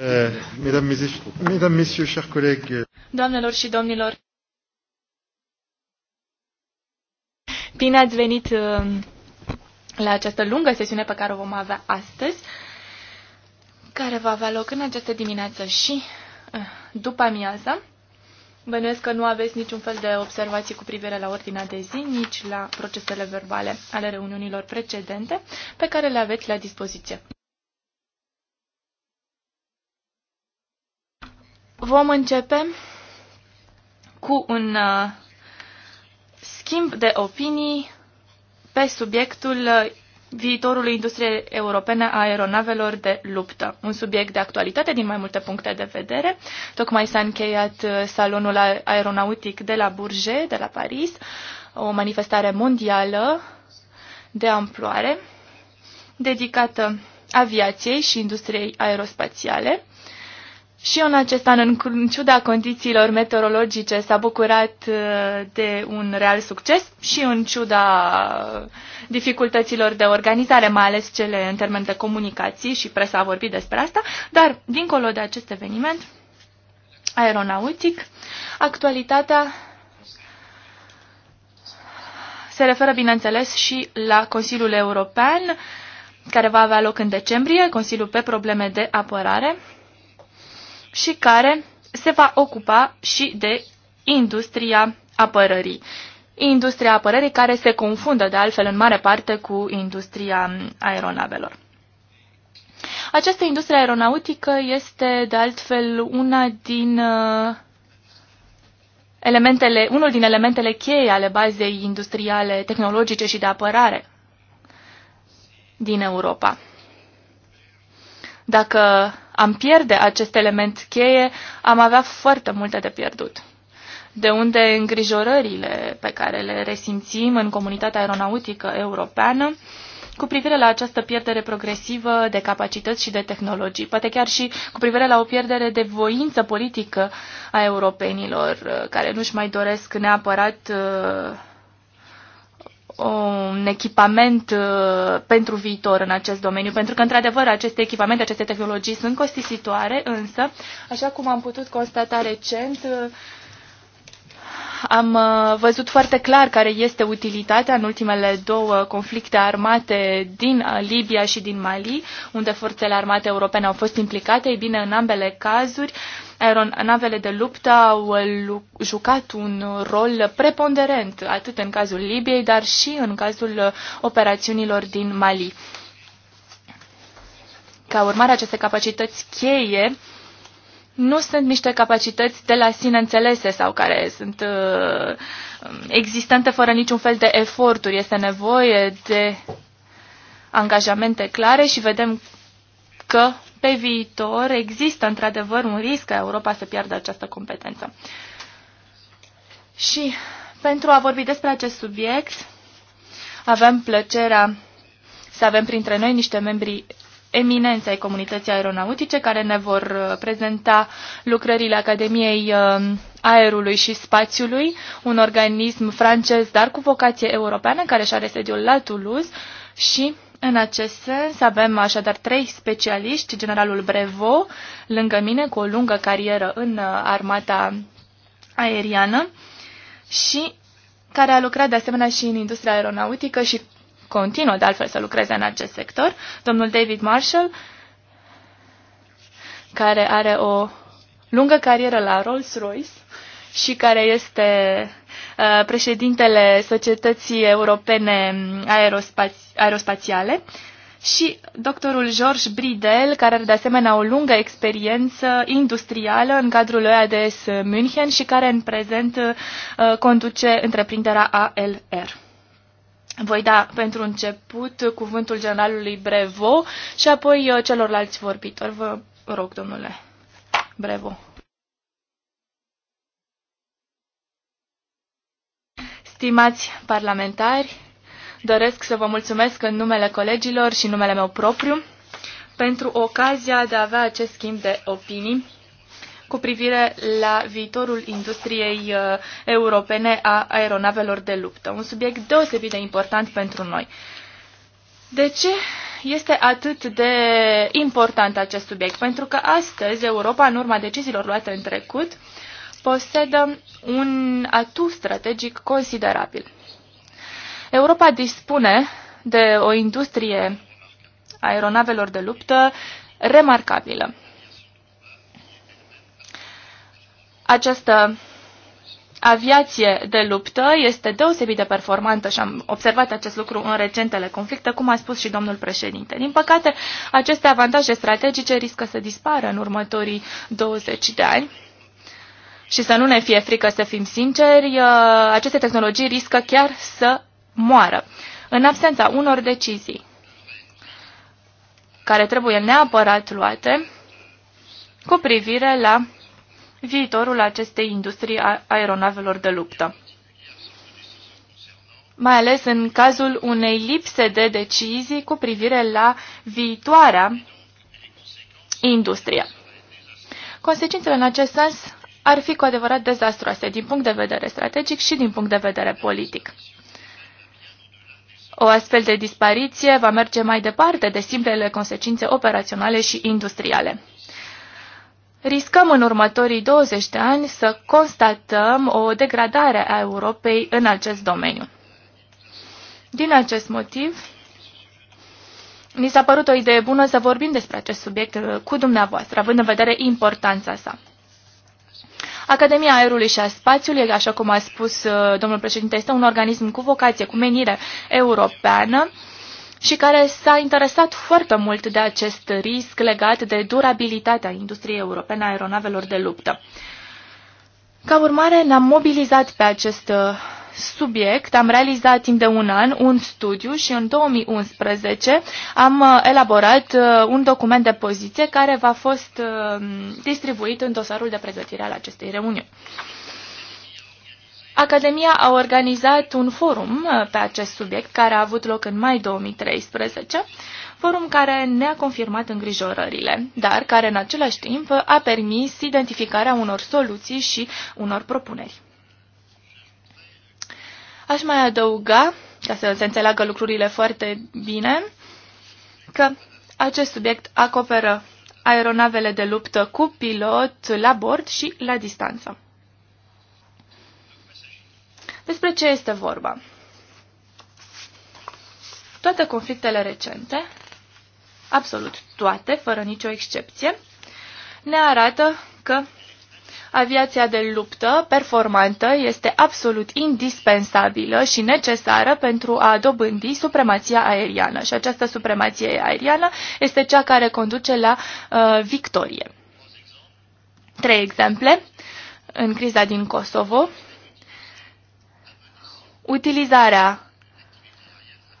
Eh, eh, Doamnelor și domnilor, bine ați venit eh, la această lungă sesiune pe care o vom avea astăzi, care va avea loc în această dimineață și după amiază. Bănuiesc că nu aveți niciun fel de observații cu privire la ordinea de zi, nici la procesele verbale ale reuniunilor precedente pe care le aveți la dispoziție. Vom începe cu un uh, schimb de opinii pe subiectul uh, viitorului industriei europene a aeronavelor de luptă. Un subiect de actualitate din mai multe puncte de vedere. Tocmai s-a încheiat uh, salonul aeronautic de la Bourget, de la Paris, o manifestare mondială de amploare dedicată aviației și industriei aerospațiale. Și în acest an, în ciuda condițiilor meteorologice, s-a bucurat uh, de un real succes și în ciuda dificultăților de organizare, mai ales cele în termen de comunicații și presa a vorbit despre asta, dar dincolo de acest eveniment aeronautic, actualitatea se referă, bineînțeles, și la Consiliul European, care va avea loc în decembrie, Consiliul pe probleme de apărare, și care se va ocupa și de industria apărării. Industria apărării care se confundă de altfel în mare parte cu industria aeronavelor. Această industrie aeronautică este de altfel una din uh, elementele, unul din elementele cheie ale bazei industriale, tehnologice și de apărare din Europa. Dacă am pierde acest element cheie, am avea foarte multe de pierdut. De unde îngrijorările pe care le resimțim în comunitatea aeronautică europeană cu privire la această pierdere progresivă de capacități și de tehnologii, poate chiar și cu privire la o pierdere de voință politică a europenilor, care nu-și mai doresc neapărat uh, un echipament uh, pentru viitor în acest domeniu, pentru că, într-adevăr, aceste echipamente, aceste tehnologii sunt costisitoare, însă, așa cum am putut constata recent, uh, am uh, văzut foarte clar care este utilitatea în ultimele două conflicte armate din uh, Libia și din Mali, unde forțele armate europene au fost implicate. Ei bine, în ambele cazuri, aeronavele de luptă au uh, jucat un rol preponderent, atât în cazul Libiei, dar și în cazul operațiunilor din Mali. Ca urmare aceste capacități cheie, nu sunt niște capacități de la sine înțelese sau care sunt uh, existente fără niciun fel de eforturi. Este nevoie de angajamente clare și vedem că pe viitor există într-adevăr un risc ca Europa să piardă această competență. Și pentru a vorbi despre acest subiect, avem plăcerea să avem printre noi niște membri eminențe ai comunității aeronautice care ne vor uh, prezenta lucrările Academiei uh, Aerului și Spațiului, un organism francez, dar cu vocație europeană, care și are sediul la Toulouse și în acest sens avem așadar trei specialiști, generalul Brevo, lângă mine, cu o lungă carieră în uh, armata aeriană și care a lucrat de asemenea și în industria aeronautică și continuă de altfel să lucreze în acest sector. Domnul David Marshall, care are o lungă carieră la Rolls-Royce și care este uh, președintele Societății Europene Aerospa- Aerospațiale și doctorul George Bridel, care are de asemenea o lungă experiență industrială în cadrul EADS München și care în prezent uh, conduce întreprinderea ALR. Voi da pentru început cuvântul generalului Brevo și apoi uh, celorlalți vorbitori. Vă rog, domnule Brevo. Stimați parlamentari, doresc să vă mulțumesc în numele colegilor și numele meu propriu pentru ocazia de a avea acest schimb de opinii cu privire la viitorul industriei uh, europene a aeronavelor de luptă, un subiect deosebit de important pentru noi. De ce este atât de important acest subiect? Pentru că astăzi Europa, în urma deciziilor luate în trecut, posedă un atu strategic considerabil. Europa dispune de o industrie aeronavelor de luptă remarcabilă. Această aviație de luptă este deosebit de performantă și am observat acest lucru în recentele conflicte, cum a spus și domnul președinte. Din păcate, aceste avantaje strategice riscă să dispară în următorii 20 de ani. Și să nu ne fie frică să fim sinceri, uh, aceste tehnologii riscă chiar să moară. În absența unor decizii care trebuie neapărat luate cu privire la viitorul acestei industrii aeronavelor de luptă. Mai ales în cazul unei lipse de decizii cu privire la viitoarea industrie. Consecințele în acest sens ar fi cu adevărat dezastroase din punct de vedere strategic și din punct de vedere politic. O astfel de dispariție va merge mai departe de simplele consecințe operaționale și industriale riscăm în următorii 20 de ani să constatăm o degradare a Europei în acest domeniu. Din acest motiv, mi s-a părut o idee bună să vorbim despre acest subiect uh, cu dumneavoastră, având în vedere importanța sa. Academia Aerului și a Spațiului, așa cum a spus uh, domnul președinte, este un organism cu vocație, cu menire europeană, și care s-a interesat foarte mult de acest risc legat de durabilitatea industriei europene a aeronavelor de luptă. Ca urmare, ne-am mobilizat pe acest uh, subiect, am realizat timp de un an un studiu și în 2011 am uh, elaborat uh, un document de poziție care va fost distribuit în dosarul de pregătire al acestei reuniuni. Academia a organizat un forum uh, pe acest subiect care a avut loc în mai 2013, forum care ne-a confirmat îngrijorările, dar care în același timp a permis identificarea unor soluții și unor propuneri. Aș mai adăuga, ca să se înțeleagă lucrurile foarte bine, că acest subiect acoperă aeronavele de luptă cu pilot la bord și la distanță. Despre ce este vorba? Toate conflictele recente, absolut toate, fără nicio excepție, ne arată că aviația de luptă performantă este absolut indispensabilă și necesară pentru a dobândi supremația aeriană. Și această supremație aeriană este cea care conduce la uh, victorie. Trei exemple. În criza din Kosovo, utilizarea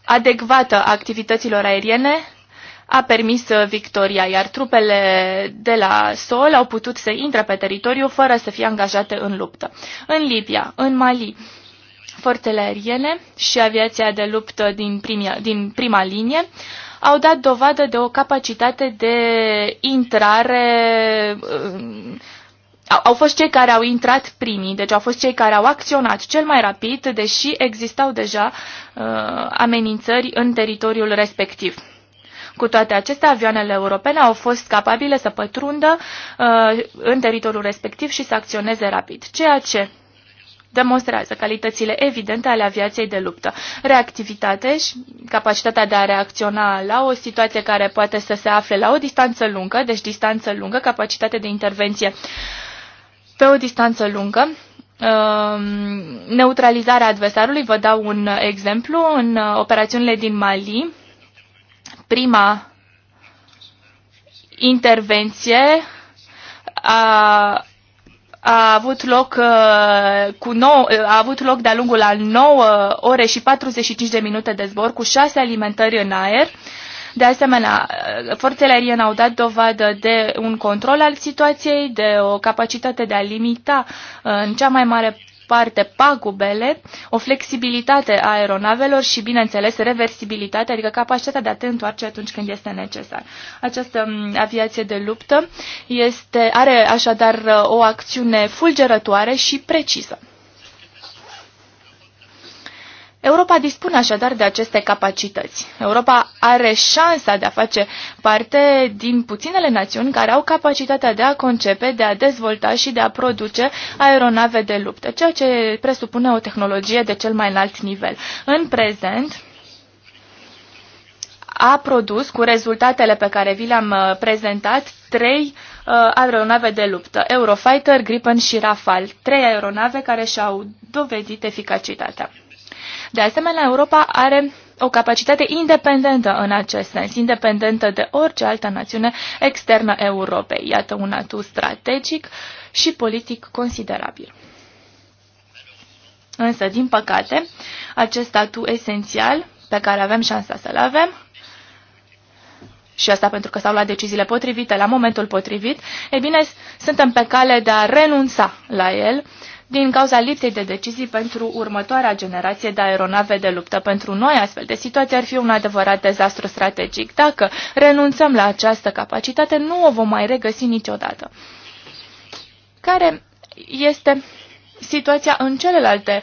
adecvată a activităților aeriene a permis uh, victoria, iar trupele de la Sol au putut să intre pe teritoriu fără să fie angajate în luptă. În Libia, în Mali, forțele aeriene și aviația de luptă din, primia, din prima linie au dat dovadă de o capacitate de intrare uh, au, au fost cei care au intrat primii, deci au fost cei care au acționat cel mai rapid, deși existau deja uh, amenințări în teritoriul respectiv. Cu toate acestea, avioanele europene au fost capabile să pătrundă uh, în teritoriul respectiv și să acționeze rapid, ceea ce demonstrează calitățile evidente ale aviației de luptă, reactivitate și capacitatea de a reacționa la o situație care poate să se afle la o distanță lungă, deci distanță lungă, capacitate de intervenție uh, pe o distanță lungă, um, neutralizarea adversarului. Vă dau un exemplu. În uh, operațiunile din Mali, prima intervenție a, a avut loc uh, cu nou, a avut loc de-a lungul al 9 ore și 45 de minute de zbor cu 6 alimentări în aer. Uh, de asemenea, forțele aeriene au dat dovadă de un control al situației, de o capacitate de a limita uh, în cea mai mare parte pagubele, o flexibilitate a aeronavelor și, bineînțeles, reversibilitate, adică capacitatea de a te întoarce atunci când este necesar. Această um, aviație de luptă este, are așadar uh, o acțiune fulgerătoare și precisă. Europa dispune așadar de aceste capacități. Europa are șansa de a face parte din puținele națiuni care au capacitatea de a concepe, de a dezvolta și de a produce aeronave de luptă, ceea ce presupune o tehnologie de cel mai înalt nivel. În prezent, a produs, cu rezultatele pe care vi le-am uh, prezentat, trei uh, aeronave de luptă, Eurofighter, Gripen și Rafale, trei aeronave care și-au dovedit eficacitatea. De asemenea, Europa are o capacitate independentă în acest sens, independentă de orice altă națiune externă Europei. Iată un atu strategic și politic considerabil. Însă, din păcate, acest atu esențial pe care avem șansa să-l avem, și asta pentru că s-au luat deciziile potrivite la momentul potrivit, e bine, suntem pe cale de a renunța la el din cauza lipsei de decizii pentru următoarea generație de aeronave de luptă. Pentru noi, astfel de situație ar fi un adevărat dezastru strategic. Dacă renunțăm la această capacitate, nu o vom mai regăsi niciodată. Care este situația în celelalte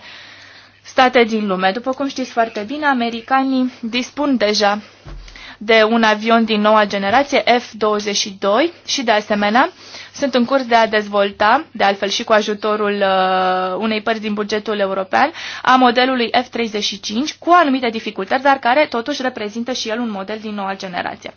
state din lume? După cum știți foarte bine, americanii dispun deja de un avion din noua generație, F-22, și de asemenea sunt în curs de a dezvolta, de altfel și cu ajutorul uh, unei părți din bugetul european, a modelului F-35 cu anumite dificultăți, dar care totuși reprezintă și el un model din noua generație.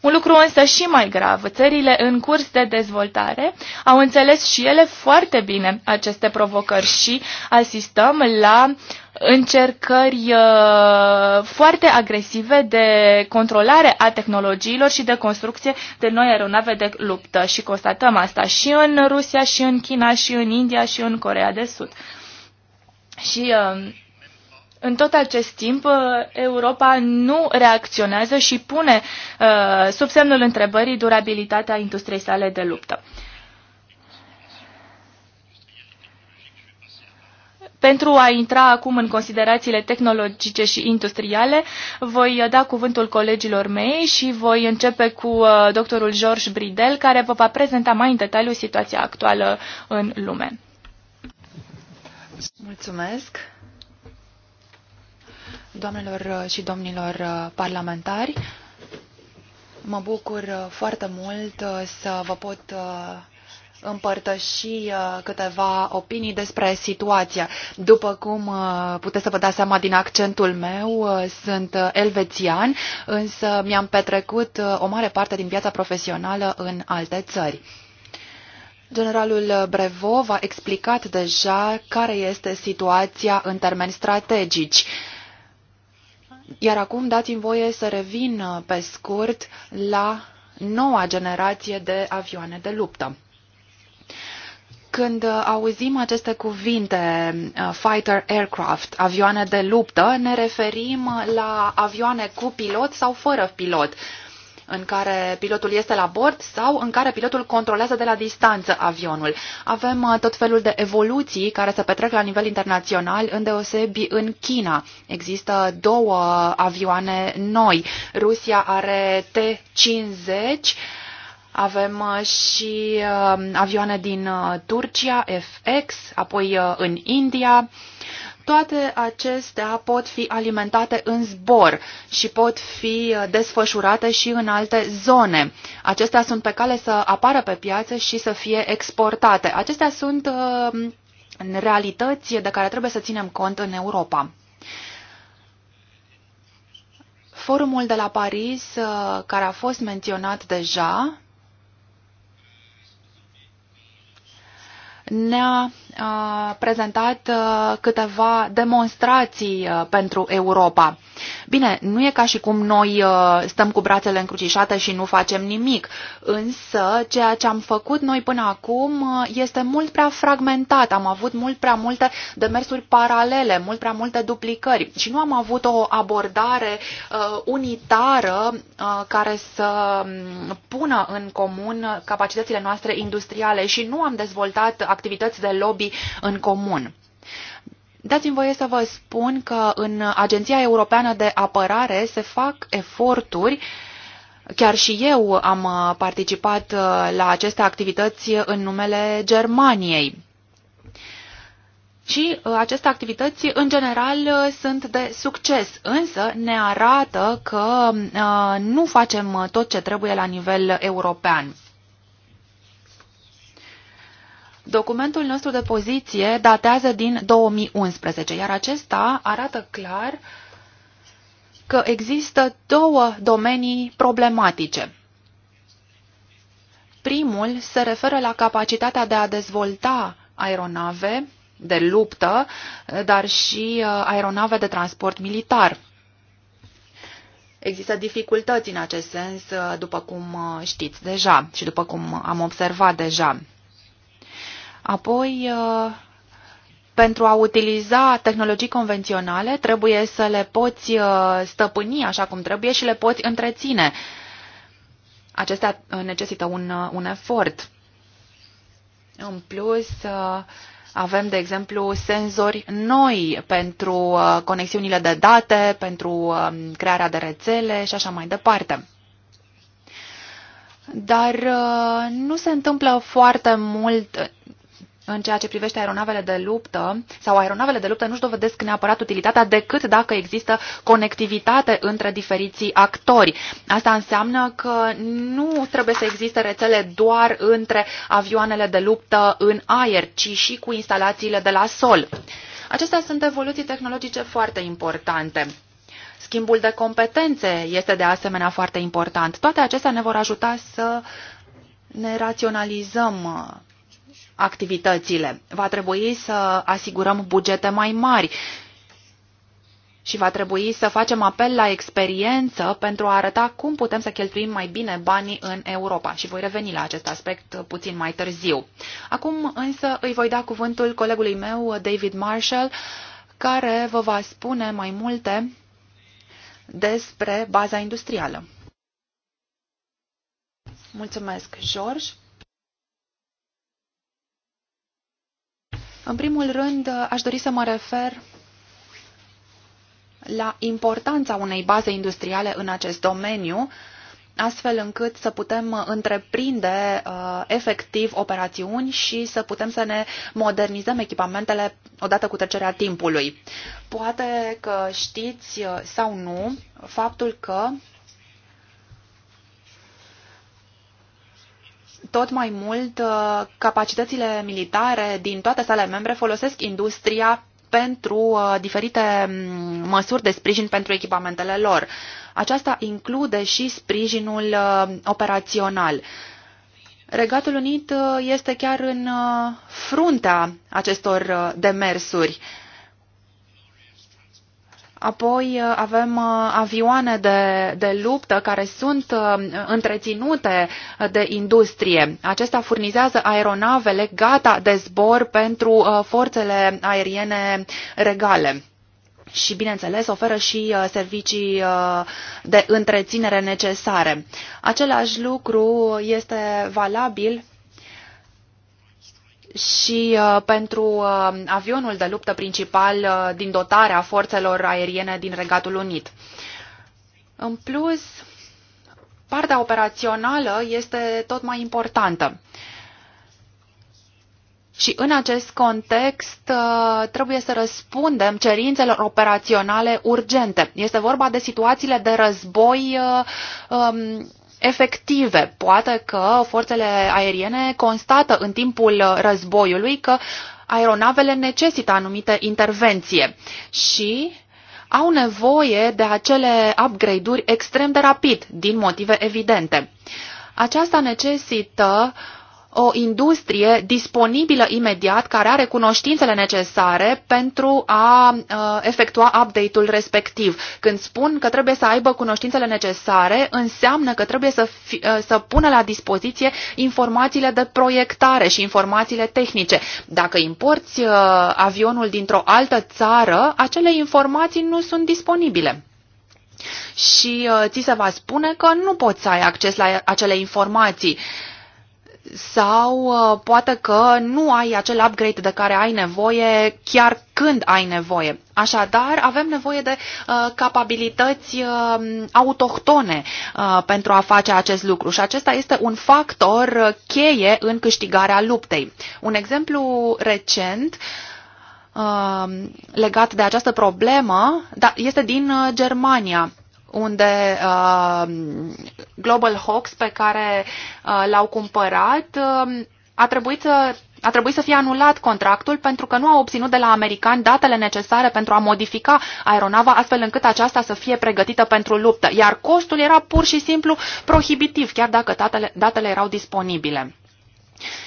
Un lucru însă și mai grav, țările în curs de dezvoltare au înțeles și ele foarte bine aceste provocări și asistăm la uh, încercări uh, foarte agresive de controlare a tehnologiilor și de construcție de noi aeronave de luptă. Și constatăm asta și în Rusia, și în China, și în India, și în Corea de Sud. Și uh, în tot acest timp, uh, Europa nu reacționează și pune sub semnul întrebării durabilitatea industriei sale de luptă. Pentru a intra acum în considerațiile tehnologice și industriale, voi da cuvântul colegilor mei și voi începe cu uh, doctorul George Bridel, care vă va prezenta mai în detaliu situația actuală în lume. Mulțumesc! Doamnelor și domnilor parlamentari, mă bucur foarte mult să vă pot uh, împărtăși uh, câteva opinii despre situația, După cum uh, puteți să vă dați seama din accentul meu, uh, sunt elvețian, însă mi-am petrecut o mare parte din viața profesională în alte țări. Generalul Brevo v-a explicat deja care este situația în termeni strategici. Iar acum dați-mi voie să revin pe scurt la noua generație de avioane de luptă. Când uh, auzim aceste cuvinte, uh, fighter aircraft, avioane de luptă, ne referim la avioane cu pilot sau fără pilot, în care pilotul este la bord sau în care pilotul controlează de la distanță avionul. Avem uh, tot felul de evoluții care se petrec la nivel internațional, îndeosebi în China. Există două avioane noi. Rusia are T-50 avem uh, și uh, avioane din uh, Turcia, FX, apoi în India. Toate acestea pot fi alimentate în zbor și pot fi desfășurate și în alte zone. Acestea sunt pe cale să apară pe piață și să fie exportate. Acestea sunt realități de care trebuie să ținem cont în Europa. Forumul de la Paris, care a fost menționat deja, ne-a prezentat uh, câteva demonstrații uh, pentru Europa. Bine, nu e ca și cum noi uh, stăm cu brațele încrucișate și nu facem nimic, însă ceea ce am făcut noi până acum este mult prea fragmentat, am avut mult prea multe demersuri paralele, mult prea multe duplicări și nu am avut o abordare unitară care să um, pună în comun capacitățile noastre industriale și nu am dezvoltat activități de lobby în comun. Dați-mi voie să vă spun că în Agenția Europeană de Apărare se fac eforturi Chiar și eu am participat uh, la aceste activități în numele Germaniei. Și uh, aceste activități, în general, uh, sunt de succes, însă ne arată că nu facem tot ce trebuie la nivel european. Documentul nostru de poziție datează din 2011, iar acesta arată clar că există două domenii problematice. Primul se referă la capacitatea de a dezvolta aeronave de luptă, dar și uh, aeronave de transport militar. Există dificultăți în acest sens, uh, după cum uh, știți deja și după cum am observat deja. Apoi, uh, pentru a utiliza tehnologii convenționale, trebuie să le poți uh, stăpâni așa cum trebuie și le poți întreține. Acestea necesită un, uh, un efort. În plus, avem, de exemplu, senzori noi pentru conexiunile de date, pentru crearea de rețele și așa mai departe. Dar nu se întâmplă foarte mult în ceea ce privește aeronavele de luptă sau aeronavele de luptă nu-și dovedesc neapărat utilitatea decât dacă există conectivitate între diferiții actori. Asta înseamnă că nu trebuie să existe rețele doar între avioanele de luptă în aer, ci și cu instalațiile de la sol. Acestea sunt evoluții tehnologice foarte importante. Schimbul de competențe este de asemenea foarte important. Toate acestea ne vor ajuta să ne raționalizăm activitățile. Va trebui să asigurăm bugete mai mari și va trebui să facem apel la experiență pentru a arăta cum putem să cheltuim mai bine banii în Europa și voi reveni la acest aspect puțin mai târziu. Acum însă îi voi da cuvântul colegului meu, David Marshall, care vă va spune mai multe despre baza industrială. Mulțumesc, George. În primul rând, aș dori să mă refer la importanța unei baze industriale în acest domeniu, astfel încât să putem întreprinde uh, efectiv operațiuni și să putem să ne modernizăm echipamentele odată cu trecerea timpului. Poate că știți uh, sau nu faptul că tot mai mult uh, capacitățile militare din toate statele membre folosesc industria pentru uh, diferite mm, măsuri de sprijin pentru echipamentele lor. Aceasta include și sprijinul uh, operațional. Regatul Unit este chiar în fruntea acestor demersuri Apoi uh, avem uh, avioane de, de luptă care sunt uh, întreținute de industrie. Acesta furnizează aeronavele gata de zbor pentru forțele aeriene regale și, bineînțeles, oferă și servicii de întreținere necesare. Același lucru este valabil și uh, pentru uh, avionul de luptă principal uh, din dotarea forțelor aeriene din Regatul Unit. În plus, partea operațională este tot mai importantă. Și în acest context trebuie să răspundem cerințelor operaționale urgente. Este vorba de situațiile de război um, efective. Poate că forțele aeriene constată în timpul războiului că aeronavele necesită anumite intervenție și au nevoie de acele upgrade-uri extrem de rapid, din motive evidente. Aceasta necesită uh, o industrie disponibilă imediat care are cunoștințele necesare pentru a efectua update-ul respectiv. Când spun că trebuie să aibă cunoștințele necesare, înseamnă că trebuie să, fi, să pună la dispoziție informațiile de proiectare și informațiile tehnice. Dacă importi avionul dintr-o altă țară, acele informații nu sunt disponibile și ți se va spune că nu poți să ai acces la acele informații sau uh, poate că nu ai acel upgrade de care ai nevoie chiar când ai nevoie. Așadar, avem nevoie de uh, capabilități uh, autohtone uh, pentru a face acest lucru și acesta este un factor cheie în câștigarea luptei. Un exemplu recent uh, legat de această problemă da, este din uh, Germania unde uh, Global Hawks pe care uh, l-au cumpărat uh, a trebuit să a trebuit să fie anulat contractul pentru că nu a obținut de la americani datele necesare pentru a modifica aeronava astfel încât aceasta să fie pregătită pentru luptă, iar costul era pur și simplu prohibitiv, chiar dacă datele, datele erau disponibile.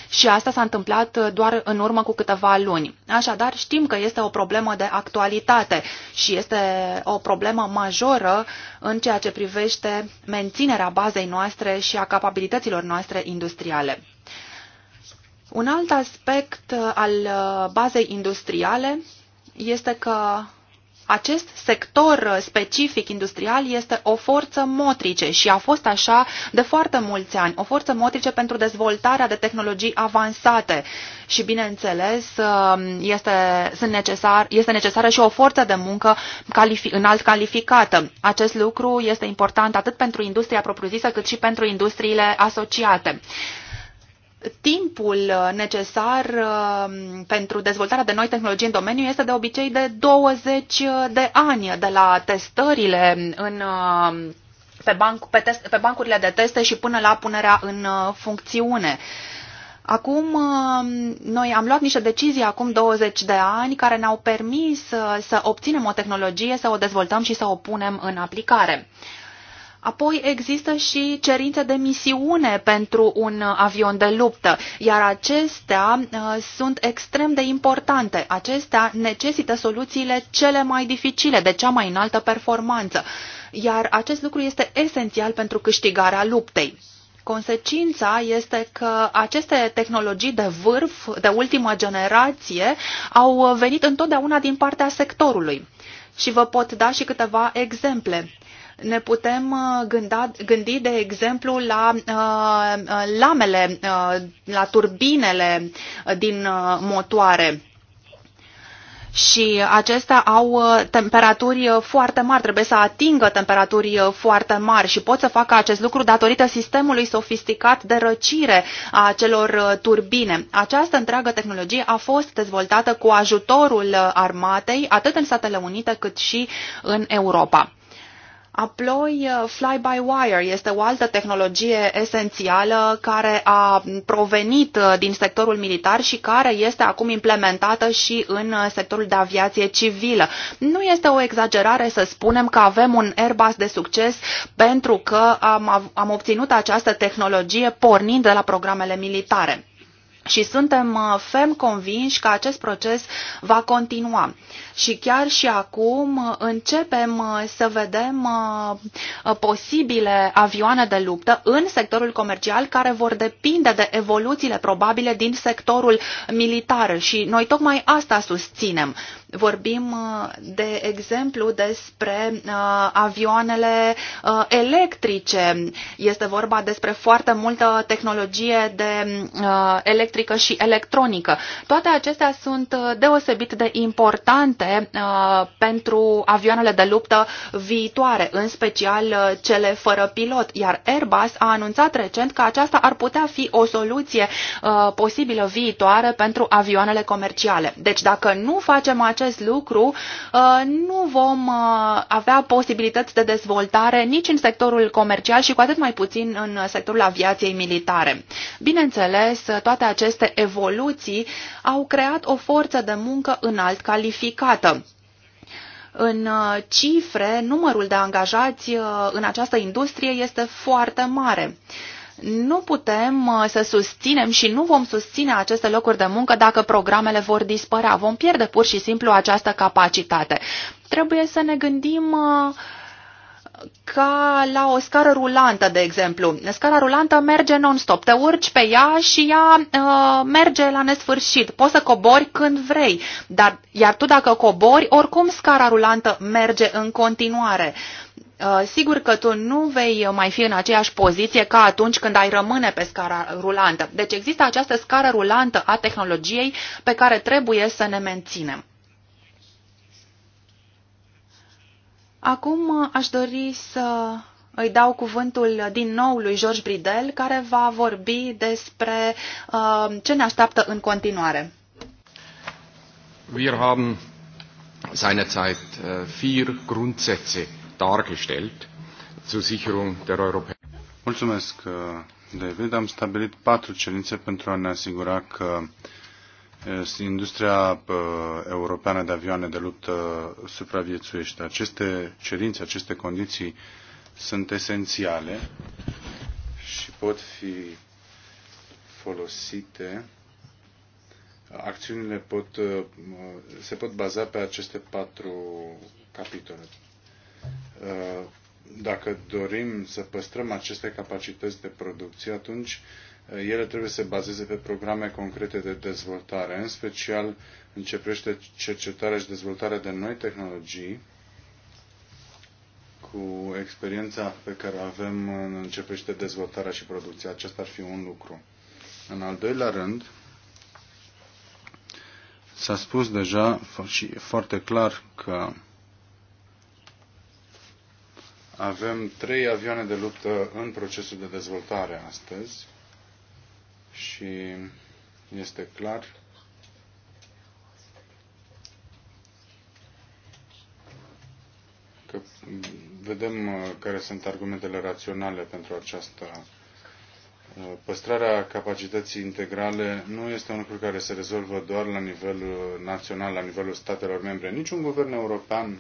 Și asta s-a întâmplat uh, doar în urmă cu câteva luni. Așadar, știm că este o problemă de actualitate și este o problemă majoră în ceea ce privește menținerea bazei noastre și a capabilităților noastre industriale. Un alt aspect uh, al uh, bazei industriale este că acest sector specific industrial este o forță motrice și a fost așa de foarte mulți ani, o forță motrice pentru dezvoltarea de tehnologii avansate și, bineînțeles, um, este, sunt necesar, este necesară și o forță de muncă califi, înalt calificată. Acest lucru este important atât pentru industria propriu-zisă cât și pentru industriile asociate timpul necesar uh, pentru dezvoltarea de noi tehnologii în domeniu este de obicei de 20 de ani de la testările în uh, pe, banc, pe, test, pe bancurile de teste și până la punerea în uh, funcțiune. Acum, noi am luat niște decizii acum 20 de ani care ne-au permis să, să obținem o tehnologie, să o dezvoltăm și să o punem în aplicare. Uh, Apoi există și cerințe de misiune pentru un uh, avion de luptă, iar acestea uh, sunt extrem de importante. Acestea necesită soluțiile cele mai dificile, de cea mai înaltă performanță, iar acest lucru este esențial pentru câștigarea luptei. Consecința este că aceste tehnologii de vârf, de ultimă generație, au venit întotdeauna din partea sectorului. Și vă pot da și câteva exemple ne putem uh, gânda, gândi, de exemplu, la uh, uh lamele, uh, la turbinele uh, din uh, motoare. Și acestea au temperaturi foarte mari, trebuie să atingă temperaturi foarte mari și pot să facă acest lucru datorită sistemului sofisticat de răcire a acelor turbine. Această întreagă tehnologie a fost dezvoltată cu ajutorul armatei, atât în Statele Unite cât și în Europa. Apoi, uh, fly-by-wire este o altă tehnologie esențială care a provenit uh, din sectorul militar și care este acum implementată și în uh, sectorul de aviație civilă. Nu este o exagerare să spunem că avem un Airbus de succes pentru că am, am obținut această tehnologie pornind de la programele militare și suntem uh, ferm convinși că acest proces va continua. Și chiar și acum uh, începem uh, să vedem posibile avioane de luptă în sectorul comercial care vor depinde de evoluțiile probabile din sectorul militar și noi tocmai asta susținem. Vorbim, de exemplu, despre avioanele electrice. Este vorba despre foarte multă tehnologie de electrice electrică și electronică. Toate acestea sunt uh, deosebit de importante uh, pentru avioanele de luptă viitoare, în special uh, cele fără pilot, iar Airbus a anunțat recent că aceasta ar putea fi o soluție posibilă viitoare pentru avioanele comerciale. Deci dacă nu facem acest lucru, nu vom avea posibilități de dezvoltare nici în sectorul comercial și cu atât mai puțin în sectorul aviației militare. Bineînțeles, toate acestea aceste evoluții au creat o forță de muncă înalt calificată. În uh, cifre, numărul de angajați uh, în această industrie este foarte mare nu putem uh, să susținem și nu vom susține aceste locuri de muncă dacă programele vor dispărea. Vom pierde pur și simplu această capacitate. Trebuie să ne gândim ca la o scară rulantă, de exemplu. Scara rulantă merge non-stop. Te urci pe ea și ea uh, merge la nesfârșit. Poți să cobori când vrei, dar iar tu dacă cobori, oricum scara rulantă merge în continuare. Uh, sigur că tu nu vei mai fi în aceeași poziție ca atunci când ai rămâne pe scara rulantă. Deci există această scară rulantă a tehnologiei pe care trebuie să ne menținem. Acum uh, aș dori să îi dau cuvântul din nou lui George Bridel, care va vorbi despre uh, ce ne așteaptă în continuare. Wir haben seinerzeit äh, vier Grundsätze dargestellt zur Sicherung der europäischen. Mulțumesc, äh, David. Am stabilit patru cerințe pentru a ne asigura că industria uh, europeană de avioane de luptă supraviețuiește. Aceste cerințe, aceste condiții sunt esențiale și pot fi folosite. Acțiunile pot, uh, se pot baza pe aceste patru capitole. Uh, dacă dorim să păstrăm aceste capacități de producție, atunci ele trebuie să se bazeze pe programe concrete de dezvoltare, în special în ce privește cercetarea și dezvoltarea de noi tehnologii, cu experiența pe care o avem în ce privește dezvoltarea și producția. Acesta ar fi un lucru. În al doilea rând, s-a spus deja și foarte clar că avem trei avioane de luptă în procesul de dezvoltare astăzi și este clar că vedem uh, care sunt argumentele raționale pentru această uh, Păstrarea capacității integrale nu este un lucru care se rezolvă doar la nivel național, la nivelul statelor membre. Niciun guvern european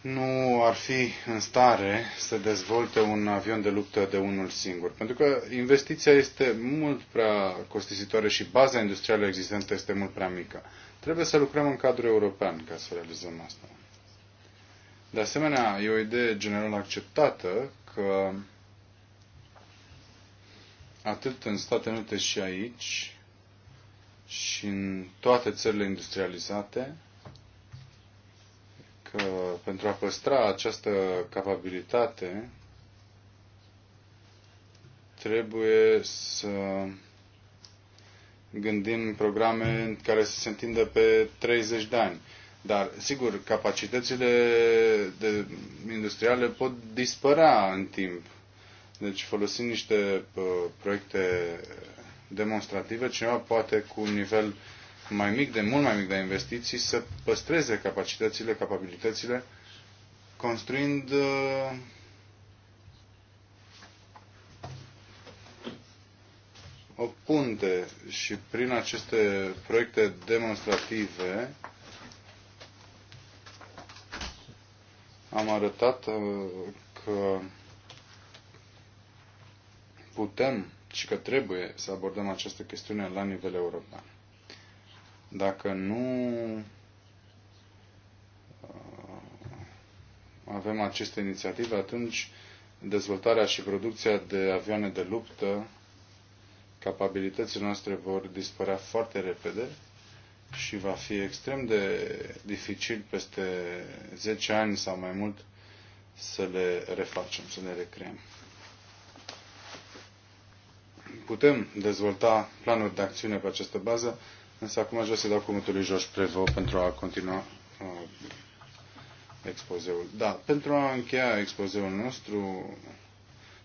nu ar fi în stare să dezvolte un avion de luptă de unul singur. Pentru că investiția este mult prea costisitoare și baza industrială existentă este mult prea mică. Trebuie să lucrăm în cadrul european ca să realizăm asta. De asemenea, e o idee general acceptată că atât în Statele Unite și aici și în toate țările industrializate, că pentru a păstra această capabilitate trebuie să gândim programe care să se întindă pe 30 de ani. Dar, sigur, capacitățile de industriale pot dispărea în timp. Deci, folosind niște uh, proiecte demonstrative, cineva poate cu un nivel mai mic de, mult mai mic de investiții, să păstreze capacitățile, capabilitățile, construind uh, o punte și prin aceste proiecte demonstrative am arătat uh, că putem și că trebuie să abordăm această chestiune la nivel european. Dacă nu uh, avem aceste inițiative, atunci dezvoltarea și producția de avioane de luptă, capabilitățile noastre vor dispărea foarte repede și va fi extrem de dificil peste 10 ani sau mai mult să le refacem, să le recreăm. Putem dezvolta planuri de acțiune pe această bază, Însă acum aș vrea să dau cuvântul lui Joș Prevo pentru a continua uh, expozeul. Da, pentru a încheia expozeul nostru,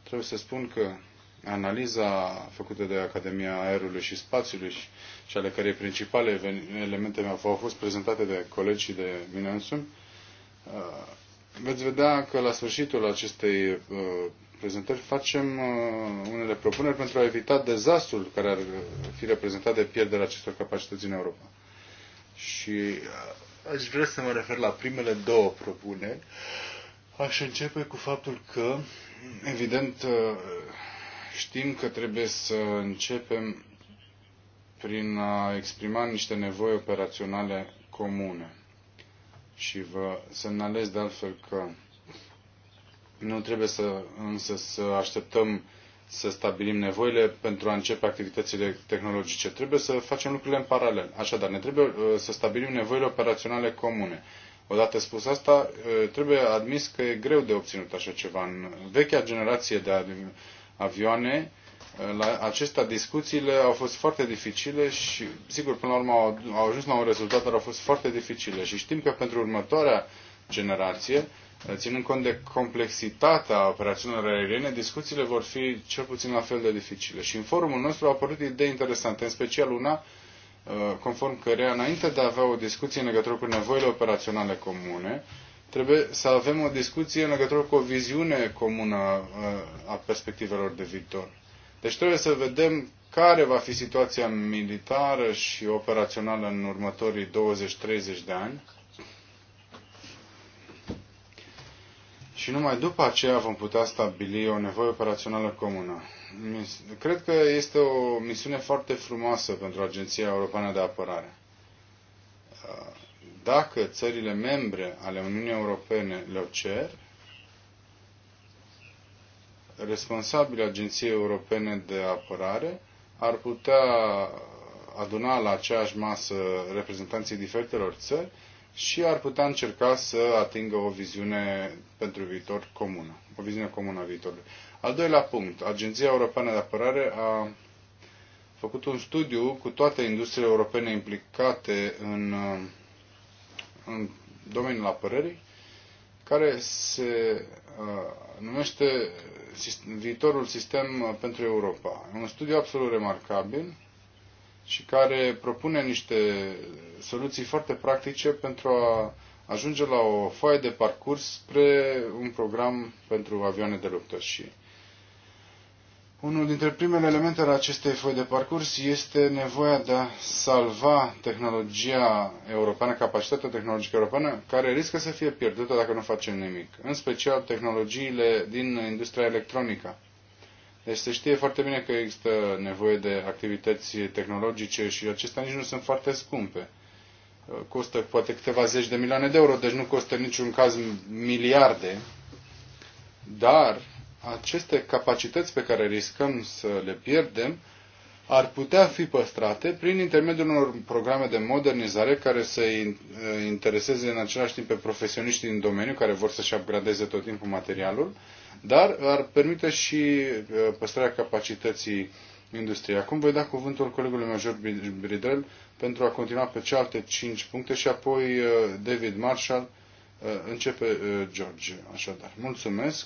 trebuie să spun că analiza făcută de Academia Aerului și Spațiului și ale cărei principale elemente au fost prezentate de colegi și de mine însumi, uh, veți vedea că la sfârșitul acestei uh, prezentări facem uh, unele propuneri pentru a evita dezastrul care ar fi reprezentat de pierderea acestor capacități în Europa. Și uh, aș vrea să mă refer la primele două propuneri. Aș începe cu faptul că, evident, uh, știm că trebuie să începem prin a exprima niște nevoi operaționale comune. Și vă semnalez de altfel că nu trebuie să, însă să așteptăm să stabilim nevoile pentru a începe activitățile tehnologice. Trebuie să facem lucrurile în paralel. Așadar, ne trebuie uh, să stabilim nevoile operaționale comune. Odată spus asta, uh, trebuie admis că e greu de obținut așa ceva. În vechea generație de avioane, uh, la acestea discuțiile au fost foarte dificile și, sigur, până la urmă au, ajuns la un rezultat, dar au fost foarte dificile. Și știm că pentru următoarea generație Eh, ținând cont de complexitatea operațiunilor aeriene, discuțiile vor fi cel puțin la fel de dificile. Și în forumul nostru au apărut idei interesante, în special una eh, conform căreia, înainte de a avea o discuție în legătură cu nevoile operaționale comune, trebuie să avem o discuție în legătură cu o viziune comună eh, a perspectivelor de viitor. Deci trebuie să vedem care va fi situația militară și operațională în următorii 20-30 de ani și numai după aceea vom putea stabili o nevoie operațională comună. Cred că este o misiune foarte frumoasă pentru Agenția Europeană de Apărare. Uh, dacă țările membre ale Uniunii Europene le cer, responsabili Agenției Europene de Apărare ar putea aduna la aceeași masă reprezentanții diferitelor țări și ar putea încerca să atingă o viziune pentru viitor comună, o viziune comună a viitorului. Al doilea punct, Agenția Europeană de Apărare a făcut un studiu cu toate industriile europene implicate în, în domeniul apărării, care se uh, numește Viitorul Sistem pentru Europa. un studiu absolut remarcabil și care propune niște soluții foarte practice pentru a ajunge la o foaie de parcurs spre un program pentru avioane de luptă. Și unul dintre primele elemente ale acestei foi de parcurs este nevoia de a salva tehnologia europeană, capacitatea tehnologică europeană, care riscă să fie pierdută dacă nu facem nimic. În special tehnologiile din industria electronică. Deci se știe foarte bine că există nevoie de activități tehnologice și acestea nici nu sunt foarte scumpe. Costă poate câteva zeci de milioane de euro, deci nu costă în niciun caz miliarde, dar aceste capacități pe care riscăm să le pierdem ar putea fi păstrate prin intermediul unor programe de modernizare care să eh, intereseze în același timp pe profesioniștii din domeniu care vor să-și upgradeze tot timpul materialul, dar ar permite și eh, păstrarea capacității industriei. Acum voi da cuvântul colegului meu, George Bridel, pentru a continua pe cealaltă cinci puncte și apoi eh, David Marshall începe George. Așadar, mulțumesc!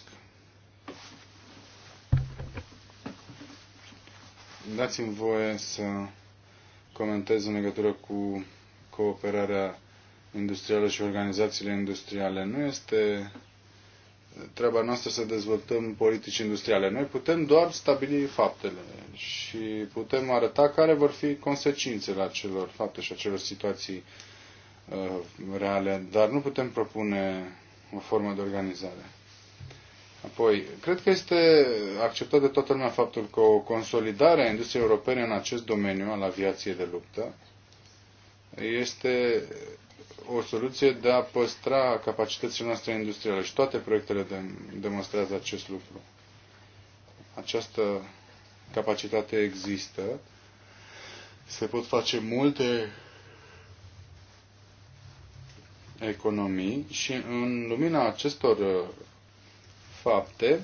Dați-mi voie să comentez în legătură cu cooperarea industrială și organizațiile industriale. Nu este treaba noastră să dezvoltăm politici industriale. Noi putem doar stabili faptele și putem arăta care vor fi consecințele acelor fapte și acelor situații uh, reale, dar nu putem propune o formă de organizare. Apoi, cred că este acceptat de toată lumea faptul că o consolidare a industriei europene în acest domeniu al aviației de luptă este o soluție de a păstra capacitățile noastre industriale și toate proiectele de, demonstrează acest lucru. Această capacitate există, se pot face multe economii și în lumina acestor fapte,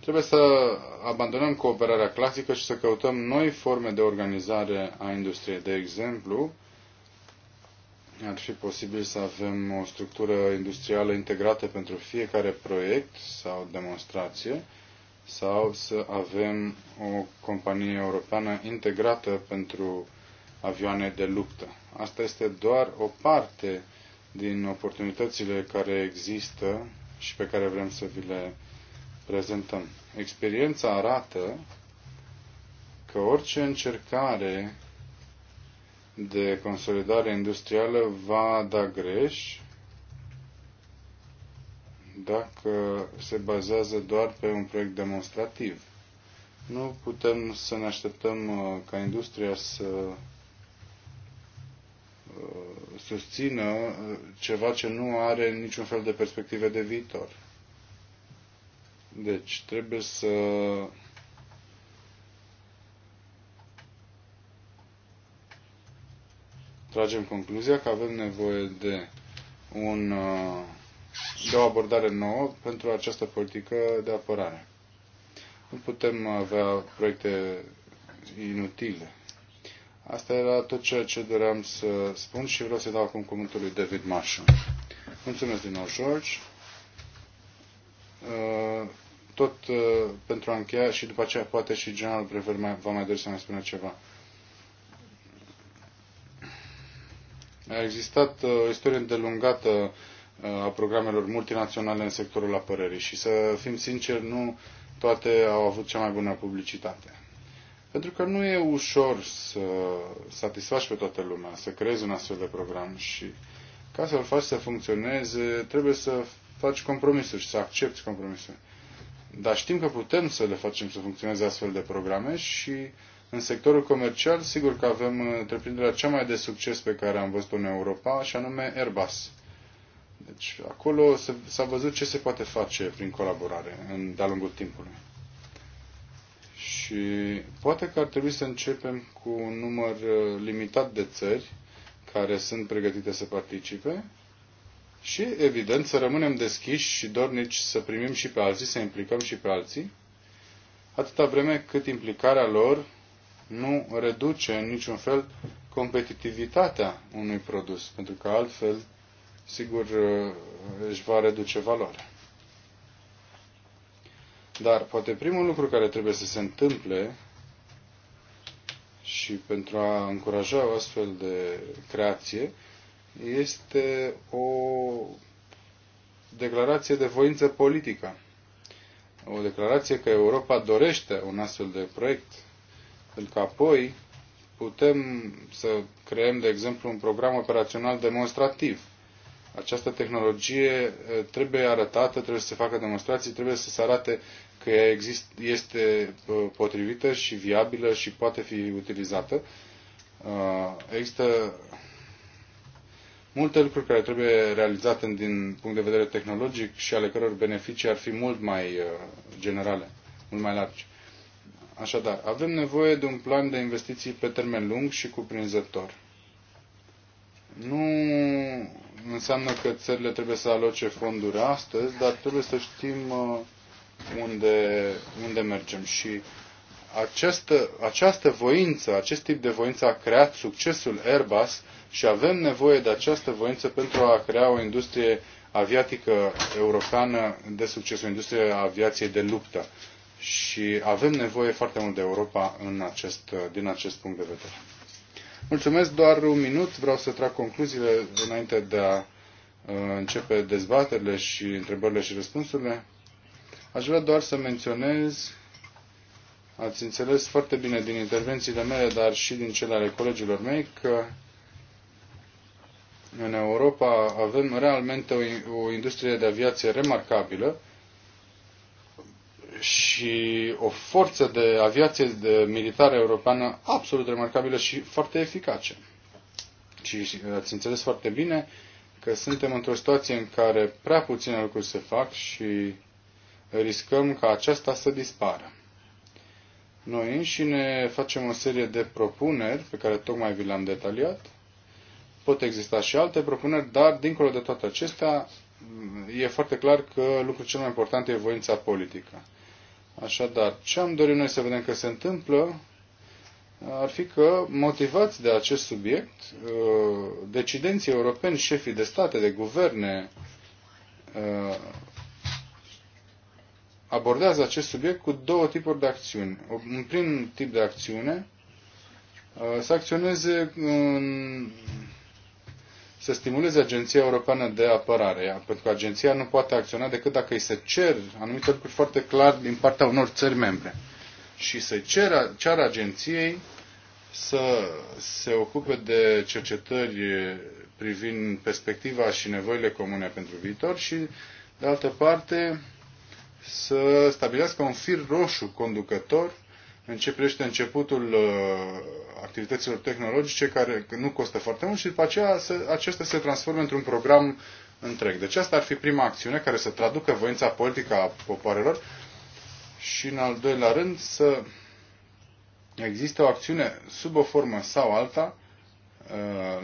trebuie să abandonăm cooperarea clasică și să căutăm noi forme de organizare a industriei. De exemplu, ar fi posibil să avem o structură industrială integrată pentru fiecare proiect sau demonstrație sau să avem o companie europeană integrată pentru avioane de luptă. Asta este doar o parte din oportunitățile care există și pe care vrem să vi le prezentăm. Experiența arată că orice încercare de consolidare industrială va da greș dacă se bazează doar pe un proiect demonstrativ. Nu putem să ne așteptăm uh, ca industria să uh, susțină uh, ceva ce nu are niciun fel de perspective de viitor. Deci trebuie să tragem concluzia că avem nevoie de, un, uh, de o abordare nouă pentru această politică de apărare. Nu putem avea proiecte inutile. Asta era tot ceea ce doream să spun și vreau să dau acum cuvântul lui David Marshall. Mulțumesc din nou, George. Uh, tot uh, pentru a încheia și după aceea poate și general Brever mai, va mai dori să mai spună ceva. A existat uh, o istorie îndelungată uh, a programelor multinaționale în sectorul apărării și să fim sinceri, nu toate au avut cea mai bună publicitate. Pentru că nu e ușor să satisfaci pe toată lumea, să creezi un astfel de program și ca să-l faci să funcționeze, trebuie să faci compromisuri, să accepti compromisuri. Dar știm că putem să le facem să funcționeze astfel de programe și în sectorul comercial, sigur că avem întreprinderea cea mai de succes pe care am văzut-o în Europa, și anume Airbus. Deci acolo s-a văzut ce se poate face prin colaborare în, de-a lungul timpului. Și poate că ar trebui să începem cu un număr limitat de țări care sunt pregătite să participe și, evident, să rămânem deschiși și dornici să primim și pe alții, să implicăm și pe alții, atâta vreme cât implicarea lor nu reduce în niciun fel competitivitatea unui produs, pentru că altfel, sigur, își va reduce valoarea. Dar poate primul lucru care trebuie să se întâmple și pentru a încuraja o astfel de creație este o declarație de voință politică. O declarație că Europa dorește un astfel de proiect, pentru că apoi putem să creăm, de exemplu, un program operațional demonstrativ. Această tehnologie eh, trebuie arătată, trebuie să se facă demonstrații, trebuie să se arate că ea exist, este eh, potrivită și viabilă și poate fi utilizată. Eh, există multe lucruri care trebuie realizate din punct de vedere tehnologic și ale căror beneficii ar fi mult mai uh, generale, mult mai largi. Așadar, avem nevoie de un plan de investiții pe termen lung și cuprinzător. Nu înseamnă că țările trebuie să aloce fonduri astăzi, dar trebuie să știm uh, unde, unde mergem. Și această, această voință, acest tip de voință a creat succesul Airbus – și avem nevoie de această voință pentru a crea o industrie aviatică europeană de succes, o industrie a aviației de luptă. Și avem nevoie foarte mult de Europa în acest, din acest punct de vedere. Mulțumesc, doar un minut. Vreau să trag concluziile înainte de a uh, începe dezbaterile și întrebările și răspunsurile. Aș vrea doar să menționez, ați înțeles foarte bine din intervențiile mele, dar și din cele ale colegilor mei, că în Europa avem realmente o, o industrie de aviație remarcabilă și o forță de aviație de militară europeană absolut remarcabilă și foarte eficace. Și ați înțeles foarte bine că suntem într-o situație în care prea puține lucruri se fac și riscăm ca aceasta să dispară. Noi înșine facem o serie de propuneri pe care tocmai vi le-am detaliat Pot exista și alte propuneri, dar dincolo de toate acestea, mm, e foarte clar că lucrul cel mai important e voința politică. Așadar, ce am dorit noi să vedem că se întâmplă ar fi că, motivați de acest subiect, uh, decidenții europeni, șefii de state, de guverne, uh, abordează acest subiect cu două tipuri de acțiuni. Un prim tip de acțiune, uh, să acționeze în să stimuleze Agenția Europeană de Apărare, pentru că agenția nu poate acționa decât dacă îi se cer anumite lucruri foarte clar din partea unor țări membre. Și să ceară, ceară agenției să se ocupe de cercetări privind perspectiva și nevoile comune pentru viitor și, de altă parte, să stabilească un fir roșu conducător în ce privește începutul uh, activităților tehnologice, care nu costă foarte mult și după aceea acestea se transformă într-un program întreg. Deci asta ar fi prima acțiune care să traducă voința politică a popoarelor și în al doilea rând să există o acțiune sub o formă sau alta uh,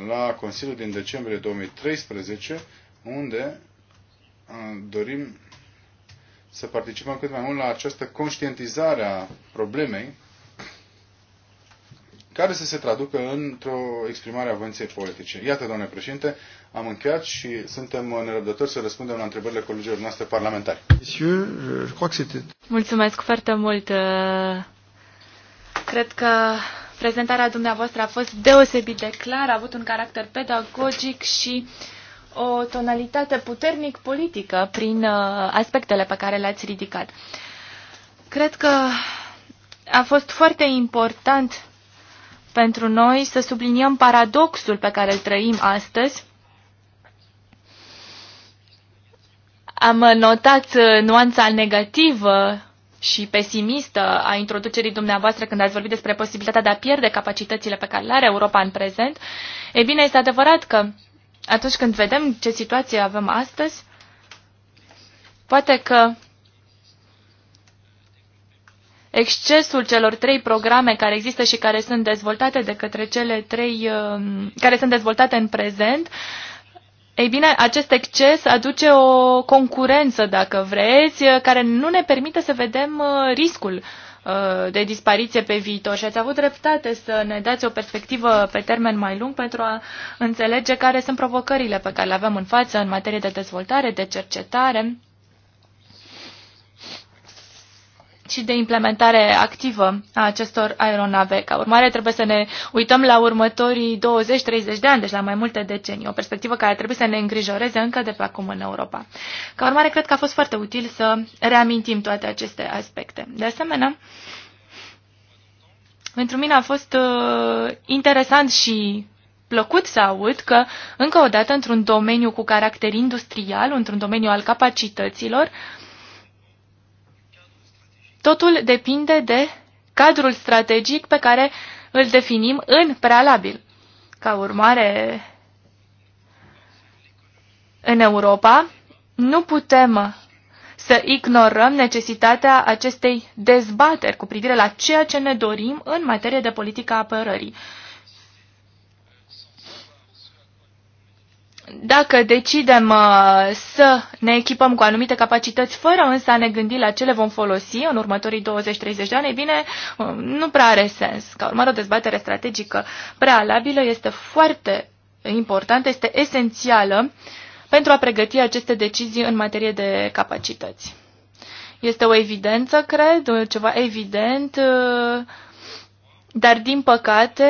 la Consiliul din decembrie 2013 unde uh, dorim să participăm cât mai mult la această conștientizare a problemei care să se traducă într-o exprimare a voinței politice. Iată, domnule președinte, am încheiat și suntem nerăbdători să răspundem la întrebările colegilor noastre parlamentari. Euh, Mulțumesc foarte mult. Cred că prezentarea dumneavoastră a fost deosebit de clară, a avut un caracter pedagogic și uh, o tonalitate puternic politică prin uh, aspectele pe care le-ați ridicat. Cred că a fost foarte important pentru noi să subliniem paradoxul pe care îl trăim astăzi. Am notat uh, nuanța negativă și pesimistă a introducerii dumneavoastră când ați vorbit despre posibilitatea de a pierde capacitățile pe care le are Europa în prezent. E bine, este adevărat că atunci când vedem ce situație avem astăzi, poate că excesul celor trei programe care există și care sunt dezvoltate de către cele trei um, care sunt dezvoltate în prezent, ei bine, acest exces aduce o concurență, dacă vreți, care nu ne permite să vedem uh, riscul Uh, de dispariție pe viitor și ați avut dreptate să ne dați o perspectivă pe termen mai lung pentru a înțelege care sunt provocările pe care le avem în față în materie de dezvoltare, de cercetare și de implementare activă a acestor aeronave. Ca urmare, trebuie să ne uităm la următorii 20-30 de ani, deci la mai multe decenii, o perspectivă care trebuie să ne îngrijoreze încă de pe acum în Europa. Ca urmare, cred că a fost foarte util să reamintim toate aceste aspecte. De asemenea, pentru mine a fost uh, interesant și plăcut să aud că, încă o dată, într-un domeniu cu caracter industrial, într-un domeniu al capacităților, uh, Totul depinde de cadrul strategic pe care îl definim în prealabil. Ca urmare, în Europa nu putem să ignorăm necesitatea acestei dezbateri cu privire la ceea ce ne dorim în materie de politică a apărării. dacă decidem uh, să ne echipăm cu anumite capacități, fără însă a ne gândi la ce le vom folosi în următorii 20-30 de ani, bine, uh, nu prea are sens. Ca urmare, o dezbatere strategică prealabilă este foarte importantă, este esențială pentru a pregăti aceste decizii în materie de capacități. Este o evidență, cred, ceva evident, uh, dar din păcate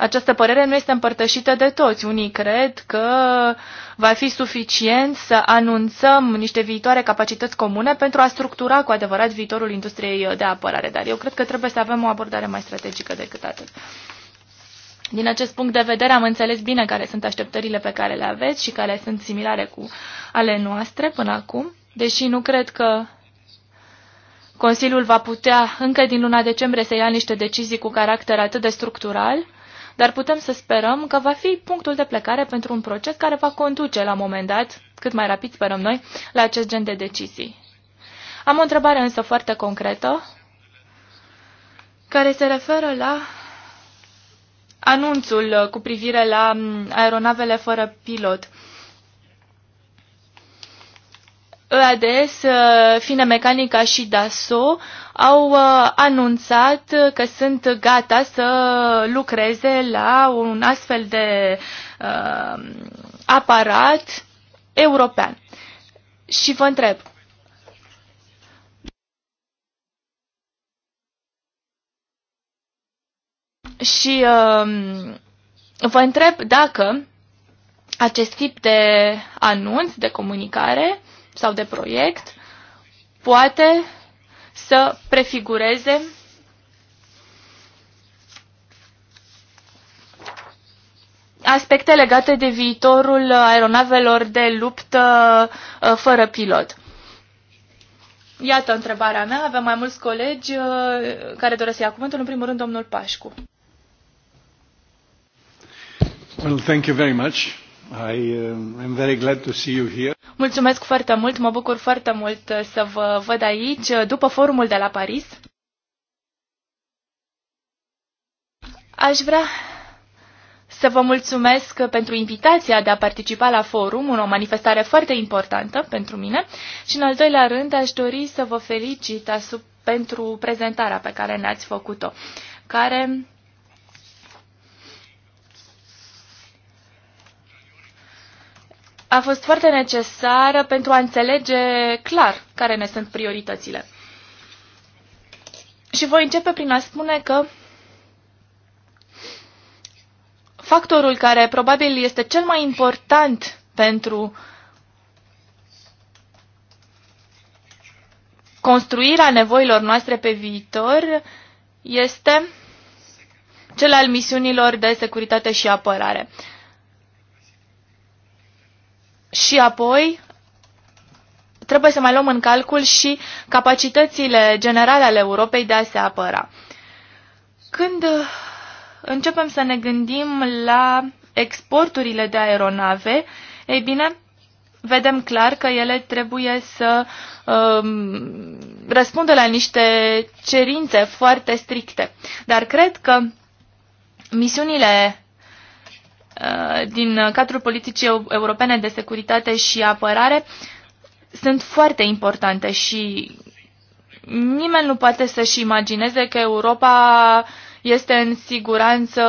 această părere nu este împărtășită de toți. Unii cred că va fi suficient să anunțăm niște viitoare capacități comune pentru a structura cu adevărat viitorul industriei de apărare, dar eu cred că trebuie să avem o abordare mai strategică decât atât. Din acest punct de vedere am înțeles bine care sunt așteptările pe care le aveți și care sunt similare cu ale noastre până acum, deși nu cred că Consiliul va putea încă din luna decembrie să ia niște decizii cu caracter atât de structural, dar putem să sperăm că va fi punctul de plecare pentru un proces care va conduce la un moment dat, cât mai rapid sperăm noi, la acest gen de decizii. Am o întrebare însă foarte concretă care se referă la anunțul cu privire la mm, aeronavele fără pilot. EADS, uh, Fine Mecanica și DASO au uh, anunțat că sunt gata să lucreze la un astfel de uh, aparat european. Și vă întreb, Și uh, vă întreb dacă acest tip de anunț, de comunicare, uh, sau de proiect poate să prefigureze aspecte legate de viitorul aeronavelor de luptă uh, fără pilot. Iată întrebarea mea. Avem mai mulți colegi uh, care doresc să ia cuvântul. În primul rând, domnul Pașcu. Well, thank you very much. I am uh, very glad to see you here. Mulțumesc foarte mult, mă bucur foarte mult uh, să vă văd aici uh, după forumul de la Paris. Aș vrea să vă mulțumesc pentru invitația de a participa la forum, o manifestare foarte importantă pentru mine. Și în al doilea rând aș dori să vă felicit pentru prezentarea pe care ne-ați făcut-o, care a fost foarte necesară pentru a înțelege clar care ne sunt prioritățile. Și voi începe prin a spune că factorul care probabil este cel mai important pentru construirea nevoilor noastre pe viitor este cel al misiunilor de securitate și apărare. Și apoi trebuie să mai luăm în calcul și capacitățile generale ale Europei de a se apăra. Când uh, începem să ne gândim la exporturile de aeronave, ei bine, vedem clar că ele trebuie să um, răspundă la niște cerințe foarte stricte. Dar cred că misiunile Uh, din cadrul politicii europene de securitate și apărare sunt foarte importante și nimeni nu poate să-și imagineze că Europa este în siguranță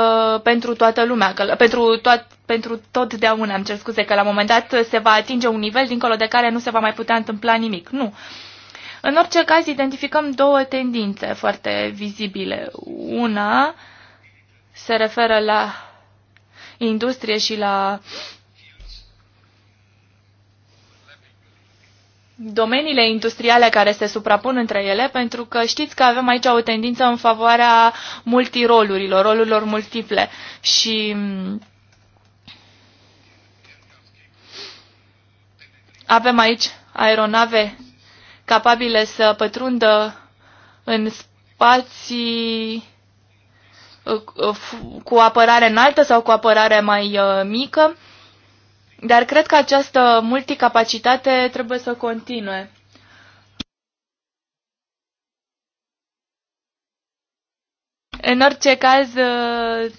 pentru toată lumea, că, pentru, toat, pentru totdeauna, îmi cer scuze, că la un moment dat se va atinge un nivel dincolo de care nu se va mai putea întâmpla nimic. Nu. În orice caz, identificăm două tendințe foarte vizibile. Una se referă la industrie și la domeniile industriale care se suprapun între ele, pentru că știți că avem aici o tendință în favoarea multirolurilor, rolurilor multiple. Și mm, avem aici aeronave capabile să pătrundă în spații Uh, cu apărare înaltă sau cu apărare mai uh, mică, dar cred că această multicapacitate trebuie să continue. În orice caz, uh,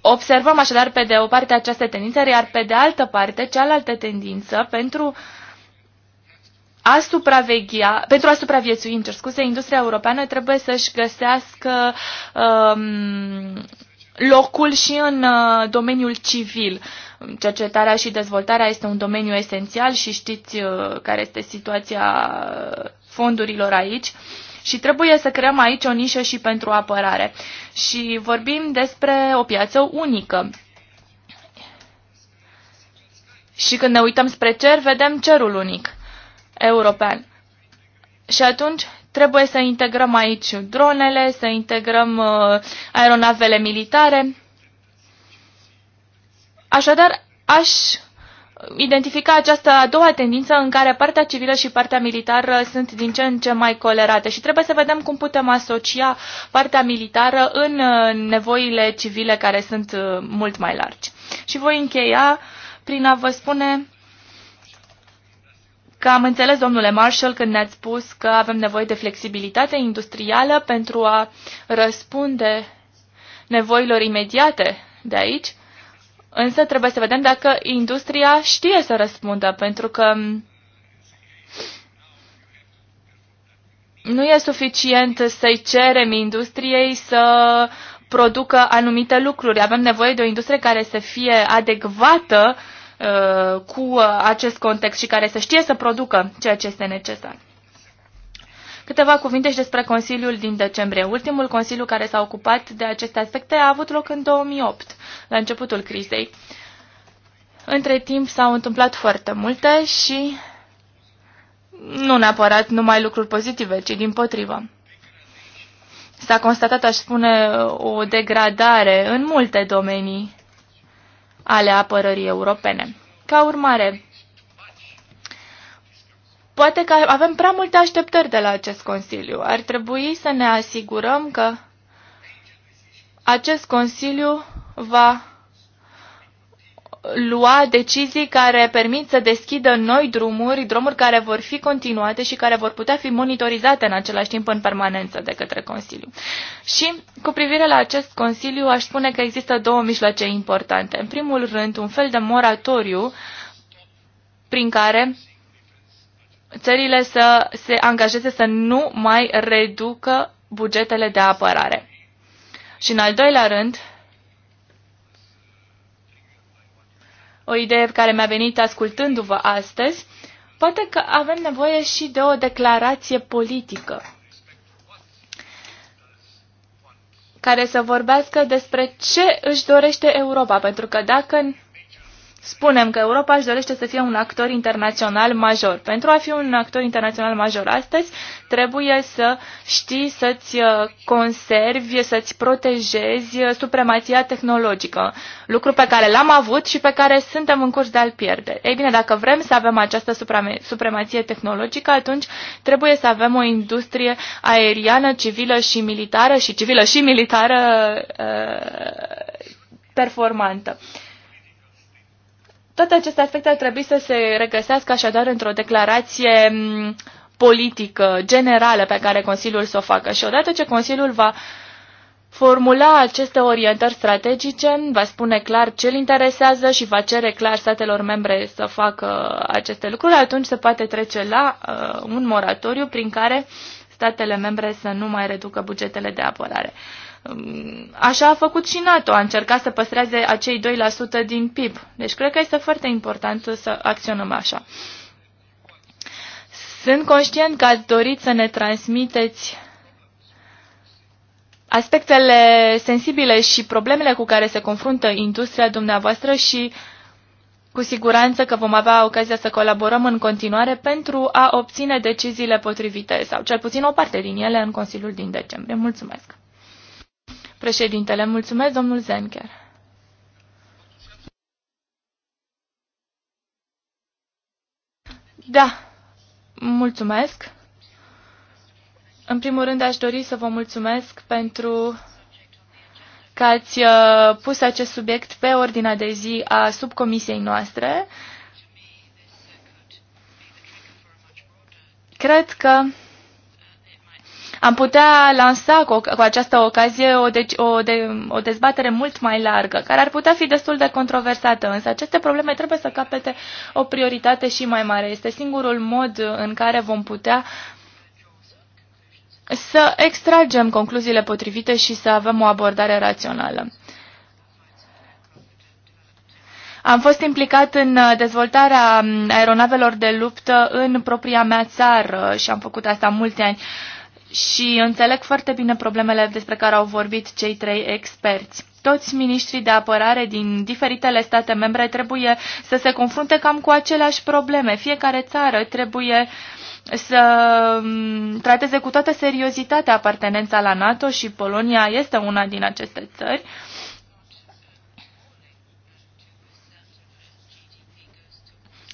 observăm așadar pe de o parte această tendință, iar pe de altă parte cealaltă tendință pentru a supraveghea, pentru a supraviețui, în scuze, industria europeană trebuie să-și găsească um, locul și în uh, domeniul civil. Cercetarea și dezvoltarea este un domeniu esențial și știți uh, care este situația fondurilor aici. Și trebuie să creăm aici o nișă și pentru apărare. Și vorbim despre o piață unică. Și când ne uităm spre cer, vedem cerul unic european. Și atunci trebuie să integrăm aici dronele, să integrăm uh, aeronavele militare. Așadar, aș identifica această a doua tendință în care partea civilă și partea militară sunt din ce în ce mai colerate și trebuie să vedem cum putem asocia partea militară în uh, nevoile civile care sunt uh, mult mai largi. Și voi încheia prin a vă spune că am înțeles, domnule Marshall, când ne-ați spus că avem nevoie de flexibilitate industrială pentru a răspunde nevoilor imediate de aici, însă trebuie să vedem dacă industria știe să răspundă, pentru că nu e suficient să-i cerem industriei să producă anumite lucruri. Avem nevoie de o industrie care să fie adecvată uh, Uh, cu acest context și care să știe să producă ceea ce este necesar. Câteva cuvinte și despre Consiliul din decembrie. Ultimul Consiliu care s-a ocupat de aceste aspecte a avut loc în 2008, la începutul crizei. Între timp s-au întâmplat foarte multe și nu neapărat numai lucruri pozitive, ci din potrivă. S-a constatat, aș spune, o degradare în multe domenii ale apărării europene. Ca urmare, poate că avem prea multe așteptări de la acest Consiliu. Ar trebui să ne asigurăm că acest Consiliu va lua decizii care permit să deschidă noi drumuri, drumuri care vor fi continuate și care vor putea fi monitorizate în același timp în permanență de către Consiliu. Și cu privire la acest Consiliu aș spune că există două mijloace importante. În primul rând, un fel de moratoriu prin care țările să se angajeze să nu mai reducă bugetele de apărare. Și în al doilea rând, o idee care mi-a venit ascultându-vă astăzi, poate că avem nevoie și de o declarație politică care să vorbească despre ce își dorește Europa, pentru că dacă spunem că Europa își dorește să fie un actor internațional major. Pentru a fi un actor internațional major astăzi, trebuie să știi să-ți uh, conservi, să-ți protejezi uh, supremația tehnologică, lucru pe care l-am avut și pe care suntem în curs de a-l pierde. Ei bine, dacă vrem să avem această supremație tehnologică, atunci trebuie să avem o industrie aeriană, civilă și militară și civilă și militară uh, performantă. Toate aceste aspecte ar trebui să se regăsească așadar într-o declarație mm, politică generală pe care Consiliul să o facă. Și odată ce Consiliul va formula aceste orientări strategice, va spune clar ce îl interesează și va cere clar statelor membre să facă aceste lucruri, atunci se poate trece la uh, un moratoriu prin care statele membre să nu mai reducă bugetele de apărare. Uh, Așa a făcut și NATO, a încercat să păstreze acei 2% din PIB. Deci cred că este foarte important să acționăm așa. Sunt conștient că ați dorit să ne transmiteți aspectele sensibile și problemele cu care se confruntă industria dumneavoastră și cu siguranță că vom avea ocazia să colaborăm în continuare pentru a obține deciziile potrivite sau cel puțin o parte din ele în Consiliul din decembrie. Mulțumesc! Președintele, mulțumesc, domnul Zenker. Da, mulțumesc. În primul rând aș dori să vă mulțumesc pentru că ați uh, pus acest subiect pe ordinea de zi a subcomisiei noastre. Cred că am putea lansa cu, cu această ocazie o, de, deci- o, de, o dezbatere mult mai largă, care ar putea fi destul de controversată, însă aceste probleme trebuie să capete o prioritate și mai mare. Este singurul mod în care vom putea să extragem concluziile potrivite și să avem o abordare rațională. Am fost implicat în dezvoltarea aeronavelor de luptă în propria mea țară și am făcut asta mulți ani și înțeleg foarte bine problemele despre care au vorbit cei trei experți. Toți miniștrii de apărare din diferitele state membre trebuie să se confrunte cam cu aceleași probleme. Fiecare țară trebuie să mm, trateze cu toată seriozitatea apartenența la NATO și Polonia este una din aceste țări. Uh,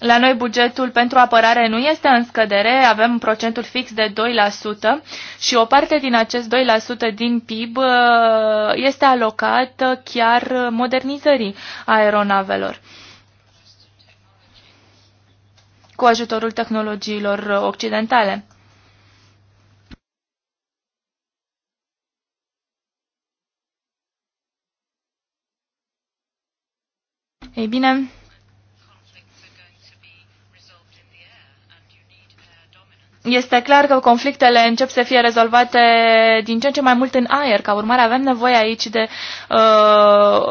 La noi bugetul pentru apărare nu este în scădere, avem procentul fix de 2% și o parte din acest 2% din PIB uh, este alocat uh, chiar modernizării aeronavelor cu ajutorul tehnologiilor occidentale. Ei bine, este clar că conflictele încep să fie rezolvate din ce în ce mai mult în aer. Ca urmare, avem nevoie aici de uh,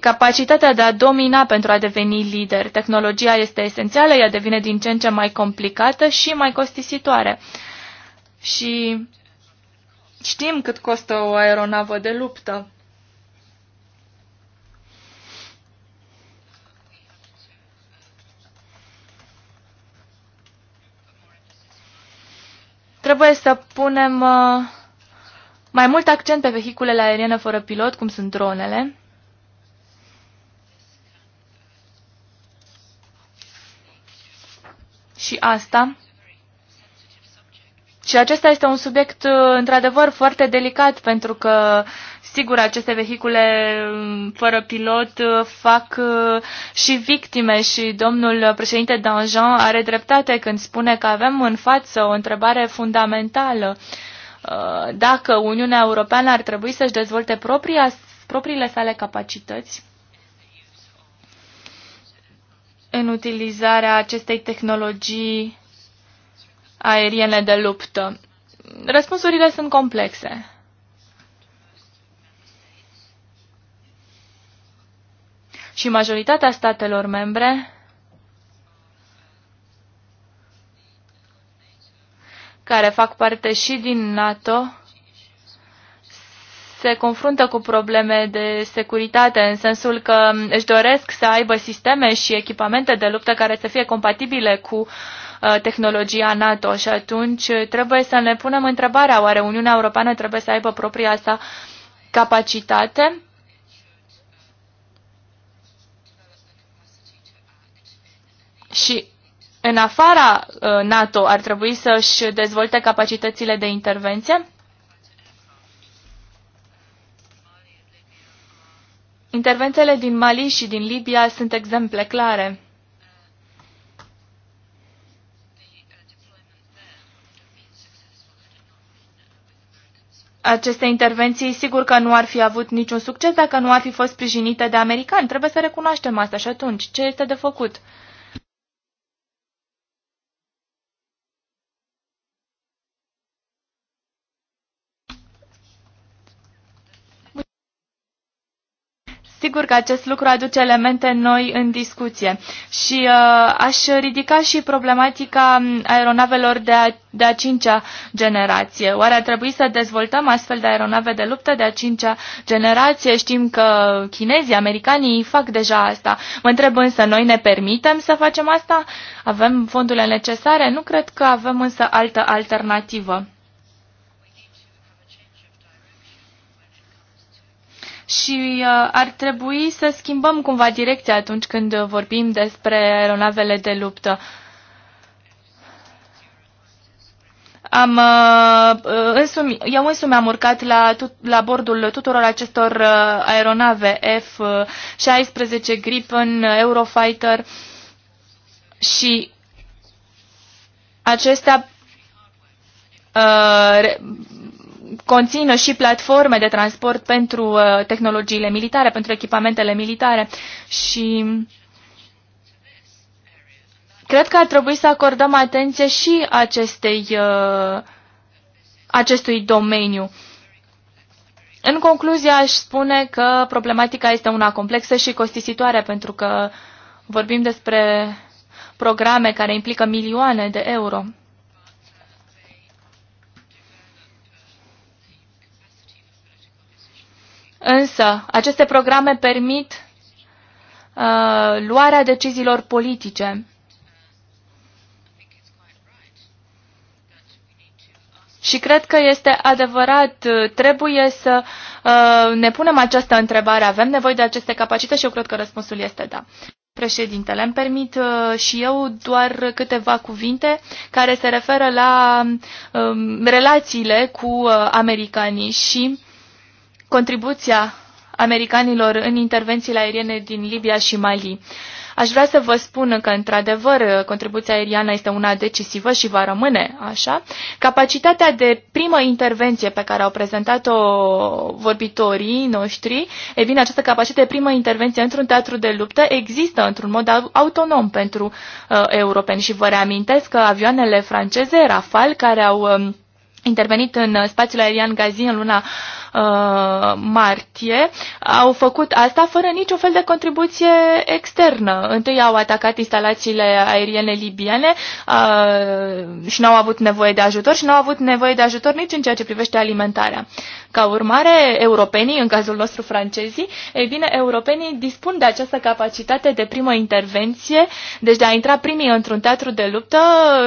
capacitatea de a domina pentru a deveni lider. Tehnologia este esențială, ea devine din ce în ce mai complicată și mai costisitoare. Și știm cât costă o aeronavă de luptă. Trebuie să punem uh, mai mult accent pe vehiculele aeriene fără pilot, cum sunt dronele. Și asta și acesta este un subiect uh, într-adevăr foarte delicat pentru că Sigur, aceste vehicule mm, fără pilot uh, fac uh, și victime și domnul președinte Danjean are dreptate când spune că avem în față o întrebare fundamentală. Dacă Uniunea Europeană ar trebui să-și dezvolte propria, propriile sale capacități în utilizarea acestei tehnologii aeriene de luptă? Răspunsurile sunt complexe. Și majoritatea statelor membre care fac parte și din NATO se confruntă cu probleme de securitate, în sensul că își doresc să aibă sisteme și echipamente de luptă care să fie compatibile cu uh, tehnologia NATO și atunci trebuie să ne punem întrebarea, oare Uniunea Europeană trebuie să aibă propria sa capacitate? Și în afara uh, NATO ar trebui să-și dezvolte capacitățile de intervenție? Intervențiile din Mali și din Libia sunt exemple clare. Aceste intervenții sigur că nu ar fi avut niciun succes dacă nu ar fi fost sprijinite de americani. Trebuie să recunoaștem asta și atunci. Ce este de făcut? Sigur că acest lucru aduce elemente noi în discuție și uh, aș ridica și problematica um, aeronavelor de a, de a cincea generație. Oare ar trebui să dezvoltăm astfel de aeronave de luptă de a cincea generație? Știm că chinezii, americanii fac deja asta. Mă întreb însă, noi ne permitem să facem asta? Avem fondurile necesare? Nu cred că avem însă altă alternativă. și uh, ar trebui să schimbăm cumva direcția atunci când vorbim despre aeronavele de luptă. Am, uh, uh, însumi, eu însumi am urcat la, la bordul tuturor acestor aeronave F-16, Gripen, Eurofighter și acestea uh, conțină și platforme de transport pentru uh, tehnologiile militare, pentru echipamentele militare și cred că ar trebui să acordăm atenție și acestei, uh, acestui domeniu. În concluzie, aș spune că problematica este una complexă și costisitoare, pentru că vorbim despre programe care implică milioane de euro. Însă, aceste programe permit uh, luarea deciziilor politice. Și cred că este adevărat, trebuie să uh, ne punem această întrebare. Avem nevoie de aceste capacități și eu cred că răspunsul este da. Președintele, îmi permit uh, și eu doar câteva cuvinte care se referă la uh, relațiile cu uh, americanii și contribuția americanilor în intervențiile aeriene din Libia și Mali. Aș vrea să vă spun că, într-adevăr, contribuția aeriană este una decisivă și va rămâne așa. Capacitatea de primă intervenție pe care au prezentat-o vorbitorii noștri, e bine, această capacitate de primă intervenție într-un teatru de luptă există într-un mod autonom pentru uh, europeni. Și vă reamintesc că avioanele franceze, Rafale, care au... Uh, intervenit în spațiul aerian Gazi în luna uh, martie, au făcut asta fără niciun fel de contribuție externă. Întâi au atacat instalațiile aeriene libiene uh, și n-au avut nevoie de ajutor și n-au avut nevoie de ajutor nici în ceea ce privește alimentarea. Ca urmare, europenii, în cazul nostru francezii, ei bine, europenii dispun de această capacitate de primă intervenție, deci de a intra primii într-un teatru de luptă,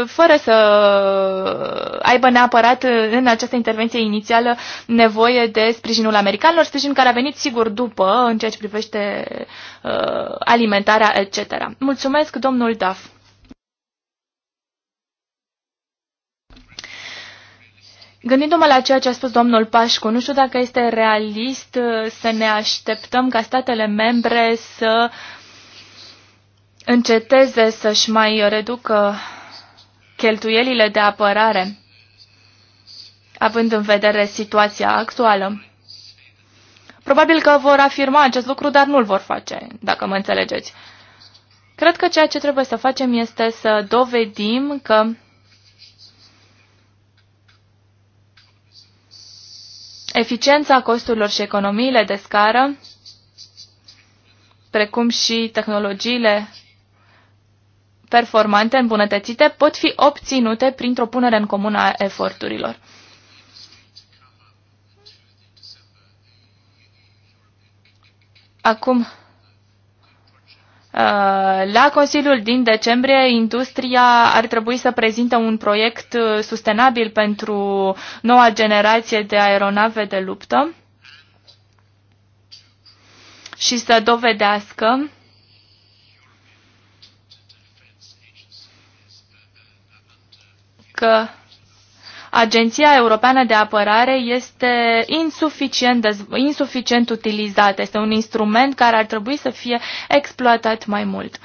fără să aibă neapărat în această intervenție inițială nevoie de sprijinul americanilor, sprijin care a venit sigur după, în ceea ce privește uh, alimentarea, etc. Mulțumesc, domnul Duff. Gândindu-mă la ceea ce a spus domnul Pașcu, nu știu dacă este realist uh, să ne așteptăm ca statele membre să înceteze să-și mai reducă cheltuielile de apărare, având în vedere situația actuală. Probabil că vor afirma acest lucru, dar nu-l vor face, dacă mă înțelegeți. Cred că ceea ce trebuie să facem este să dovedim că eficiența costurilor și economiile de scară, precum și tehnologiile performante îmbunătățite, pot fi obținute printr-o punere în comun a eforturilor. Acum Uh, la Consiliul din decembrie, industria ar trebui să prezinte un proiect uh, sustenabil pentru noua generație de aeronave de luptă și să dovedească că Agenția Europeană de Apărare este insuficient, insuficient utilizată. Este un instrument care ar trebui să fie exploatat mai mult.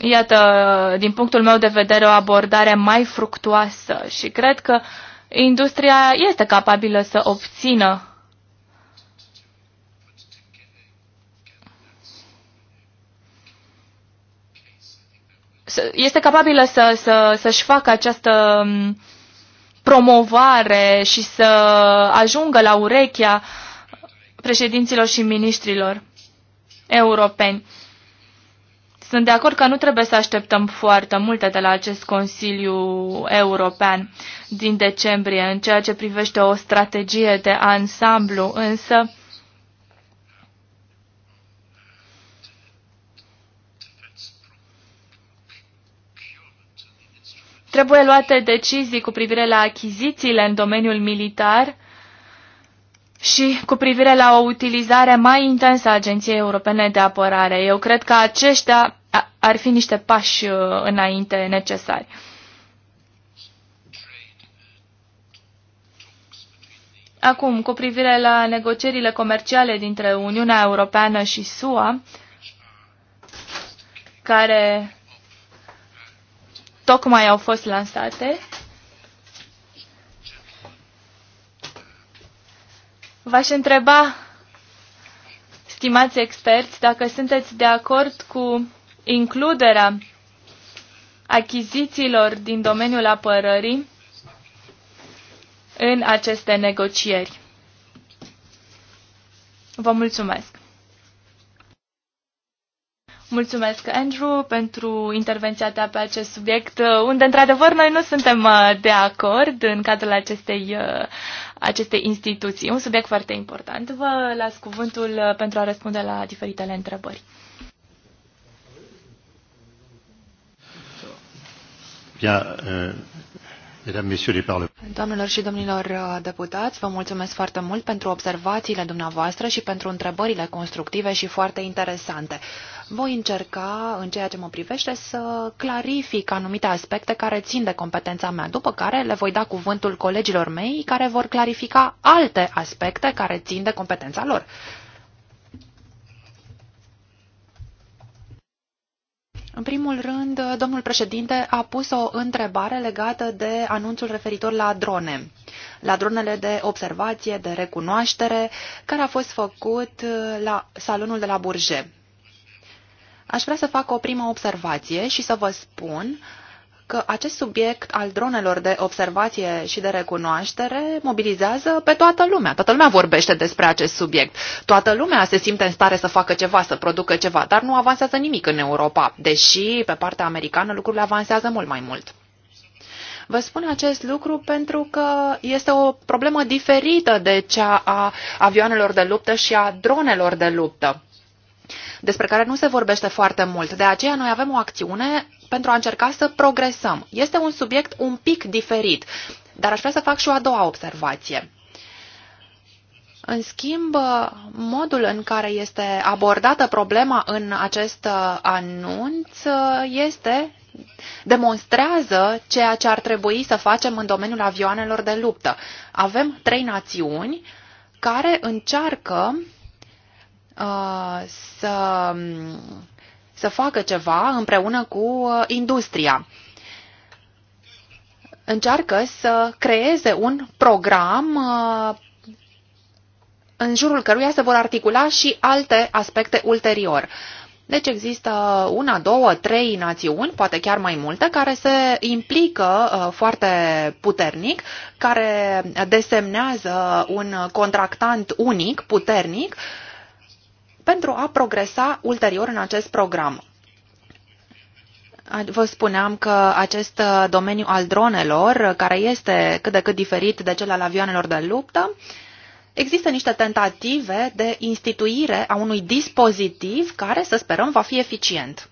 Iată, din punctul meu de vedere, o abordare mai fructuoasă și cred că industria este capabilă să obțină este capabilă să, să, să-și facă această um, promovare și să ajungă la urechea președinților și ministrilor europeni. Sunt de acord că nu trebuie să așteptăm foarte multe de la acest Consiliu European din decembrie în ceea ce privește o strategie de ansamblu, însă Trebuie luate decizii cu privire la achizițiile în domeniul militar și cu privire la o utilizare mai intensă a Agenției Europene de Apărare. Eu cred că aceștia ar fi niște pași uh, înainte necesari. Acum, cu privire la negocierile comerciale dintre Uniunea Europeană și SUA, care tocmai au fost lansate. V-aș întreba, stimați experți, dacă sunteți de acord cu includerea achizițiilor din domeniul apărării în aceste negocieri. Vă mulțumesc! Mulțumesc, Andrew, pentru intervenția ta pe acest subiect, uh, unde, într-adevăr, noi nu suntem uh, de acord în cadrul acestei, uh, acestei instituții. Un subiect foarte important. Vă las cuvântul pentru a răspunde la diferitele întrebări. Euh, Doamnelor și domnilor deputați, vă mulțumesc foarte mult pentru observațiile dumneavoastră și pentru întrebările constructive și foarte interesante. Voi încerca, în ceea ce mă privește, să clarific anumite aspecte care țin de competența mea, după care le voi da cuvântul colegilor mei care vor clarifica alte aspecte care țin de competența lor. În primul rând, domnul președinte a pus o întrebare legată de anunțul referitor la drone, la dronele de observație, de recunoaștere, care a fost făcut la salonul de la Bourget. Aș vrea să fac o primă observație și să vă spun că acest subiect al dronelor de observație și de recunoaștere mobilizează pe toată lumea. Toată lumea vorbește despre acest subiect. Toată lumea se simte în stare să facă ceva, să producă ceva, dar nu avansează nimic în Europa, deși pe partea americană lucrurile avansează mult mai mult. Vă spun acest lucru pentru că este o problemă diferită de cea a avioanelor de luptă și a dronelor de luptă despre care nu se vorbește foarte mult. De aceea noi avem o acțiune pentru a încerca să progresăm. Este un subiect un pic diferit, dar aș vrea să fac și o a doua observație. În schimb, modul în care este abordată problema în acest anunț este demonstrează ceea ce ar trebui să facem în domeniul avioanelor de luptă. Avem trei națiuni care încearcă Uh, să, să facă ceva împreună cu uh, industria. Încearcă să creeze un program uh, în jurul căruia se vor articula și alte aspecte ulterior. Deci există una, două, trei națiuni, poate chiar mai multe, care se implică foarte puternic, care desemnează un contractant unic, puternic, uh, pentru a progresa ulterior în acest program. Vă spuneam că acest uh, domeniu al dronelor, uh, care este cât de cât diferit de cel al avioanelor de luptă, există niște tentative de instituire a unui dispozitiv care, să sperăm, va fi eficient.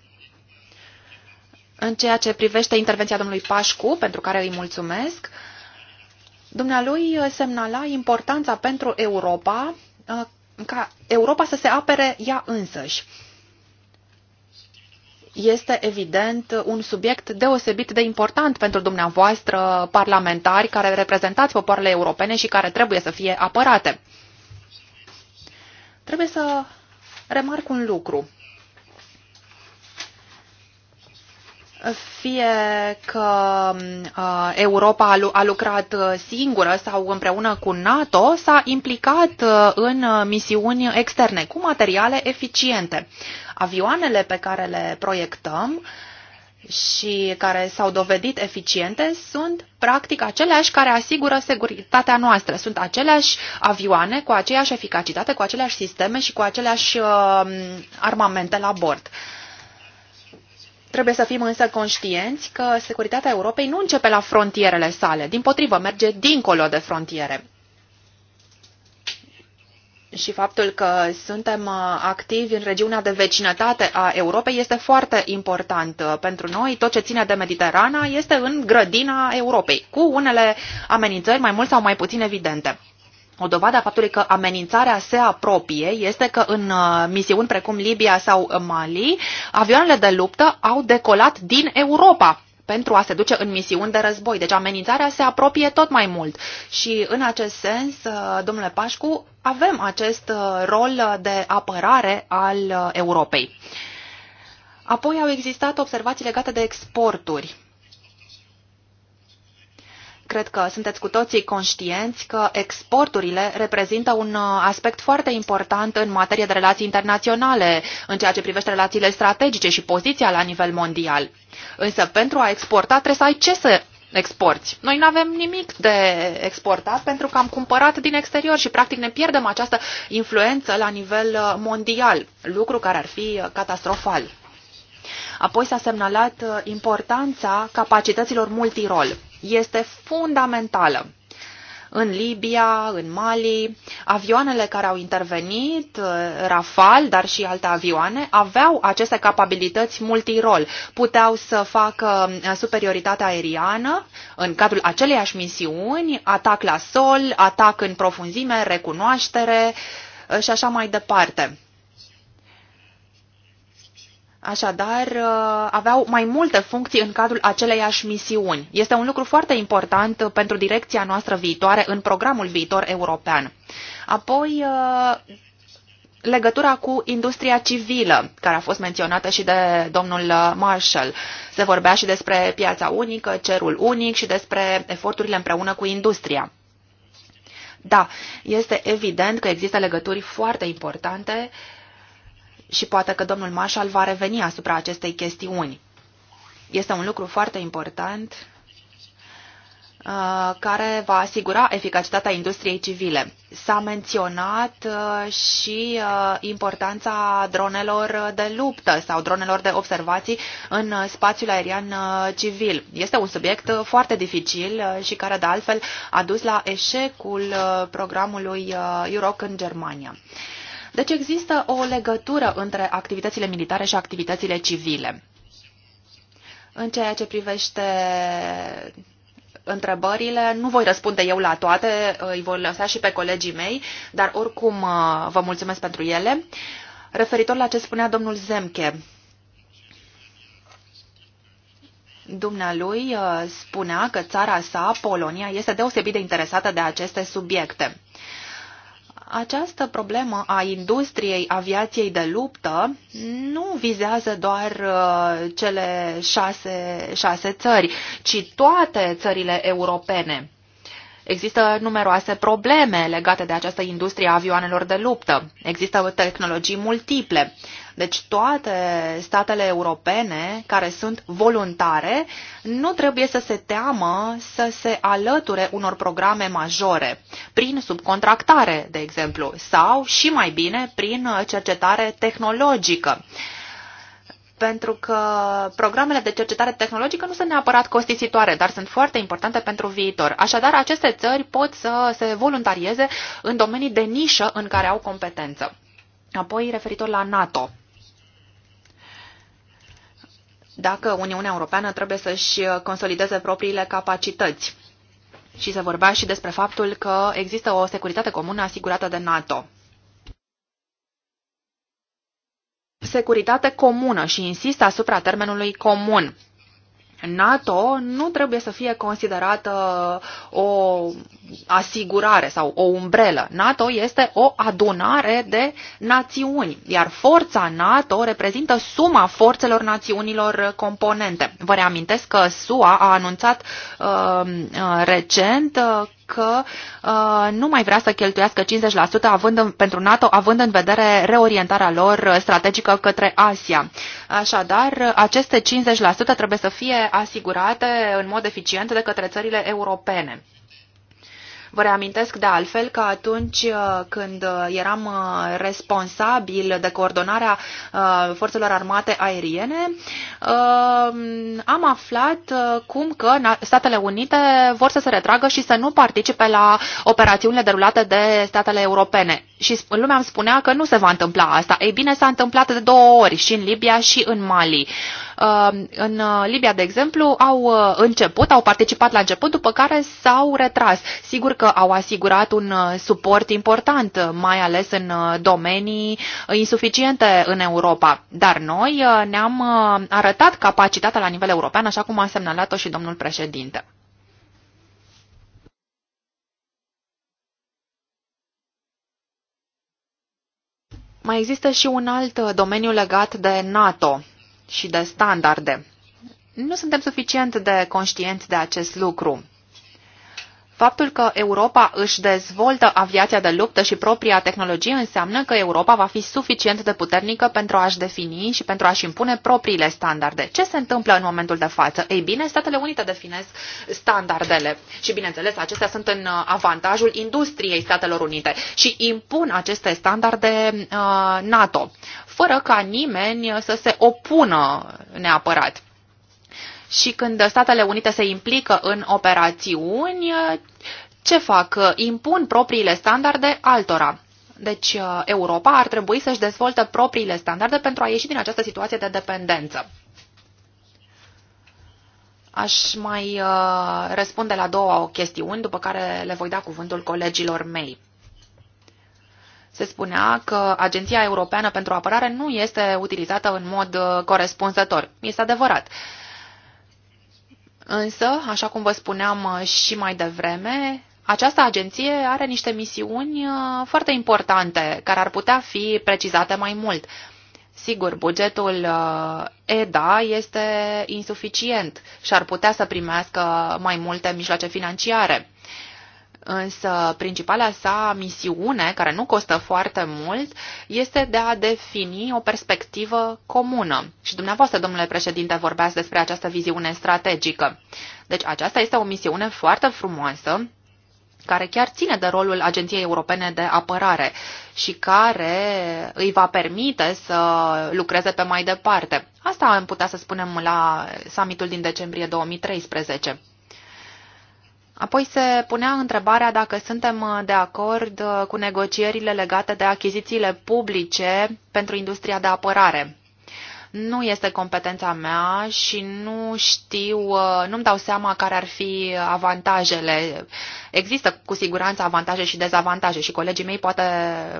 În ceea ce privește intervenția domnului Pașcu, pentru care îi mulțumesc, dumnealui uh, semnala importanța pentru Europa ca Europa să se apere ea însăși. Este evident un subiect deosebit de important pentru dumneavoastră parlamentari care reprezentați popoarele europene și care trebuie să fie apărate. Trebuie să remarc un lucru. fie că uh, Europa a lucrat uh, singură sau împreună cu NATO, s-a implicat uh, în misiuni externe cu materiale eficiente. Avioanele pe care le proiectăm și care s-au dovedit eficiente sunt practic aceleași care asigură securitatea noastră. Sunt aceleași avioane cu aceeași eficacitate, cu aceleași sisteme și cu aceleași uh, armamente la bord. Uh, Trebuie să fim însă conștienți că securitatea Europei nu începe la frontierele sale, din potrivă, merge dincolo de frontiere. Și faptul că suntem uh, activi în regiunea de vecinătate a Europei este foarte important uh, pentru noi. Tot ce ține de Mediterana este în grădina Europei, cu unele amenințări mai mult sau mai puțin evidente. O dovadă a faptului că amenințarea se apropie este că în uh, misiuni precum Libia sau uh, Mali, avioanele de luptă au decolat din Europa pentru a se duce în misiuni de război. Deci amenințarea se apropie tot mai mult. Și în acest sens, uh, domnule Pașcu, avem acest rol de apărare al Europei. Apoi au existat observații legate de exporturi cred că sunteți cu toții conștienți că exporturile reprezintă un uh, aspect foarte important în materie de relații internaționale, în ceea ce privește relațiile strategice și poziția la nivel mondial. Însă pentru a exporta trebuie să ai ce să exporți. Noi nu avem nimic de exportat pentru că am cumpărat din exterior și practic ne pierdem această influență la nivel uh, mondial, lucru care ar fi uh, catastrofal. Apoi s-a semnalat importanța capacităților multirol este fundamentală. În Libia, în Mali, avioanele care au intervenit, uh, Rafal, dar și alte avioane, aveau aceste capabilități multirol. Puteau să facă uh, superioritate aeriană în cadrul aceleiași misiuni, atac la sol, atac în profunzime, recunoaștere uh, și așa mai departe. Așadar, uh, aveau mai multe funcții în cadrul aceleiași misiuni. Este un lucru foarte important uh, pentru direcția noastră viitoare în programul viitor european. Apoi, uh, legătura cu industria civilă, care a fost menționată și de domnul Marshall. Se vorbea și despre piața unică, cerul unic și despre eforturile împreună cu industria. Da, este evident că există legături foarte importante uh, și poate că domnul Marshall va reveni asupra acestei chestiuni. Este un lucru foarte important uh, care va asigura eficacitatea industriei civile. S-a menționat uh, și uh, importanța dronelor de luptă sau dronelor de observații în spațiul aerian civil. Este un subiect foarte dificil și care de altfel a dus la eșecul programului Euroc în Germania. Deci există o legătură între activitățile militare și activitățile civile. În ceea ce privește întrebările, nu voi răspunde eu la toate, îi voi lăsa și pe colegii mei, dar oricum uh, vă mulțumesc pentru ele. Referitor la ce spunea domnul Zemke, dumnealui uh, spunea că țara sa, Polonia, este deosebit de interesată de aceste subiecte. Această problemă a industriei aviației de luptă nu vizează doar uh, cele șase, șase țări, ci toate țările europene. Există numeroase probleme legate de această industrie a avioanelor de luptă. Există tehnologii multiple. Deci toate statele europene care sunt voluntare nu trebuie să se teamă să se alăture unor programe majore, prin subcontractare, de exemplu, sau și mai bine prin cercetare tehnologică pentru că programele de cercetare tehnologică nu sunt neapărat costisitoare, dar sunt foarte importante pentru viitor. Așadar, aceste țări pot să se voluntarieze în domenii de nișă în care au competență. Apoi, referitor la NATO. Dacă Uniunea Europeană trebuie să-și consolideze propriile capacități. Și se vorbea și despre faptul că există o securitate comună asigurată de NATO. securitate comună și insist asupra termenului comun. NATO nu trebuie să fie considerată uh, o asigurare sau o umbrelă. NATO este o adunare de națiuni, iar forța NATO reprezintă suma forțelor națiunilor componente. Vă reamintesc că SUA a anunțat uh, uh recent uh, că uh, nu mai vrea să cheltuiască 50% având în, pentru NATO, având în vedere reorientarea lor strategică către Asia. Așadar, aceste 50% trebuie să fie asigurate în mod eficient de către țările europene. Vă reamintesc de altfel că atunci uh, când uh, eram uh, responsabil de coordonarea forțelor armate aeriene, am aflat cum că Statele Unite vor să se retragă și să nu participe la operațiunile derulate de statele europene. Și lumea îmi spunea că nu se va întâmpla asta. Ei bine, s-a întâmplat de două ori și în Libia și în Mali. Uh, Uh, în uh, Libia, de exemplu, au uh, început, au participat la început, după care s-au retras. Sigur că au asigurat un suport important, mai ales în domenii insuficiente în Europa. Dar noi ne-am arătat capacitatea la nivel european, așa cum a semnalat-o și domnul președinte. Mai există și un alt domeniu legat de NATO și de standarde. Nu suntem suficient de conștienți de acest lucru. Faptul că Europa își dezvoltă aviația de luptă și propria tehnologie înseamnă că Europa va fi suficient de puternică pentru a-și defini și pentru a-și impune propriile standarde. Ce se întâmplă în momentul de față? Ei bine, Statele Unite definesc standardele și, bineînțeles, acestea sunt în uh, avantajul industriei Statelor Unite și impun aceste standarde uh, NATO, fără ca nimeni să se opună neapărat și când Statele Unite se implică în operațiuni, ce fac? Impun propriile standarde altora. Deci uh, Europa ar trebui să-și dezvolte propriile standarde pentru a ieși din această situație de dependență. Aș mai uh, răspunde la două chestiuni, după care le voi da cuvântul colegilor mei. Se spunea că Agenția Europeană pentru Apărare nu este utilizată în mod uh, corespunzător. Este adevărat. Uh, Însă, așa cum vă spuneam uh, și mai devreme, această agenție are niște misiuni uh, foarte importante, care ar putea fi precizate mai mult. Sigur, bugetul uh, EDA este insuficient și ar putea să primească mai multe mijloace financiare. Însă principala sa misiune, care nu costă foarte mult, este de a defini o perspectivă comună. Și dumneavoastră, domnule președinte, vorbeați despre această viziune strategică. Deci aceasta este o misiune foarte frumoasă, care chiar ține de rolul Agenției Europene de Apărare și care îi va permite să lucreze pe mai departe. Asta am putea să spunem la summitul din decembrie 2013. Apoi se punea întrebarea dacă suntem uh, de acord uh, cu negocierile legate de achizițiile publice pentru industria de apărare. Nu este competența mea și nu știu, uh, nu-mi dau seama care ar fi avantajele. Există cu siguranță avantaje și dezavantaje și colegii mei poate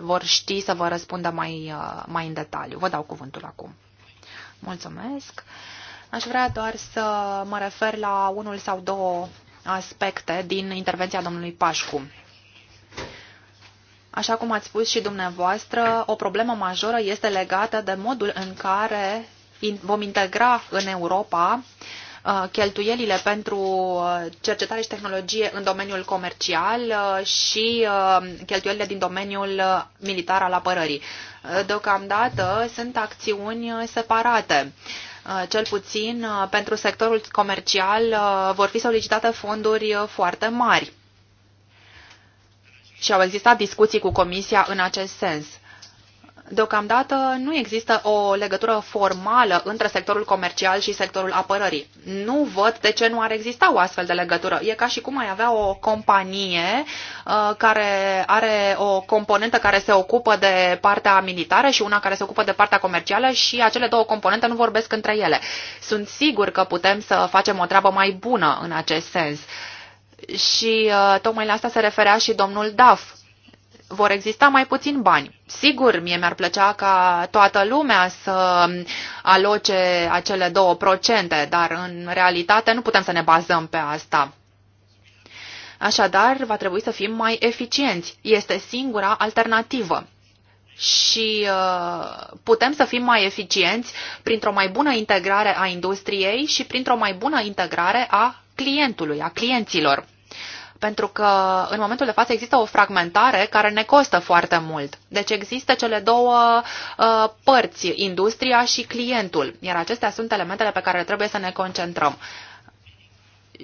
vor ști să vă răspundă mai, mai în detaliu. Vă dau cuvântul acum. Mulțumesc. Aș vrea doar să mă refer la unul sau două aspecte din intervenția domnului Pașcu. Așa cum ați spus și dumneavoastră, o problemă majoră este legată de modul în care vom integra în Europa uh, cheltuielile pentru uh, cercetare și tehnologie în domeniul comercial uh, și cheltuielile din domeniul militar al apărării. Deocamdată sunt acțiuni separate Uh, cel puțin uh, pentru sectorul comercial, uh, vor fi solicitate fonduri foarte mari. Și au existat discuții cu Comisia în acest sens. Deocamdată nu există o legătură formală între sectorul comercial și sectorul apărării. Nu văd de ce nu ar exista o astfel de legătură. E ca și cum ai avea o companie uh, care are o componentă care se ocupă de partea militară și una care se ocupă de partea comercială și acele două componente nu vorbesc între ele. Sunt sigur că putem să facem o treabă mai bună în acest sens. Și uh, tocmai la asta se referea și domnul Duff vor exista mai puțin bani. Sigur, mie mi-ar plăcea ca toată lumea să aloce acele două procente, dar în realitate nu putem să ne bazăm pe asta. Așadar, va trebui să fim mai eficienți. Este singura alternativă și uh, putem să fim mai eficienți printr-o mai bună integrare a industriei și printr-o mai bună integrare a clientului, a clienților pentru că în momentul de față există o fragmentare care ne costă foarte mult. Deci există cele două uh, părți, industria și clientul, iar acestea sunt elementele pe care trebuie să ne concentrăm.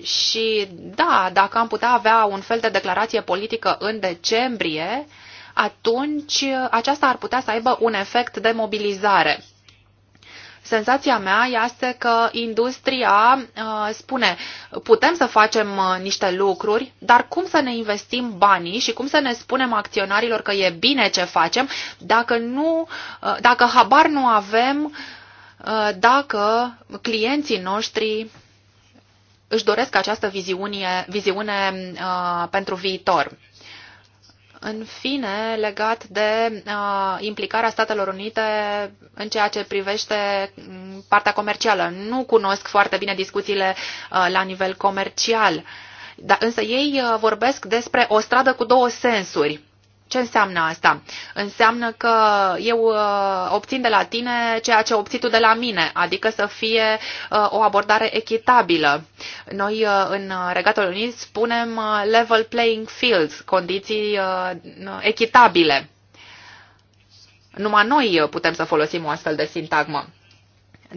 Și da, dacă am putea avea un fel de declarație politică în decembrie, atunci aceasta ar putea să aibă un efect de mobilizare. Senzația mea este că industria uh, spune, putem să facem uh, niște lucruri, dar cum să ne investim banii și cum să ne spunem acționarilor că e bine ce facem dacă, nu, uh, dacă habar nu avem dacă clienții noștri își doresc această viziune, viziune uh, pentru viitor în fine, legat de uh, implicarea Statelor Unite în ceea ce privește partea comercială. Nu cunosc foarte bine discuțiile uh, la nivel comercial, dar, însă ei uh, vorbesc despre o stradă cu două sensuri. Ce înseamnă asta? Înseamnă că eu uh, obțin de la tine ceea ce obții tu de la mine, adică să fie uh, o abordare echitabilă. Noi uh, în Regatul Unit spunem level playing fields, condiții echitabile. Numai noi putem să folosim o astfel de sintagmă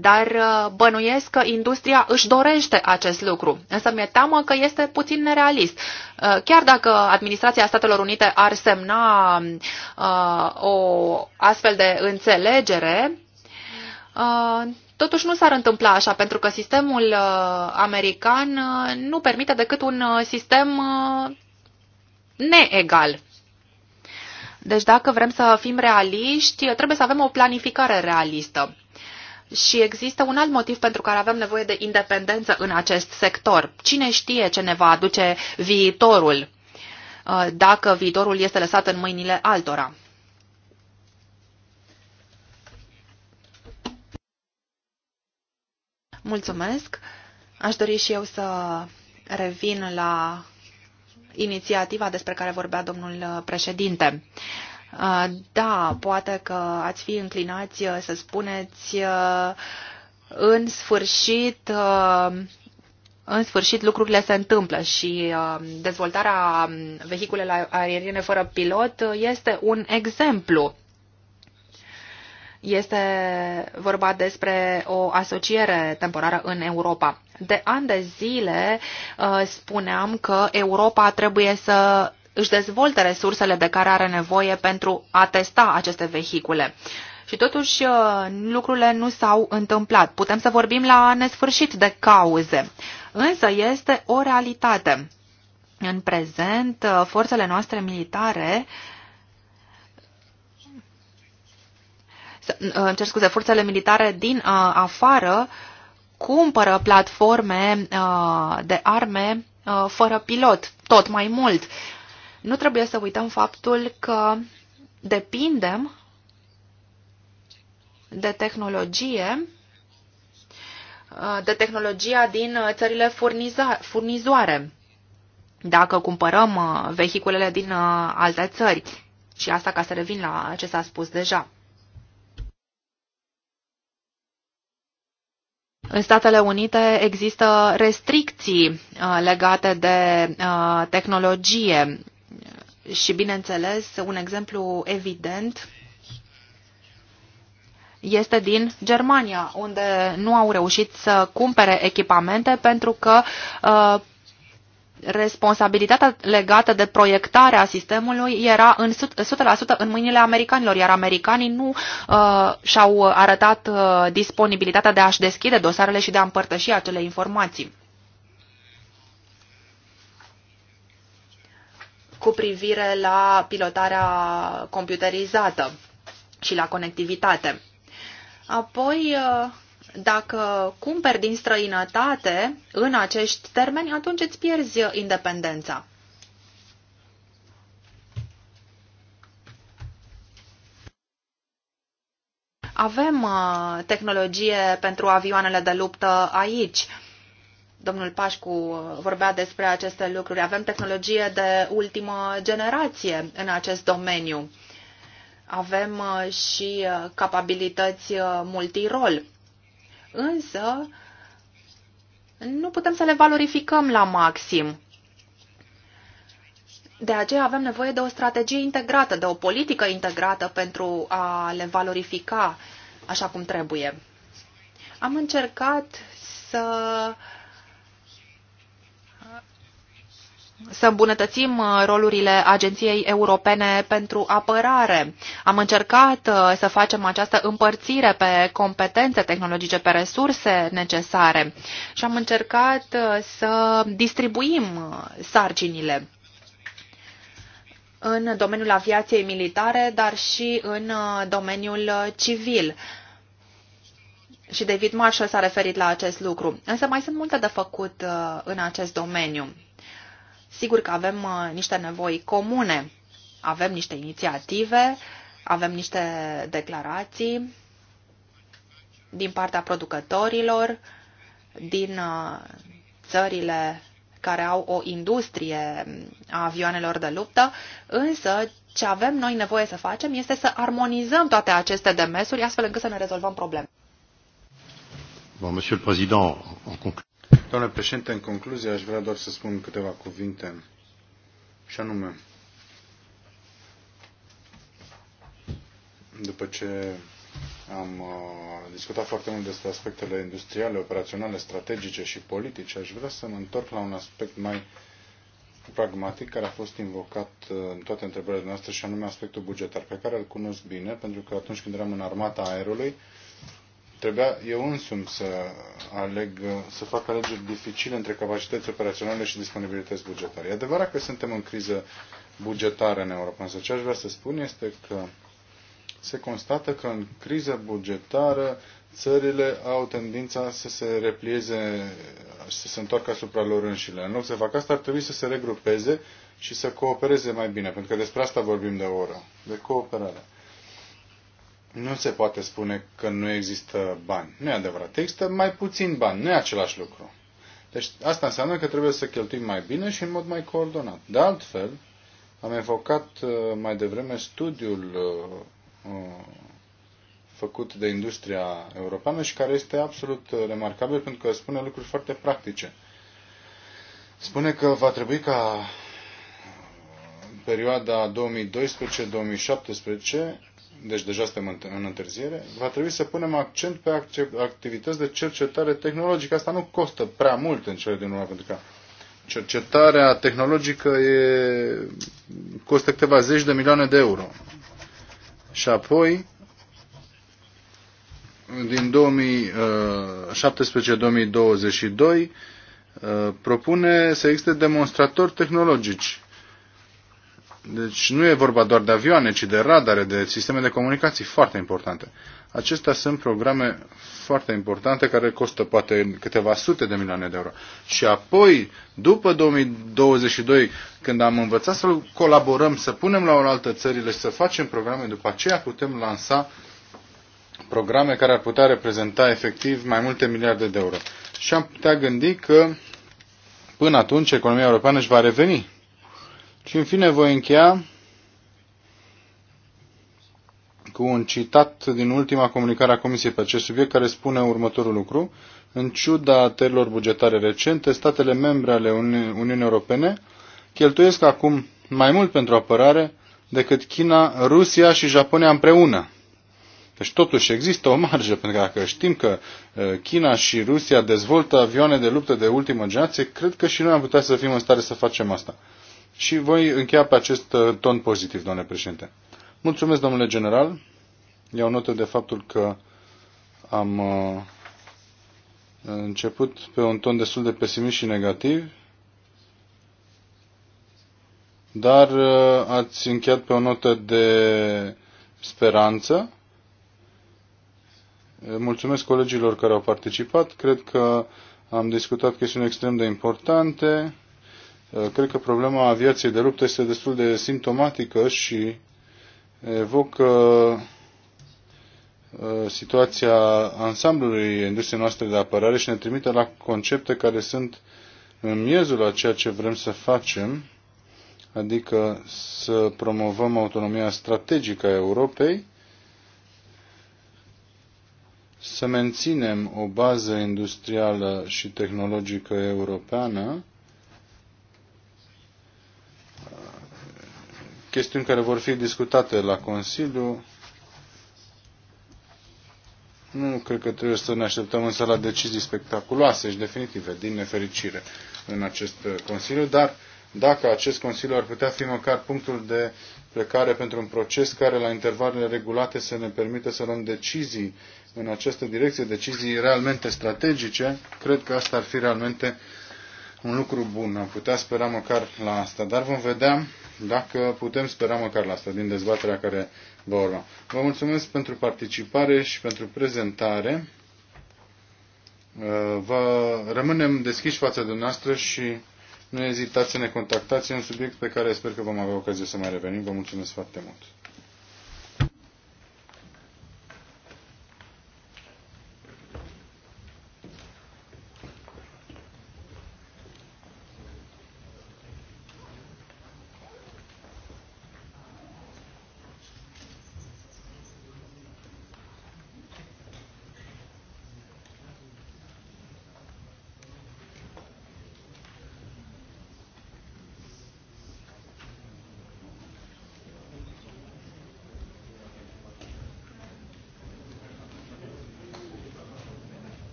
dar uh, bănuiesc că industria își dorește acest lucru. Însă mi-e teamă că este puțin nerealist. Uh, chiar dacă administrația Statelor Unite ar semna uh, o astfel de înțelegere, Totuși nu s-ar întâmpla așa, pentru că sistemul american nu permite decât un sistem neegal. Deci dacă vrem să fim realiști, trebuie să avem o planificare realistă. Și există un alt motiv pentru care avem nevoie de independență în acest sector. Cine știe ce ne va aduce viitorul, uh, dacă viitorul este lăsat în mâinile altora? Mulțumesc. Aș dori și eu să revin la inițiativa despre care vorbea domnul președinte. Da, poate că ați fi înclinați uh, să spuneți uh, în sfârșit uh, în sfârșit lucrurile se întâmplă și dezvoltarea um, vehiculelor aeriene fără pilot este un exemplu. Este vorba despre o asociere temporară în Europa. De ani de zile spuneam că Europa trebuie să își dezvoltă resursele de care are nevoie pentru a testa aceste vehicule. Și totuși uh, lucrurile nu s-au întâmplat. Putem să vorbim la nesfârșit de cauze, însă este o realitate. În prezent, uh, forțele noastre militare uh, cer scuze, forțele militare din afară cumpără platforme de arme fără pilot, tot mai mult. Nu trebuie să uităm faptul că depindem de tehnologie, de tehnologia din țările furnizoare. Dacă cumpărăm uh, vehiculele din uh, alte țări, și asta ca să revin la ce s-a spus deja. În Statele Unite există restricții uh, legate de tehnologie și, bineînțeles, un exemplu evident este din Germania, unde nu au reușit să cumpere echipamente pentru că uh, responsabilitatea legată de proiectarea sistemului era în 100% în mâinile americanilor, iar americanii nu uh, și-au arătat uh, disponibilitatea de a-și deschide dosarele și de a împărtăși acele informații. cu privire la pilotarea computerizată și la conectivitate. Apoi, uh, dacă cumperi din străinătate în acești termeni, atunci îți pierzi independența. Avem uh, tehnologie pentru avioanele de luptă aici domnul Pașcu vorbea despre aceste lucruri. Avem tehnologie de ultimă generație în acest domeniu. Avem uh, și uh, capabilități uh, multirol. Însă, nu putem să le valorificăm la maxim. De aceea avem nevoie de o strategie integrată, de o politică integrată pentru a le valorifica așa cum trebuie. Am încercat să uh, să îmbunătățim uh, rolurile Agenției Europene pentru Apărare. Am încercat uh, să facem această împărțire pe competențe tehnologice, pe resurse necesare și am încercat uh, să distribuim sarcinile în domeniul aviației militare, dar și în domeniul civil. Și David Marshall s-a referit la acest lucru. Însă mai sunt multe de făcut în acest domeniu. Sigur că avem uh, niște nevoi comune, avem niște inițiative, avem niște declarații din partea producătorilor, din uh, țările care au o industrie a avioanelor de luptă, însă ce avem noi nevoie să facem este să armonizăm toate aceste demersuri astfel încât să ne rezolvăm probleme. Bon, monsieur le Président, Domnule președinte, în concluzie aș vrea doar să spun câteva cuvinte și anume, după ce am uh, discutat foarte mult despre aspectele industriale, operaționale, strategice și politice, aș vrea să mă întorc la un aspect mai pragmatic care a fost invocat uh, în toate întrebările noastre și anume aspectul bugetar, pe care îl cunosc bine, pentru că atunci când eram în armata aerului, Trebuia eu însumi să aleg, să fac alegeri dificile între capacități operaționale și disponibilități bugetare. E adevărat că suntem în criză bugetară în Europa, însă ce aș vrea să spun este că se constată că în criză bugetară țările au tendința să se replieze, să se întoarcă asupra lor înșile. În loc să facă asta, ar trebui să se regrupeze și să coopereze mai bine, pentru că despre asta vorbim de oră, de cooperare nu se poate spune că nu există bani. Nu e adevărat. Există mai puțin bani. Nu e același lucru. Deci asta înseamnă că trebuie să cheltuim mai bine și în mod mai coordonat. De altfel, am evocat uh, mai devreme studiul uh, uh, făcut de industria europeană și care este absolut remarcabil pentru că spune lucruri foarte practice. Spune că va trebui ca perioada 2012-2017 deci deja suntem în întârziere, va trebui să punem accent pe activități de cercetare tehnologică. Asta nu costă prea mult în cele din urmă, pentru că cercetarea tehnologică e, costă câteva zeci de milioane de euro. Și apoi, din 2017-2022, uh, uh, propune să existe demonstratori tehnologici deci nu e vorba doar de avioane, ci de radare, de sisteme de comunicații foarte importante. Acestea sunt programe foarte importante care costă poate câteva sute de milioane de euro. Și apoi, după 2022, când am învățat să colaborăm, să punem la oaltă țările și să facem programe, după aceea putem lansa programe care ar putea reprezenta efectiv mai multe miliarde de euro. Și am putea gândi că până atunci economia europeană își va reveni și în fine voi încheia cu un citat din ultima comunicare a Comisiei pe acest subiect care spune următorul lucru. În ciuda tăierilor bugetare recente, statele membre ale Uni Uniunii Europene cheltuiesc acum mai mult pentru apărare decât China, Rusia și Japonia împreună. Deci totuși există o marjă, pentru că dacă știm că uh, China și Rusia dezvoltă avioane de luptă de ultimă generație, cred că și noi am putea să fim în stare să facem asta. Și voi încheia pe acest uh, ton pozitiv, domnule președinte. Mulțumesc, domnule general. Iau notă de faptul că am uh, început pe un ton destul de pesimist și negativ, dar uh, ați încheiat pe o notă de speranță. Mulțumesc colegilor care au participat. Cred că am discutat chestiuni extrem de importante Uh, cred că problema aviației de luptă este destul de simptomatică și evocă uh, situația ansamblului industriei noastre de apărare și ne trimite la concepte care sunt în miezul a ceea ce vrem să facem, adică să promovăm autonomia strategică a Europei, să menținem o bază industrială și tehnologică europeană, chestiuni care vor fi discutate la Consiliu. Nu cred că trebuie să ne așteptăm însă la decizii spectaculoase și definitive, din nefericire, în acest uh, Consiliu, dar dacă acest Consiliu ar putea fi măcar punctul de plecare pentru un proces care la intervalele regulate să ne permită să luăm decizii în această direcție, decizii realmente strategice, cred că asta ar fi realmente un lucru bun. Am putea spera măcar la asta, dar vom vedea dacă putem spera măcar la asta din dezbaterea care va urma. Vă mulțumesc pentru participare și pentru prezentare. Uh, vă rămânem deschiși față de noastră și nu ezitați să ne contactați. E un subiect pe care sper că vom avea ocazie să mai revenim. Vă mulțumesc foarte mult!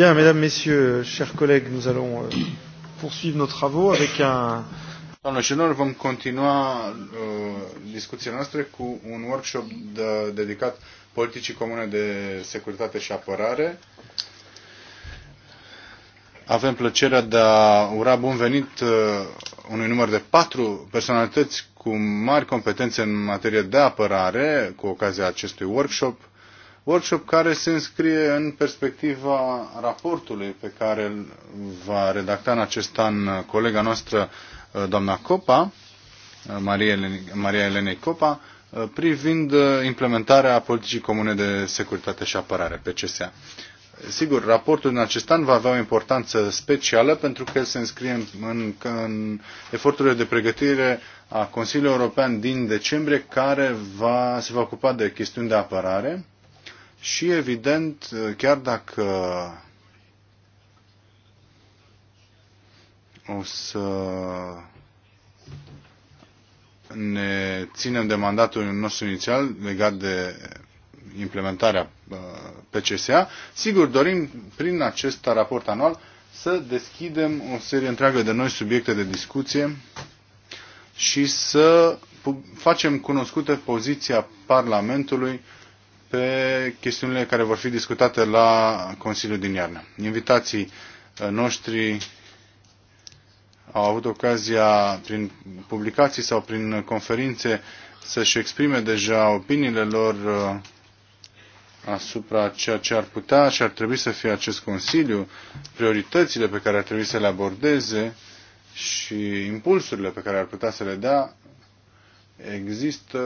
Bien, mesdames, messieurs, chers collègues, nous allons euh, poursuivre nos travaux avec un. Doamnelor și noi vom continua uh, discuțiile noastre cu un workshop de, dedicat politicii comune de securitate și apărare. Avem plăcerea de a ura bun venit uh, unui număr de patru personalități cu mari competențe în materie de apărare cu ocazia acestui workshop workshop care se înscrie în perspectiva raportului pe care îl va redacta în acest an colega noastră, uh, doamna Copa, uh, Maria Elenei Copa, uh, privind implementarea politicii comune de securitate și apărare, pe PCSA. Sigur, raportul din acest an va avea o importanță specială pentru că el se înscrie în, în, în eforturile de pregătire a Consiliului European din decembrie, care va, se va ocupa de chestiuni de apărare și evident, chiar dacă o să ne ținem de mandatul nostru inițial legat de implementarea uh, PCSA, sigur dorim prin acest raport anual să deschidem o serie întreagă de noi subiecte de discuție și să facem cunoscută poziția Parlamentului pe chestiunile care vor fi discutate la Consiliul din iarnă. Invitații uh, noștri au avut ocazia prin publicații sau prin conferințe să-și exprime deja opiniile lor uh, asupra ceea ce ar putea și ar trebui să fie acest Consiliu, prioritățile pe care ar trebui să le abordeze și impulsurile pe care ar putea să le dea, există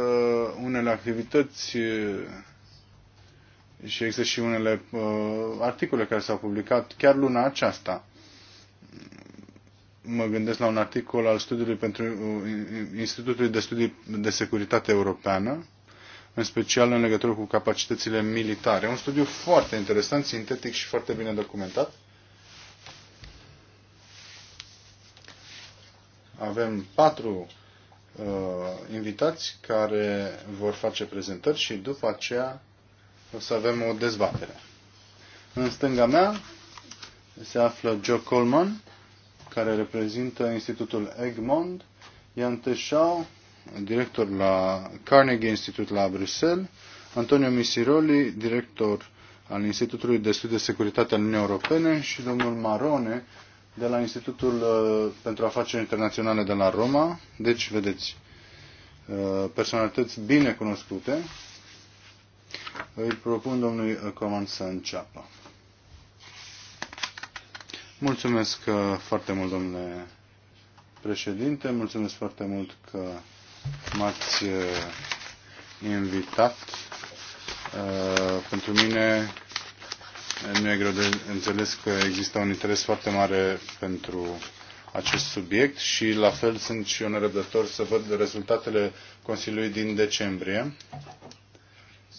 unele activități uh, și există și unele uh, articole care s-au publicat chiar luna aceasta. Mă gândesc la un articol al studiului pentru uh, Institutului de Studii de Securitate Europeană, în special în legătură cu capacitățile militare. Un studiu foarte interesant, sintetic și foarte bine documentat. Avem patru uh, invitați care vor face prezentări și după aceea o să avem o dezbatere. În stânga mea se află Joe Coleman, care reprezintă Institutul Egmont, Ian Teșau, director la Carnegie Institute la Bruxelles, Antonio Misiroli, director al Institutului de Studii de Securitate al Uniunii Europene și domnul Marone de la Institutul uh, pentru Afaceri Internaționale de la Roma. Deci, vedeți, uh, personalități bine cunoscute îi propun domnului Coman să înceapă. Mulțumesc uh, foarte mult, domnule președinte. Mulțumesc foarte mult că m-ați uh, invitat. Uh, pentru mine nu e greu de înțeles că există un interes foarte mare pentru acest subiect și la fel sunt și eu nerăbdător să văd rezultatele Consiliului din decembrie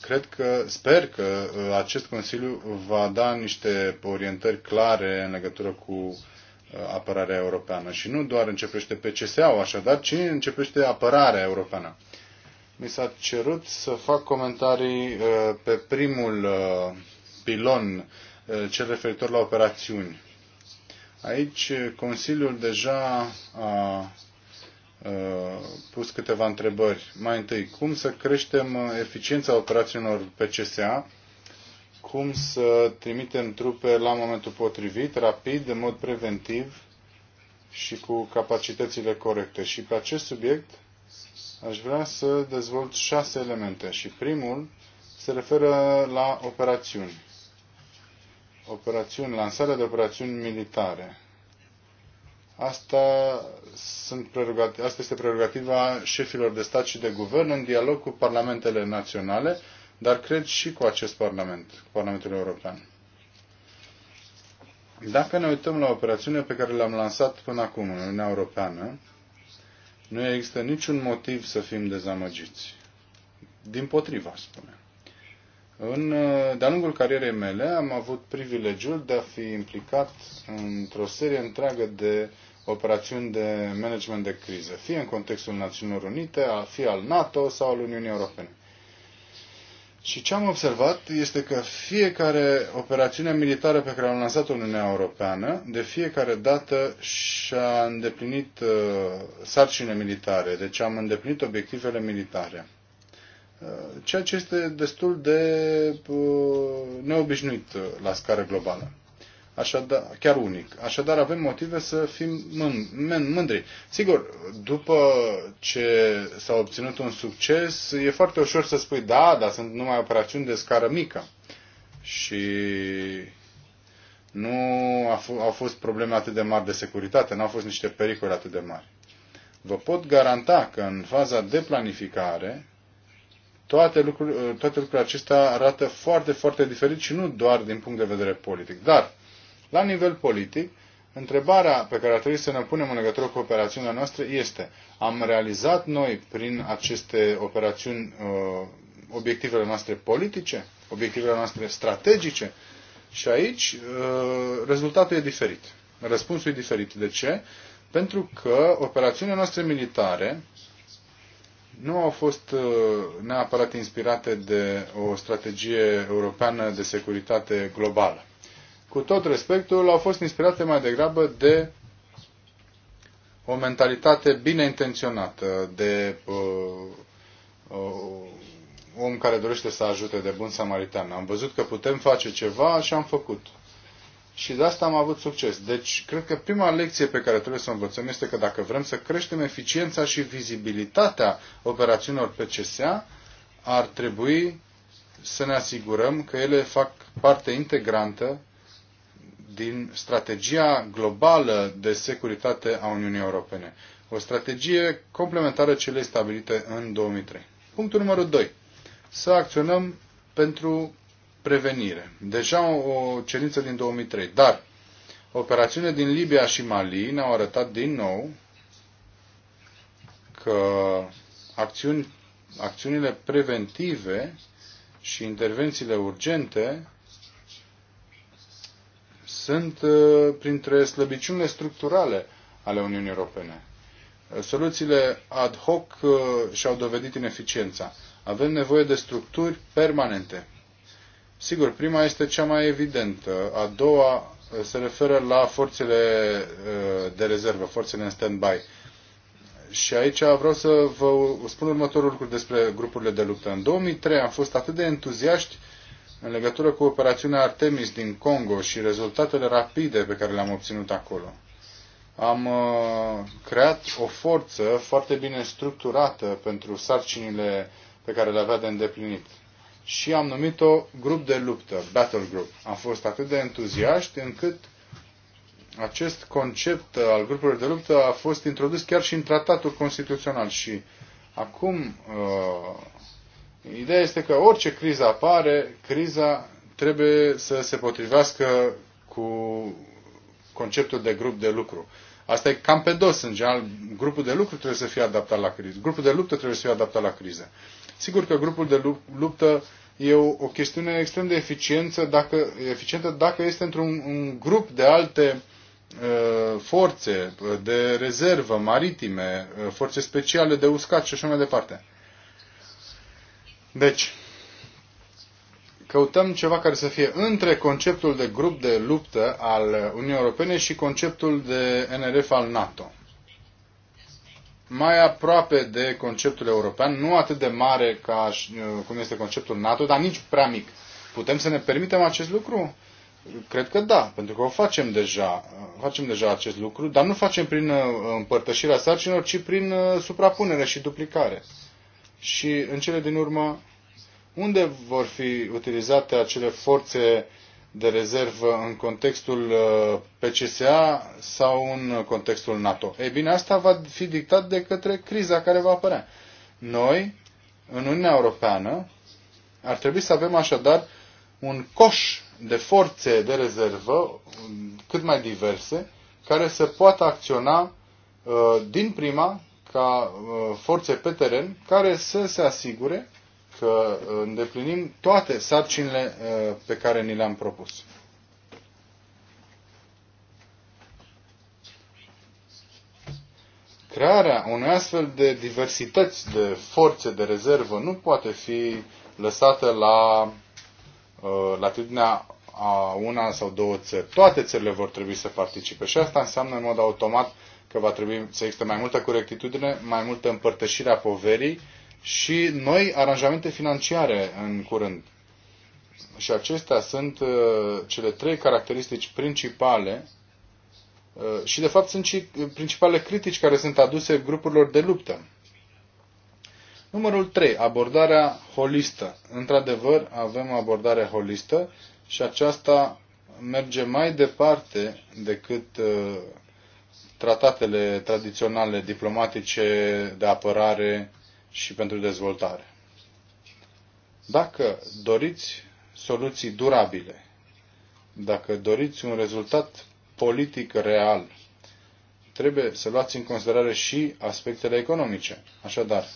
cred că, sper că uh, acest Consiliu va da niște orientări clare în legătură cu uh, apărarea europeană și nu doar începește pe CSA-ul așadar, ci începește apărarea europeană. Mi s-a cerut să fac comentarii uh, pe primul pilon, cel referitor la operațiuni. Aici Consiliul deja a Uh, pus câteva întrebări. Mai întâi, cum să creștem uh, eficiența operațiunilor pe CSA? Cum să trimitem trupe la momentul potrivit, rapid, în mod preventiv și cu capacitățile corecte? Și pe acest subiect aș vrea să dezvolt șase elemente. Și primul se referă la operațiuni. Operațiuni, lansarea de operațiuni militare Asta, sunt asta este prerogativa șefilor de stat și de guvern în dialog cu parlamentele naționale, dar cred și cu acest parlament, cu Parlamentul European. Dacă ne uităm la operațiunea pe care le-am lansat până acum în Uniunea Europeană, nu există niciun motiv să fim dezamăgiți. Din potriva, spune. În, de-a lungul carierei mele am avut privilegiul de a fi implicat într-o serie întreagă de operațiuni de management de criză, fie în contextul Națiunilor Unite, fie al NATO sau al Uniunii Europene. Și ce am observat este că fiecare operațiune militară pe care a lansat Uniunea Europeană, de fiecare dată și-a îndeplinit uh, sarcine militare, deci am îndeplinit obiectivele militare. Uh, ceea ce este destul de uh, neobișnuit uh, la scară globală așadar, chiar unic. Așadar avem motive să fim mândri. Sigur, după ce s-a obținut un succes, e foarte ușor să spui da, dar sunt numai operațiuni de scară mică. Și nu au fost probleme atât de mari de securitate, nu au fost niște pericole atât de mari. Vă pot garanta că în faza de planificare, toate, lucrurile, toate lucrurile acestea arată foarte, foarte diferit și nu doar din punct de vedere politic. Dar la nivel politic, întrebarea pe care ar trebui să ne punem în legătură cu operațiunile noastre este am realizat noi prin aceste operațiuni uh, obiectivele noastre politice, obiectivele noastre strategice și aici uh, rezultatul e diferit. Răspunsul e diferit. De ce? Pentru că operațiunile noastre militare nu au fost uh, neapărat inspirate de o strategie europeană de securitate globală cu tot respectul, au fost inspirate mai degrabă de o mentalitate bine intenționată, de uh, uh, om care dorește să ajute, de bun samaritan. Am văzut că putem face ceva și am făcut. Și de asta am avut succes. Deci, cred că prima lecție pe care trebuie să o învățăm este că dacă vrem să creștem eficiența și vizibilitatea operațiunilor PCSA, ar trebui să ne asigurăm că ele fac parte integrantă din strategia globală de securitate a Uniunii Europene. O strategie complementară celei stabilite în 2003. Punctul numărul 2. Să acționăm pentru prevenire. Deja o cerință din 2003. Dar operațiunile din Libia și Mali ne-au arătat din nou că acțiuni, acțiunile preventive și intervențiile urgente sunt uh, printre slăbiciunile structurale ale Uniunii Europene. Uh, soluțiile ad hoc uh, și-au dovedit ineficiența. Avem nevoie de structuri permanente. Sigur, prima este cea mai evidentă. A doua se referă la forțele de rezervă, forțele în stand-by. Și aici vreau să vă spun următorul lucru despre grupurile de luptă. În 2003 am fost atât de entuziaști în legătură cu operațiunea Artemis din Congo și rezultatele rapide pe care le-am obținut acolo. Am uh, creat o forță foarte bine structurată pentru sarcinile pe care le avea de îndeplinit. Și am numit-o grup de luptă, battle group. Am fost atât de entuziaști încât acest concept al grupurilor de luptă a fost introdus chiar și în tratatul constituțional și acum uh, Ideea este că orice criză apare, criza trebuie să se potrivească cu conceptul de grup de lucru. Asta e cam pe dos, în general. Grupul de lucru trebuie să fie adaptat la criză. Grupul de luptă trebuie să fie adaptat la criză. Sigur că grupul de luptă e o, o chestiune extrem de eficiență dacă, eficientă dacă este într-un un grup de alte uh, forțe de rezervă, maritime, uh, forțe speciale de uscat și așa mai departe. Deci, căutăm ceva care să fie între conceptul de grup de luptă al Uniunii Europene și conceptul de NRF al NATO. Mai aproape de conceptul european, nu atât de mare ca uh, cum este conceptul NATO, dar nici prea mic. Putem să ne permitem acest lucru? Cred că da, pentru că o facem deja, uh, facem deja acest lucru, dar nu facem prin uh, împărtășirea sarcinilor, ci prin suprapunere și duplicare și în cele din urmă unde vor fi utilizate acele forțe de rezervă în contextul uh, PCSA sau în contextul NATO? Ei bine, asta va fi dictat de către criza care va apărea. Noi, în Uniunea Europeană, ar trebui să avem așadar un coș de forțe de rezervă cât mai diverse care să poată acționa uh, din prima ca uh, forțe pe teren care să se asigure că uh, îndeplinim toate sarcinile uh, pe care ni le-am propus. Crearea unei astfel de diversități de forțe de rezervă nu poate fi lăsată la latitudinea a una sau două țări. Toate țările vor trebui să participe și asta înseamnă în mod automat că va trebui să existe mai multă corectitudine, mai multă împărtășire a poverii și noi aranjamente financiare în curând. Și acestea sunt uh, cele trei caracteristici principale uh, și, de fapt, sunt și principale critici care sunt aduse grupurilor de luptă. Numărul 3. Abordarea holistă. Într-adevăr, avem o abordare holistă și aceasta merge mai departe decât uh, tratatele tradiționale diplomatice de apărare și pentru dezvoltare. Dacă doriți soluții durabile, dacă doriți un rezultat politic real, trebuie să luați în considerare și aspectele economice. Așadar,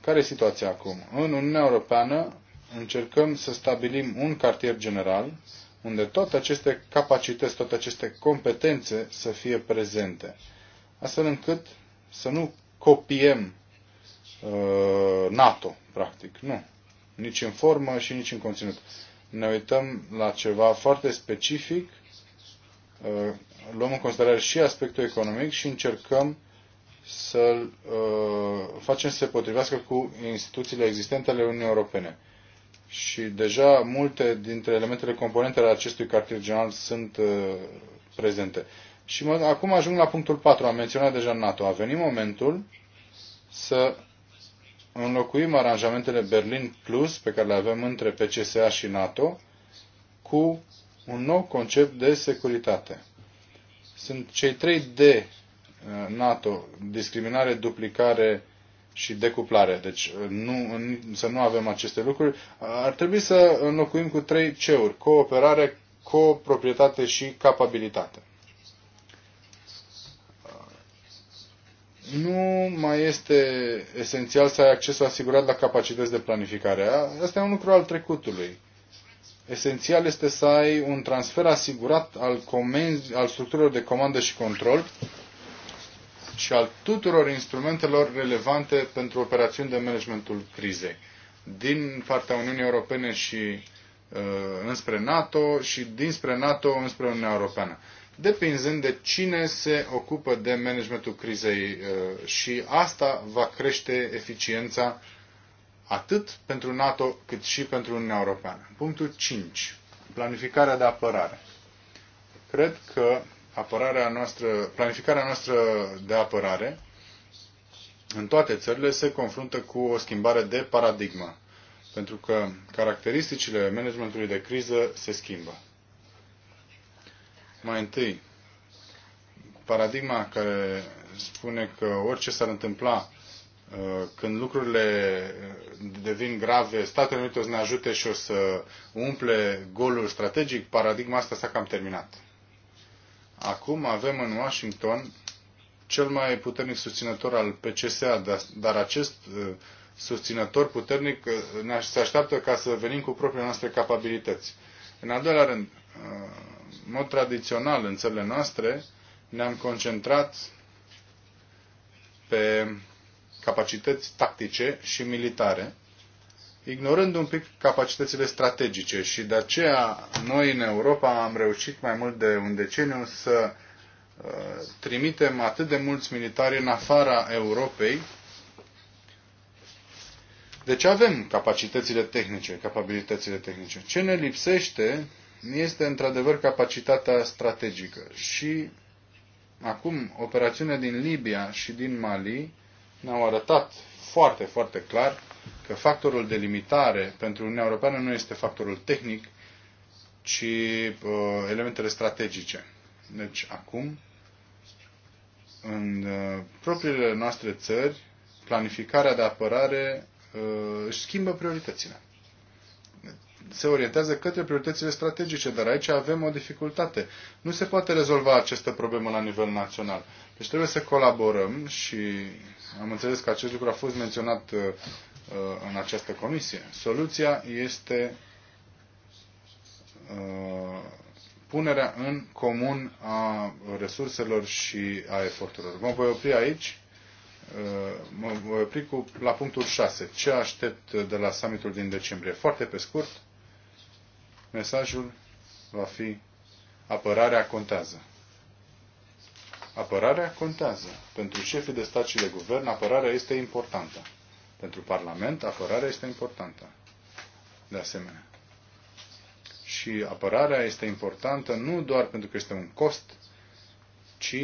care e situația acum? În Uniunea Europeană încercăm să stabilim un cartier general unde toate aceste capacități, toate aceste competențe să fie prezente, astfel încât să nu copiem uh, NATO, practic, nu, nici în formă și nici în conținut. Ne uităm la ceva foarte specific, uh, luăm în considerare și aspectul economic și încercăm să-l uh, facem să se potrivească cu instituțiile existente ale Uniunii Europene și deja multe dintre elementele componente ale acestui cartier general sunt uh, prezente. Și mă, acum ajung la punctul 4, am menționat deja NATO. A venit momentul să înlocuim aranjamentele Berlin Plus pe care le avem între PCSA și NATO cu un nou concept de securitate. Sunt cei 3 D uh, NATO, discriminare, duplicare, și decuplare. Deci uh, nu, să nu avem aceste lucruri. Uh, ar trebui să înlocuim cu trei C-uri. Cooperare, coproprietate și capabilitate. Nu mai este esențial să ai accesul asigurat la capacități de planificare. Asta e un lucru al trecutului. Esențial este să ai un transfer asigurat al, comenzi, al structurilor de comandă și control și al tuturor instrumentelor relevante pentru operațiuni de managementul crizei din partea Uniunii Europene și uh, înspre NATO și dinspre NATO înspre Uniunea Europeană, depinzând de cine se ocupă de managementul crizei uh, și asta va crește eficiența atât pentru NATO cât și pentru Uniunea Europeană. Punctul 5. Planificarea de apărare. Cred că apărarea noastră, planificarea noastră de apărare în toate țările se confruntă cu o schimbare de paradigmă, pentru că caracteristicile managementului de criză se schimbă. Mai întâi, paradigma care spune că orice s-ar întâmpla uh, când lucrurile devin grave, Statele Unite o să ne ajute și o să umple golul strategic, paradigma asta s-a cam terminat. Acum avem în Washington cel mai puternic susținător al PCSA, dar acest uh, susținător puternic uh, se așteaptă ca să venim cu propriile noastre capabilități. În al doilea rând, uh, în mod tradițional în țările noastre, ne-am concentrat pe capacități tactice și militare ignorând un pic capacitățile strategice și de aceea noi în Europa am reușit mai mult de un deceniu să uh, trimitem atât de mulți militari în afara Europei. Deci avem capacitățile tehnice, capabilitățile tehnice. Ce ne lipsește este într-adevăr capacitatea strategică. Și acum operațiunea din Libia și din Mali ne-au arătat foarte, foarte clar că factorul de limitare pentru Uniunea Europeană nu este factorul tehnic, ci uh, elementele strategice. Deci acum, în uh, propriile noastre țări, planificarea de apărare uh, își schimbă prioritățile. Se orientează către prioritățile strategice, dar aici avem o dificultate. Nu se poate rezolva această problemă la nivel național. Deci trebuie să colaborăm și am înțeles că acest lucru a fost menționat uh, Uh, în această comisie. Soluția este uh, punerea în comun a resurselor și a eforturilor. Mă voi opri aici, uh, mă voi opri cu, la punctul 6. Ce aștept de la summitul din decembrie? Foarte pe scurt, mesajul va fi apărarea contează. Apărarea contează. Pentru șefii de stat și de guvern, apărarea este importantă. Pentru Parlament, apărarea este importantă. De asemenea. Și apărarea este importantă nu doar pentru că este un cost, ci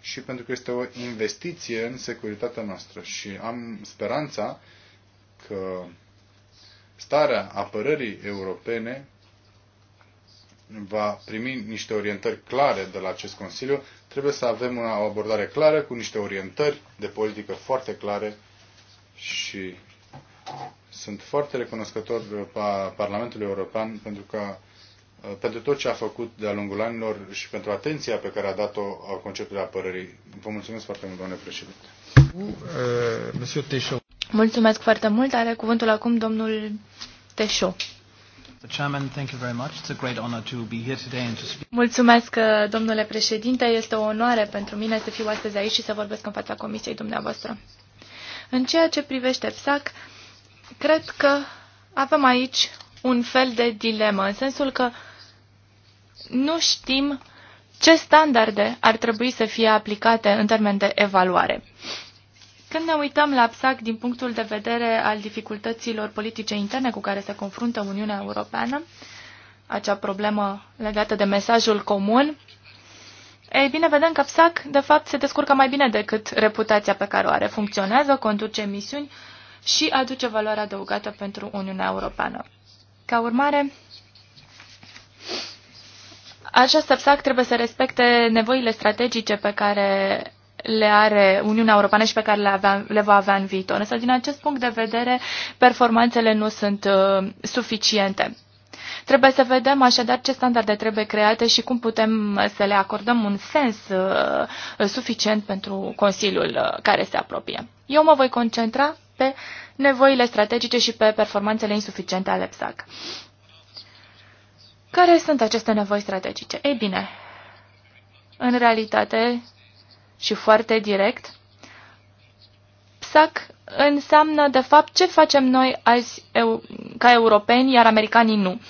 și pentru că este o investiție în securitatea noastră. Și am speranța că starea apărării europene va primi niște orientări clare de la acest Consiliu. Trebuie să avem o abordare clară cu niște orientări de politică foarte clare și sunt foarte recunoscător uh, Parlamentului European pentru că uh, pentru tot ce a făcut de-a lungul anilor și pentru atenția pe care a dat-o uh, conceptului apărării. Vă mulțumesc foarte mult, domnule președinte. Mulțumesc foarte mult. Are cuvântul acum domnul Teșo. Mulțumesc, domnule președinte. Este o onoare pentru mine să fiu astăzi aici și să vorbesc în fața comisiei dumneavoastră. În ceea ce privește PSAC, cred că avem aici un fel de dilemă, în sensul că nu știm ce standarde ar trebui să fie aplicate în termen de evaluare. Când ne uităm la PSAC din punctul de vedere al dificultăților politice interne cu care se confruntă Uniunea Europeană, acea problemă legată de mesajul comun, ei bine, vedem că PSAC, de fapt, se descurcă mai bine decât reputația pe care o are. Funcționează, conduce misiuni și aduce valoare adăugată pentru Uniunea Europeană. Ca urmare, această PSAC trebuie să respecte nevoile strategice pe care le are Uniunea Europeană și pe care le, avea, le va avea în viitor. Însă, din acest punct de vedere, performanțele nu sunt uh, suficiente. Trebuie să vedem așadar ce standarde trebuie create și cum putem uh, să le acordăm un sens uh, uh, suficient pentru Consiliul care se apropie. Eu mă voi concentra pe nevoile strategice și pe performanțele insuficiente ale PSAC. Care sunt aceste nevoi strategice? Ei bine, în realitate și foarte direct, PSAC înseamnă, de fapt, ce facem noi azi eu, ca europeni, iar americanii nu.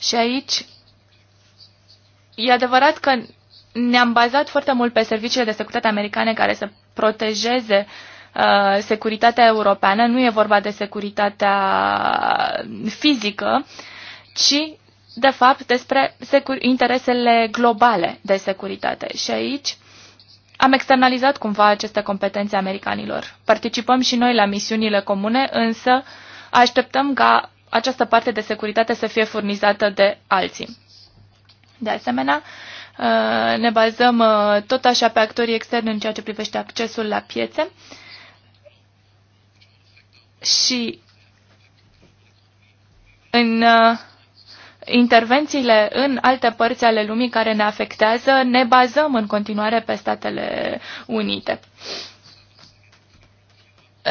Și aici e adevărat că ne-am bazat foarte mult pe serviciile de securitate americane care să protejeze uh, securitatea europeană. Nu e vorba de securitatea fizică, ci de fapt despre interesele globale de securitate. Și aici am externalizat cumva aceste competențe americanilor. Participăm și noi la misiunile comune, însă așteptăm ca această parte de securitate să fie furnizată de alții. De asemenea, uh, ne bazăm uh, tot așa pe actorii externi în ceea ce privește accesul la piețe și în uh, intervențiile în alte părți ale lumii care ne afectează, ne bazăm în continuare pe Statele Unite. Uh,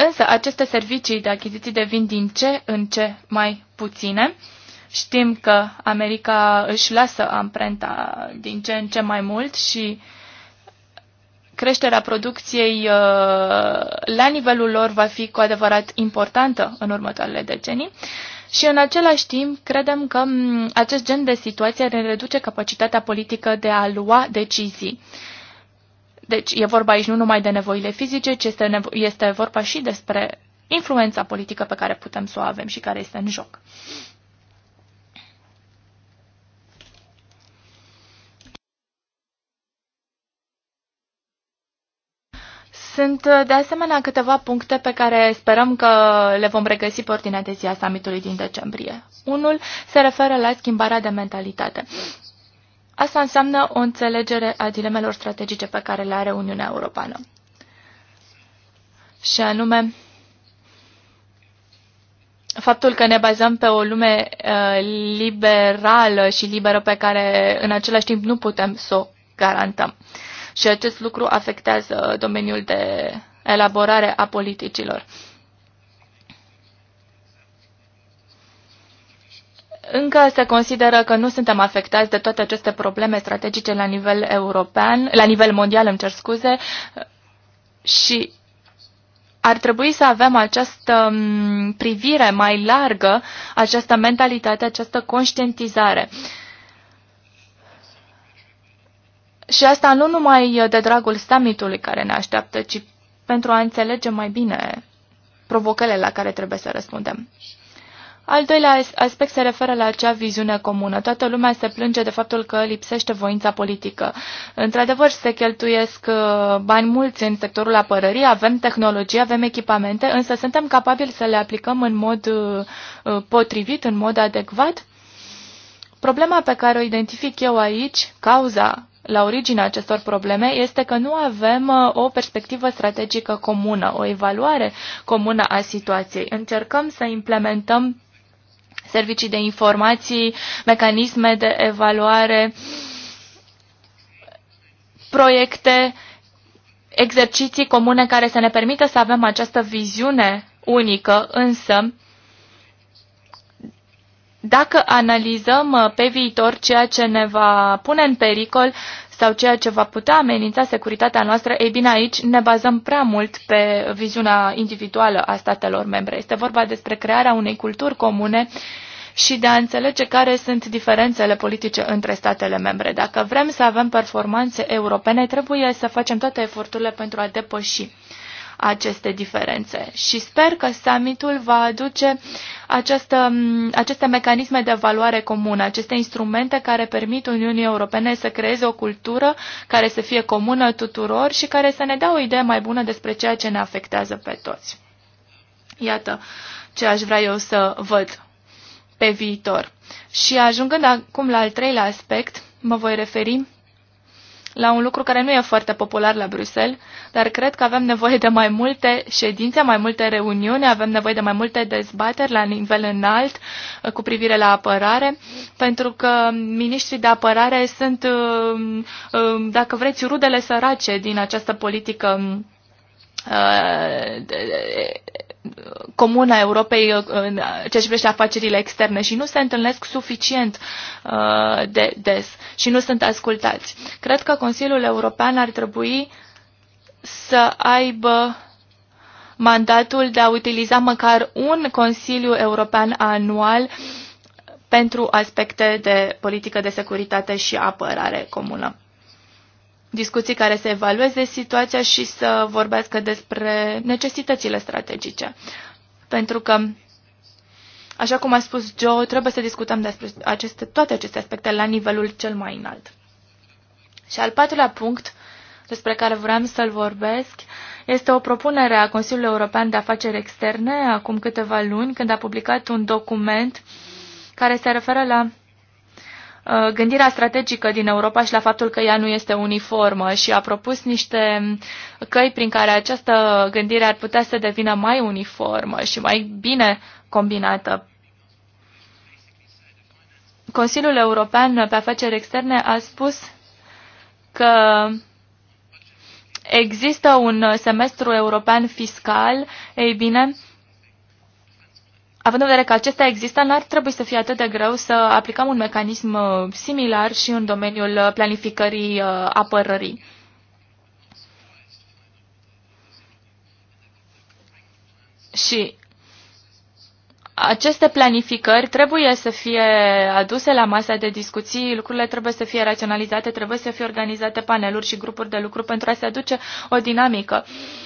Însă aceste servicii de achiziții devin din ce în ce mai puține. Știm că America își lasă amprenta din ce în ce mai mult și creșterea producției uh, la nivelul lor va fi cu adevărat importantă în următoarele decenii. Și în același timp, credem că mm, acest gen de situație ne reduce capacitatea politică de a lua decizii deci e vorba aici nu numai de nevoile fizice, ci este, este vorba și despre influența politică pe care putem să o avem și care este în joc. Sunt uh, de asemenea câteva puncte pe care sperăm că le vom regăsi pe ordinea de zi a summitului din decembrie. Unul se referă la schimbarea de mentalitate. Asta înseamnă o înțelegere a dilemelor strategice pe care le are Uniunea Europeană. Și anume, faptul că ne bazăm pe o lume uh, liberală și liberă pe care în același timp nu putem să o garantăm. Și acest lucru afectează domeniul de elaborare a politicilor. Uh, încă se consideră că nu suntem afectați de toate aceste probleme strategice la nivel european, la nivel mondial, îmi cer scuze, și ar trebui să avem această mm, privire mai largă, această mentalitate, această conștientizare. Și asta nu numai de dragul summitului care ne așteaptă, ci pentru a înțelege mai bine provocările la care trebuie să răspundem. Al doilea aspect se referă la acea viziune comună. Toată lumea se plânge de faptul că lipsește voința politică. Într-adevăr, se cheltuiesc uh, bani mulți în sectorul apărării, avem tehnologie, avem echipamente, însă suntem capabili să le aplicăm în mod uh, uh, potrivit, în mod adecvat? Problema pe care o identific eu aici, cauza la originea acestor probleme este că nu avem o perspectivă strategică comună, o evaluare comună a situației. Încercăm să implementăm servicii de informații, mecanisme de evaluare, proiecte, exerciții comune care să ne permită să avem această viziune unică, însă dacă analizăm uh, pe viitor ceea ce ne va pune în pericol, sau ceea ce va putea amenința securitatea noastră, ei bine, aici ne bazăm prea mult pe viziunea individuală a statelor membre. Este vorba despre crearea unei culturi comune și de a înțelege care sunt diferențele politice între statele membre. Dacă vrem să avem performanțe europene, trebuie să facem toate eforturile pentru a depăși aceste diferențe. Și sper că summitul va aduce această, aceste mecanisme de valoare comună, aceste instrumente care permit Uniunii Europene să creeze o cultură care să fie comună tuturor și care să ne dea o idee mai bună despre ceea ce ne afectează pe toți. Iată ce aș vrea eu să văd pe viitor. Și ajungând acum la al treilea aspect, mă voi referi la un lucru care nu e foarte popular la Bruxelles, dar cred că avem nevoie de mai multe ședințe, mai multe reuniuni, avem nevoie de mai multe dezbateri la nivel înalt uh, cu privire la apărare, pentru că ministrii de apărare sunt, uh, uh, dacă vreți, rudele sărace din această politică comun a Europei uh, în ceea ce privește afacerile externe și nu se întâlnesc suficient uh, de des și nu sunt ascultați. Cred că Consiliul European ar trebui să aibă mandatul de a utiliza măcar un Consiliu European anual pentru aspecte de politică de securitate și apărare comună discuții care să evalueze situația și să vorbească despre necesitățile strategice. Pentru că, așa cum a spus Joe, trebuie să discutăm despre aceste, toate aceste aspecte la nivelul cel mai înalt. Și al patrulea punct despre care vreau să-l vorbesc este o propunere a Consiliului European de Afaceri Externe acum câteva luni, când a publicat un document care se referă la Uh, gândirea strategică din Europa și la faptul că ea nu este uniformă și a propus niște căi prin care această gândire ar putea să devină mai uniformă și mai bine combinată. Consiliul European pe afaceri externe a spus că există un semestru european fiscal, ei bine, având în vedere că acesta există, n-ar trebui să fie atât de greu să aplicăm un mecanism uh, similar și în domeniul uh, planificării uh, apărării. Și aceste planificări trebuie să fie aduse la masa de discuții, lucrurile trebuie să fie raționalizate, trebuie să fie organizate paneluri și grupuri de lucru pentru a se aduce o dinamică. Uh,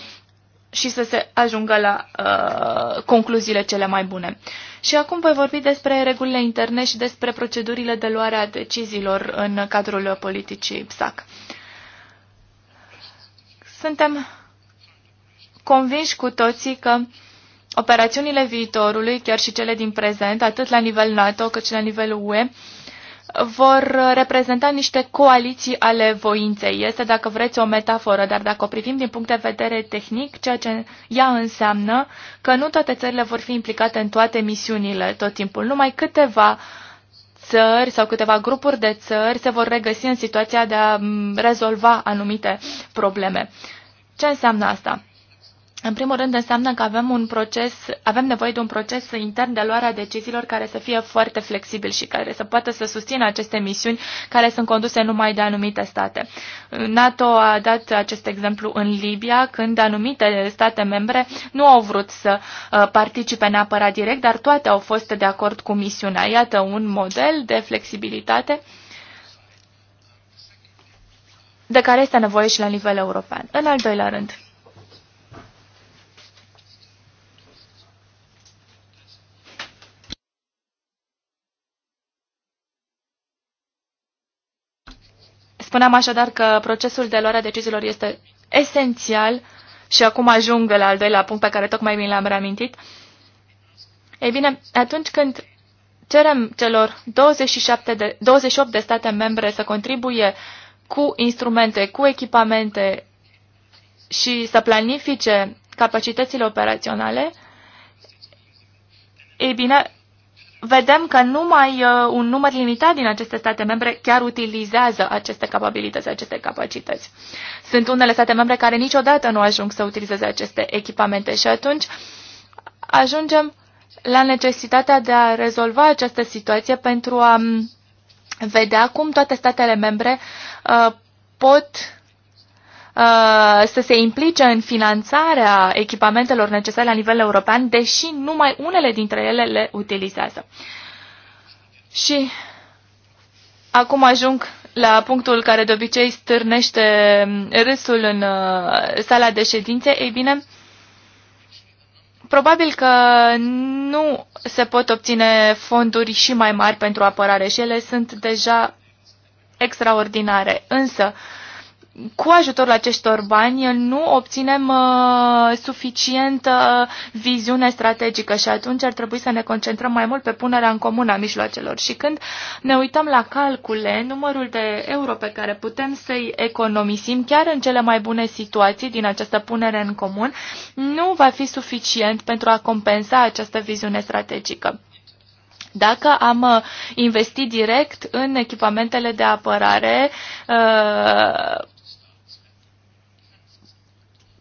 și să se ajungă la uh, concluziile cele mai bune. Și acum voi vorbi despre regulile interne și despre procedurile de luare a deciziilor în cadrul politicii PSAC. Suntem convinși cu toții că operațiunile viitorului, chiar și cele din prezent, atât la nivel NATO cât și la nivelul UE, uh, vor reprezenta niște coaliții ale voinței. Este, dacă vreți, o metaforă, dar dacă o privim din punct de vedere tehnic, ceea ce ea înseamnă că nu toate țările vor fi implicate în toate misiunile tot timpul, numai câteva țări sau câteva grupuri de țări se vor regăsi în situația de a rezolva anumite probleme. Ce înseamnă asta? În primul rând înseamnă că avem, un proces, avem nevoie de un proces intern de luare deciziilor care să fie foarte flexibil și care să poată să susțină aceste misiuni care sunt conduse numai de anumite state. NATO a dat acest exemplu în Libia, când anumite state membre nu au vrut să uh, participe neapărat direct, dar toate au fost de acord cu misiunea. Iată un model de flexibilitate de care este nevoie și la nivel european. În al doilea rând, Spuneam așadar că procesul de luare a deciziilor este esențial și acum ajung la al doilea punct pe care tocmai mi l-am reamintit. Ei bine, atunci când cerem celor 27 de, 28 de state membre să contribuie cu instrumente, cu echipamente și să planifice capacitățile operaționale, ei bine, vedem că numai uh, un număr limitat din aceste state membre chiar utilizează aceste capabilități, aceste capacități. Sunt unele state membre care niciodată nu ajung să utilizeze aceste echipamente și atunci ajungem la necesitatea de a rezolva această situație pentru a mm, vedea cum toate statele membre uh, pot Uh, să se implice în finanțarea echipamentelor necesare la nivel european, deși numai unele dintre ele le utilizează. Și acum ajung la punctul care de obicei stârnește râsul în uh, sala de ședințe. Ei bine, probabil că nu se pot obține fonduri și mai mari pentru apărare și ele sunt deja extraordinare. Însă, uh, cu ajutorul acestor bani nu obținem uh, suficientă uh, viziune strategică și atunci ar trebui să ne concentrăm mai mult pe punerea în comun a mijloacelor. Și când ne uităm la calcule, numărul de euro pe care putem să-i economisim chiar în cele mai bune situații din această punere în comun nu va fi suficient pentru a compensa această viziune strategică. Dacă am uh, investit direct în echipamentele de apărare, uh,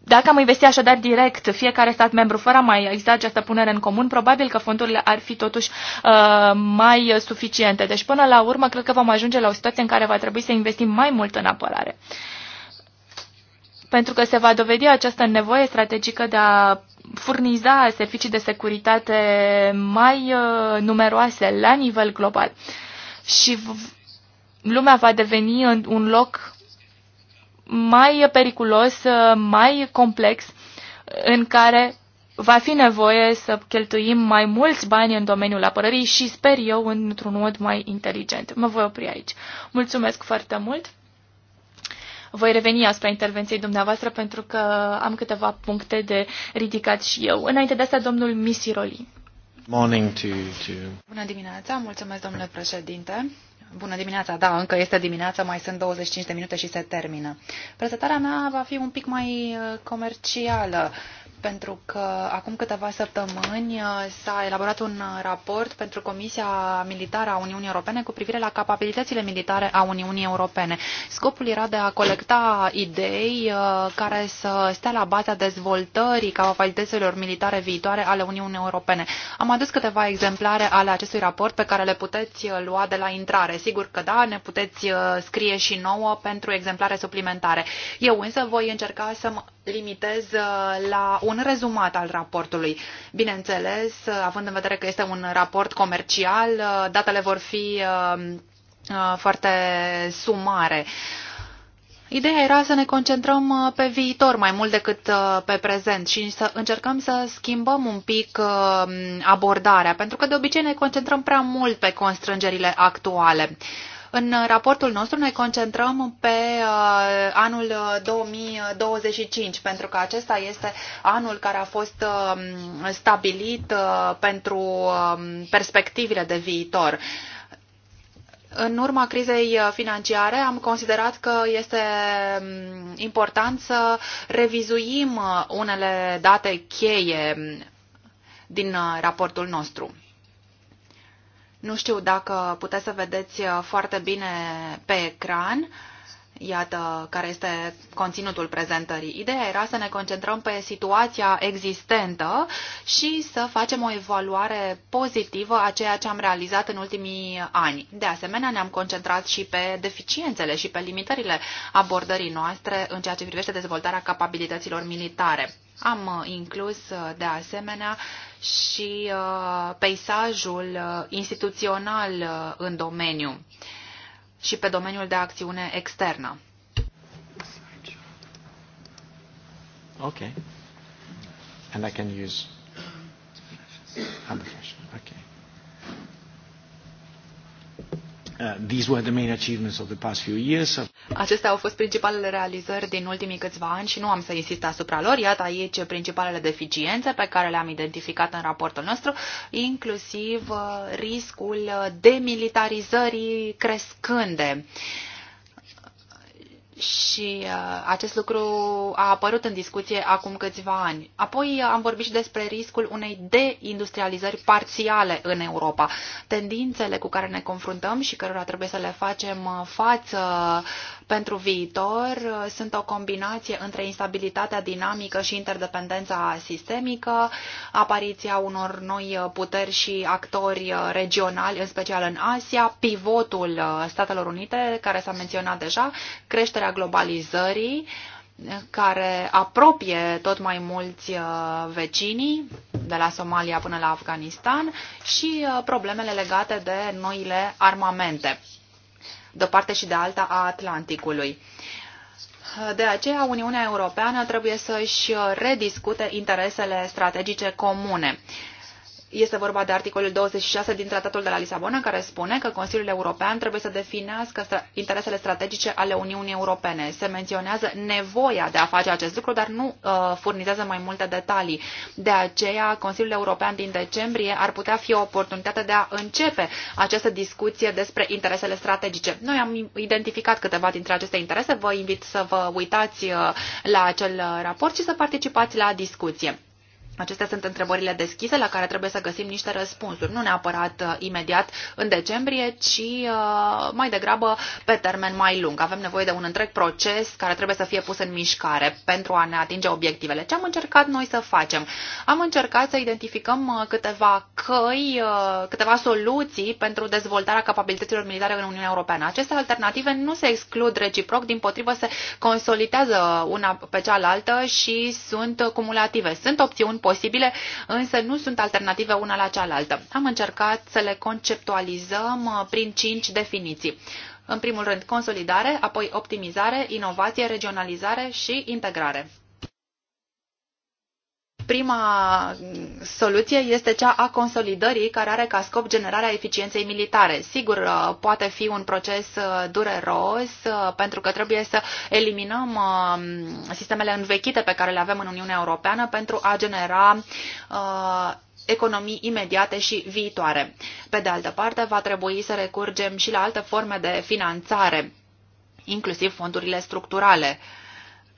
dacă am investit așadar direct fiecare stat membru fără a mai exista această punere în comun, probabil că fondurile ar fi totuși uh, mai suficiente. Deci până la urmă cred că vom ajunge la o situație în care va trebui să investim mai mult în apărare. Pentru că se va dovedi această nevoie strategică de a furniza servicii de securitate mai uh, numeroase la nivel global. Și lumea va deveni un loc mai periculos, uh, mai complex, în care va fi nevoie să cheltuim mai mulți bani în domeniul apărării și sper eu într-un mod mai inteligent. Mă voi opri aici. Mulțumesc foarte mult! Voi reveni asupra intervenției dumneavoastră pentru că am câteva puncte de ridicat și eu. Înainte de asta, domnul Misiroli. Morning to, to... Bună dimineața, mulțumesc domnule președinte. Bună dimineața, da, încă este dimineața, mai sunt 25 de minute și se termină. Prezentarea mea va fi un pic mai uh, comercială, pentru că acum câteva săptămâni uh, s-a elaborat un uh, raport pentru Comisia Militară a Uniunii Europene cu privire la capabilitățile militare a Uniunii Europene. Scopul era de a colecta idei uh, care să stea la baza dezvoltării capabilităților militare viitoare ale Uniunii Europene. Am adus câteva exemplare ale acestui raport pe care le puteți lua de la intrare. Sigur că da, ne puteți scrie și nouă pentru exemplare suplimentare. Eu însă voi încerca să mă limitez la un rezumat al raportului. Bineînțeles, având în vedere că este un raport comercial, datele vor fi um, uh, foarte sumare. Ideea era să ne concentrăm uh, pe viitor mai mult decât uh, pe prezent și să încercăm să schimbăm un pic abordarea, pentru că de obicei ne concentrăm prea mult pe constrângerile actuale. În raportul nostru ne concentrăm pe uh, anul 2025, uh, pentru că acesta este anul care a fost um, stabilit uh, pentru um, perspectivele de viitor. În urma crizei financiare am considerat că este um, important să revizuim unele date cheie din raportul nostru. Nu știu dacă puteți să vedeți uh, foarte bine pe ecran. Uh, Iată care este conținutul prezentării. Ideea era să ne concentrăm pe situația existentă și să facem o evaluare pozitivă a ceea ce am realizat în ultimii ani. De asemenea, ne-am concentrat și pe deficiențele și pe limitările abordării noastre în ceea ce privește dezvoltarea capabilităților militare. Am inclus, de asemenea, și uh, peisajul uh, instituțional uh, în domeniu și pe domeniul de acțiune externă. Okay. And I can use other Uh, these were the main achievements of the past few years. Acestea au fost principalele realizări din ultimii câțiva ani și nu am să insist asupra lor. Iată aici principalele deficiențe pe care le-am identificat în raportul nostru, inclusiv uh, riscul demilitarizării crescânde. Uh, și uh, acest lucru a apărut în discuție acum câțiva ani. Apoi uh, am vorbit și despre riscul unei deindustrializări parțiale în Europa. Tendințele cu care ne confruntăm și cărora trebuie să le facem uh, față uh, pentru viitor uh, sunt o combinație între instabilitatea dinamică și interdependența sistemică, apariția unor noi uh, puteri și actori uh, regionali, în special în Asia, pivotul Statelor Unite, care s-a menționat deja, creșterea globalizării, care apropie tot mai mulți vecinii, de la Somalia până la Afganistan, și problemele legate de noile armamente de parte și de alta a Atlanticului. De aceea, Uniunea Europeană trebuie să-și rediscute interesele strategice comune este vorba de articolul 26 din Tratatul de la Lisabona, care spune că Consiliul European trebuie să definească interesele strategice ale Uniunii Europene. Se menționează nevoia de a face acest lucru, dar nu uh, furnizează mai multe detalii. De aceea, Consiliul European din decembrie ar putea fi o oportunitate de a începe această discuție despre interesele strategice. Noi am identificat câteva dintre aceste interese. Vă invit să vă uitați uh, la acel uh, raport și să participați la discuție. Acestea sunt întrebările deschise la care trebuie să găsim niște răspunsuri, nu neapărat uh, imediat în decembrie, ci uh, mai degrabă pe termen mai lung. Avem nevoie de un întreg proces care trebuie să fie pus în mișcare pentru a ne atinge obiectivele. Ce am încercat noi să facem? Am încercat să identificăm uh, câteva căi, câteva soluții pentru dezvoltarea capabilităților militare în Uniunea Europeană. Aceste alternative nu se exclud reciproc, din potrivă se consolidează una pe cealaltă și sunt cumulative. Sunt opțiuni posibile, însă nu sunt alternative una la cealaltă. Am încercat să le conceptualizăm uh, prin cinci definiții. În primul rând, consolidare, apoi optimizare, inovație, regionalizare și integrare. Prima soluție este cea a consolidării care are ca scop generarea eficienței militare. Sigur, uh, poate fi un proces uh, dureros uh, pentru că trebuie să eliminăm um, sistemele învechite pe care le avem în Uniunea Europeană pentru a genera economii imediate și viitoare. Pe de altă parte, va trebui să recurgem și la alte forme de finanțare, inclusiv fondurile structurale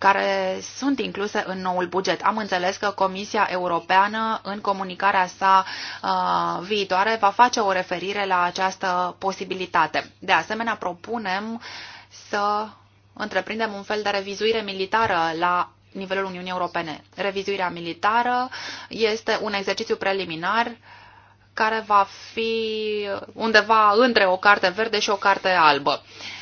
care sunt incluse în noul buget. Am înțeles că Comisia Europeană, în comunicarea sa uh, viitoare, va face o referire la această posibilitate. De asemenea, propunem să întreprindem un fel de revizuire militară la nivelul Uniunii Europene. Revizuirea militară este un exercițiu preliminar care va fi undeva între o carte verde și o carte albă. Uh,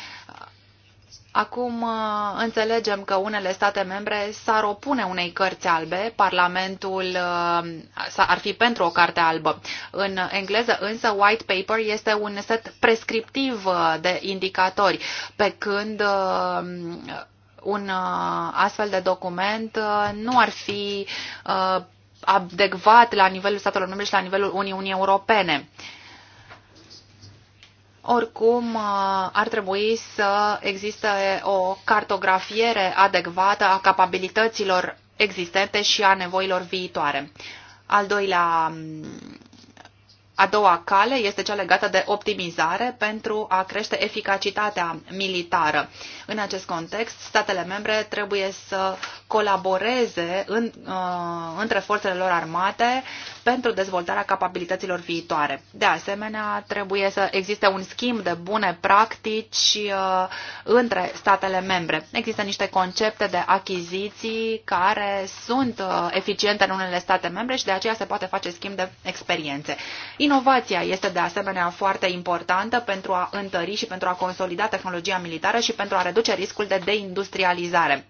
Acum uh, înțelegem că unele state membre s-ar opune unei cărți albe, Parlamentul uh, ar fi pentru o carte albă. În engleză însă white paper este un set prescriptiv uh, de indicatori, pe când un astfel de document nu ar fi adecvat la nivelul statelor membre și la nivelul Uniunii Europene. Oricum, uh, ar trebui să existe o cartografiere adecvată a capabilităților existente și a nevoilor viitoare. Al doilea, mm, a doua cale este cea legată de optimizare pentru a crește eficacitatea militară. În acest context, statele membre trebuie să colaboreze în, uh, între forțele lor armate pentru dezvoltarea capabilităților viitoare. De asemenea, trebuie să existe un schimb de bune practici uh, între statele membre. Există niște concepte de achiziții care sunt uh, eficiente în unele state membre și de aceea se poate face schimb de experiențe. Inovația este de asemenea foarte importantă pentru a întări și pentru a consolida tehnologia militară și pentru a reduce riscul de deindustrializare.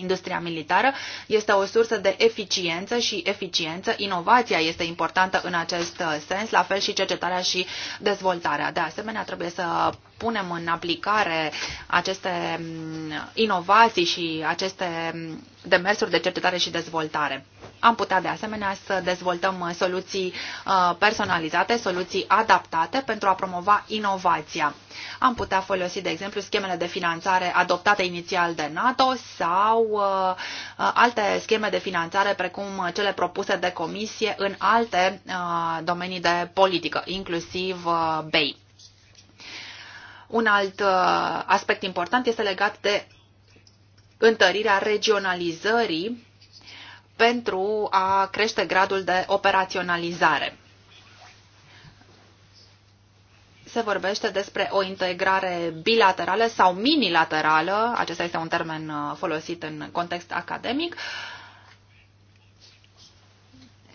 Industria militară este o sursă de eficiență și eficiență. Inovația este importantă în acest sens, la fel și cercetarea și dezvoltarea. De asemenea, trebuie să punem în aplicare aceste mm, inovații și aceste mm, demersuri de cercetare și dezvoltare. Am putea de asemenea să dezvoltăm uh, soluții uh, personalizate, soluții adaptate pentru a promova inovația. Am putea folosi, de exemplu, schemele de finanțare adoptate inițial de NATO sau uh, alte scheme de finanțare precum cele propuse de comisie în alte domenii de politică, inclusiv BEI. Un alt uh, aspect important este legat de întărirea regionalizării pentru a crește gradul de operaționalizare. Se vorbește despre o integrare bilaterală sau minilaterală, acesta este un termen uh, folosit în context academic, uh,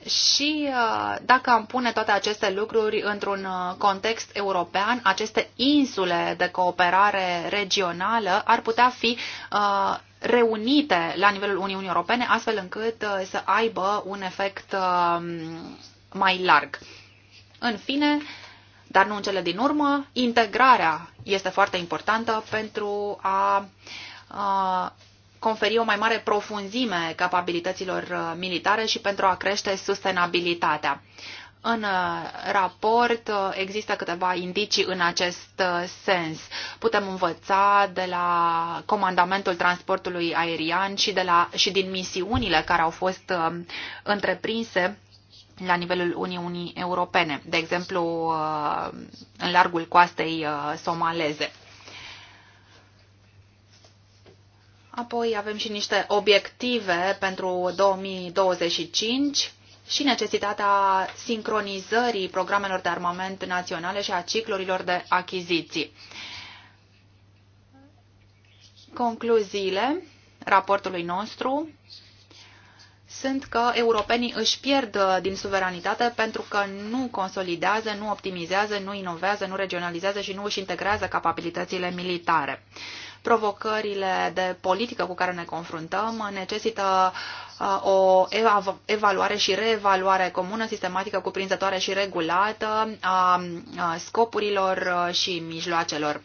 și uh, dacă am pune toate aceste lucruri într-un uh, context european, aceste insule de cooperare regională ar putea fi uh, reunite la nivelul Uniunii Europene, astfel încât să aibă un efect um, mai larg. În fine, dar nu în cele din urmă, integrarea este foarte importantă pentru a conferi o mai mare profunzime capabilităților uh, militare și pentru a crește sustenabilitatea. În uh, raport uh, există câteva indicii în acest sens. Putem învăța de la comandamentul transportului aerian și, de la, și din misiunile care au fost întreprinse la nivelul Uniunii Europene, de exemplu în largul coastei somaleze. Apoi avem și niște obiective pentru 2025 și necesitatea sincronizării programelor de armament naționale și a ciclurilor de achiziții. Concluziile raportului nostru sunt că europenii își pierd uh, din suveranitate pentru că nu consolidează, nu optimizează, nu inovează, nu regionalizează și nu își integrează capabilitățile militare. Provocările de politică cu care ne confruntăm necesită uh, o evaluare și reevaluare comună, sistematică, cuprinzătoare și regulată a scopurilor uh, și mijloacelor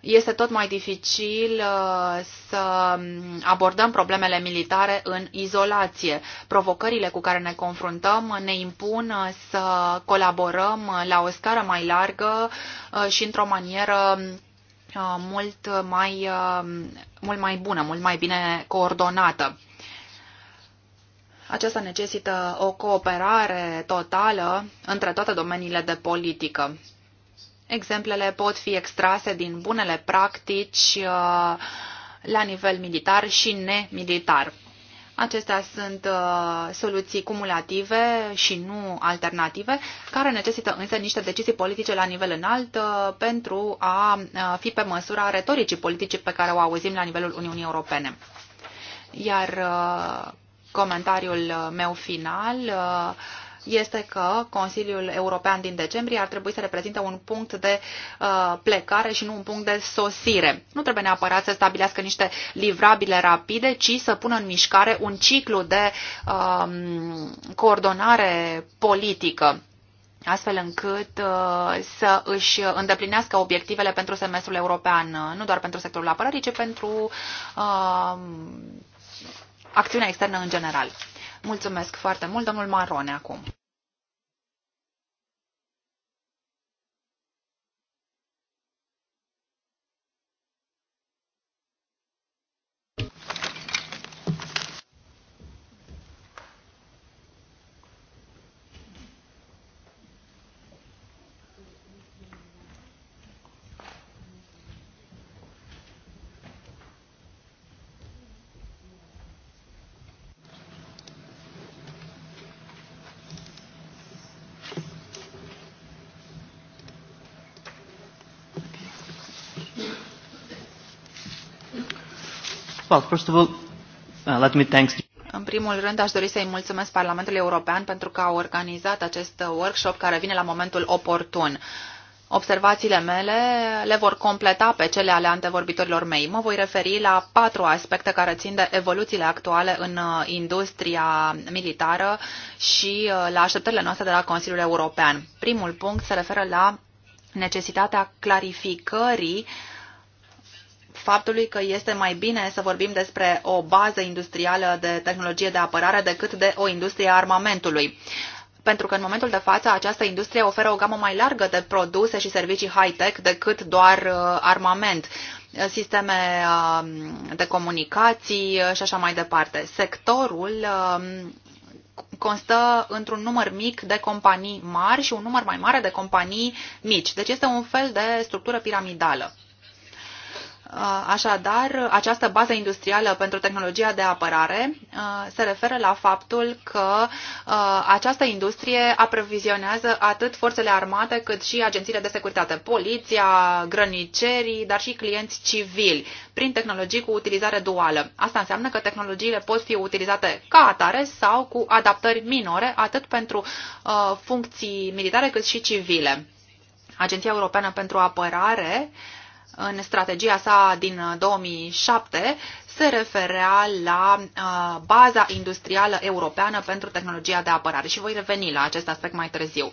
este tot mai dificil uh, să abordăm problemele militare în izolație. Provocările cu care ne confruntăm ne impun să colaborăm la o scară mai largă și într-o manieră Uh, mult mai, uh, mult mai bună, mult mai bine coordonată. Aceasta necesită o cooperare totală între toate domeniile de politică. Exemplele pot fi extrase din bunele practici uh, la nivel militar și nemilitar. Acestea sunt uh, soluții cumulative și nu alternative, care necesită însă niște decizii politice la nivel înalt uh, pentru a uh, fi pe măsura retoricii politice pe care o auzim la nivelul Uniunii Europene. Iar uh, comentariul meu final uh, este că Consiliul European din decembrie ar trebui să reprezinte un punct de uh, plecare și nu un punct de sosire. Nu trebuie neapărat să stabilească niște livrabile rapide, ci să pună în mișcare un ciclu de uh, coordonare politică astfel încât uh, să își îndeplinească obiectivele pentru semestrul european, uh, nu doar pentru sectorul apărării, ci pentru uh, acțiunea externă în general. Mulțumesc foarte mult, domnul Marone, acum. Well, first of all, uh, let me thanks în primul rând, aș dori să-i mulțumesc Parlamentului European pentru că a organizat acest workshop care vine la momentul oportun. Observațiile mele le vor completa pe cele ale antevorbitorilor mei. Mă voi referi la patru aspecte care țin de evoluțiile actuale în uh, industria militară și uh, la așteptările noastre de la Consiliul European. Primul punct se referă la necesitatea clarificării uh, faptului că este mai bine să vorbim despre o bază industrială de tehnologie de apărare decât de o industrie a armamentului pentru că în momentul de față această industrie oferă o gamă mai largă de produse și servicii high-tech decât doar uh, armament, sisteme um, de comunicații uh, și așa mai departe. Sectorul um, constă într-un număr mic de companii mari și un număr mai mare de companii mici. Deci este un fel de structură piramidală. Așadar, această bază industrială pentru tehnologia de apărare se referă la faptul că această industrie aprovizionează atât forțele armate cât și agențiile de securitate, poliția, grănicerii, dar și clienți civili, prin tehnologii cu utilizare duală. Asta înseamnă că tehnologiile pot fi utilizate ca atare sau cu adaptări minore, atât pentru funcții militare cât și civile. Agenția Europeană pentru Apărare uh, în strategia sa din 2007 uh, se referea la uh, baza industrială europeană pentru tehnologia de apărare și voi reveni la acest aspect mai târziu.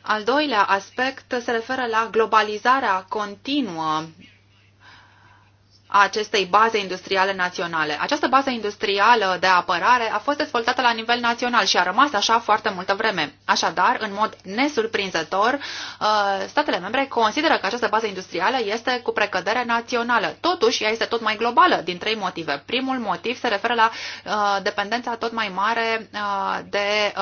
Al doilea aspect se referă la globalizarea continuă acestei baze industriale naționale. Această bază industrială de apărare a fost dezvoltată la nivel național și a rămas așa foarte multă vreme. Așadar, în mod nesurprinzător, uh, statele membre consideră că această bază industrială este cu precădere națională. Totuși, ea este tot mai globală, din trei motive. Primul motiv se referă la uh, dependența tot mai mare uh, de,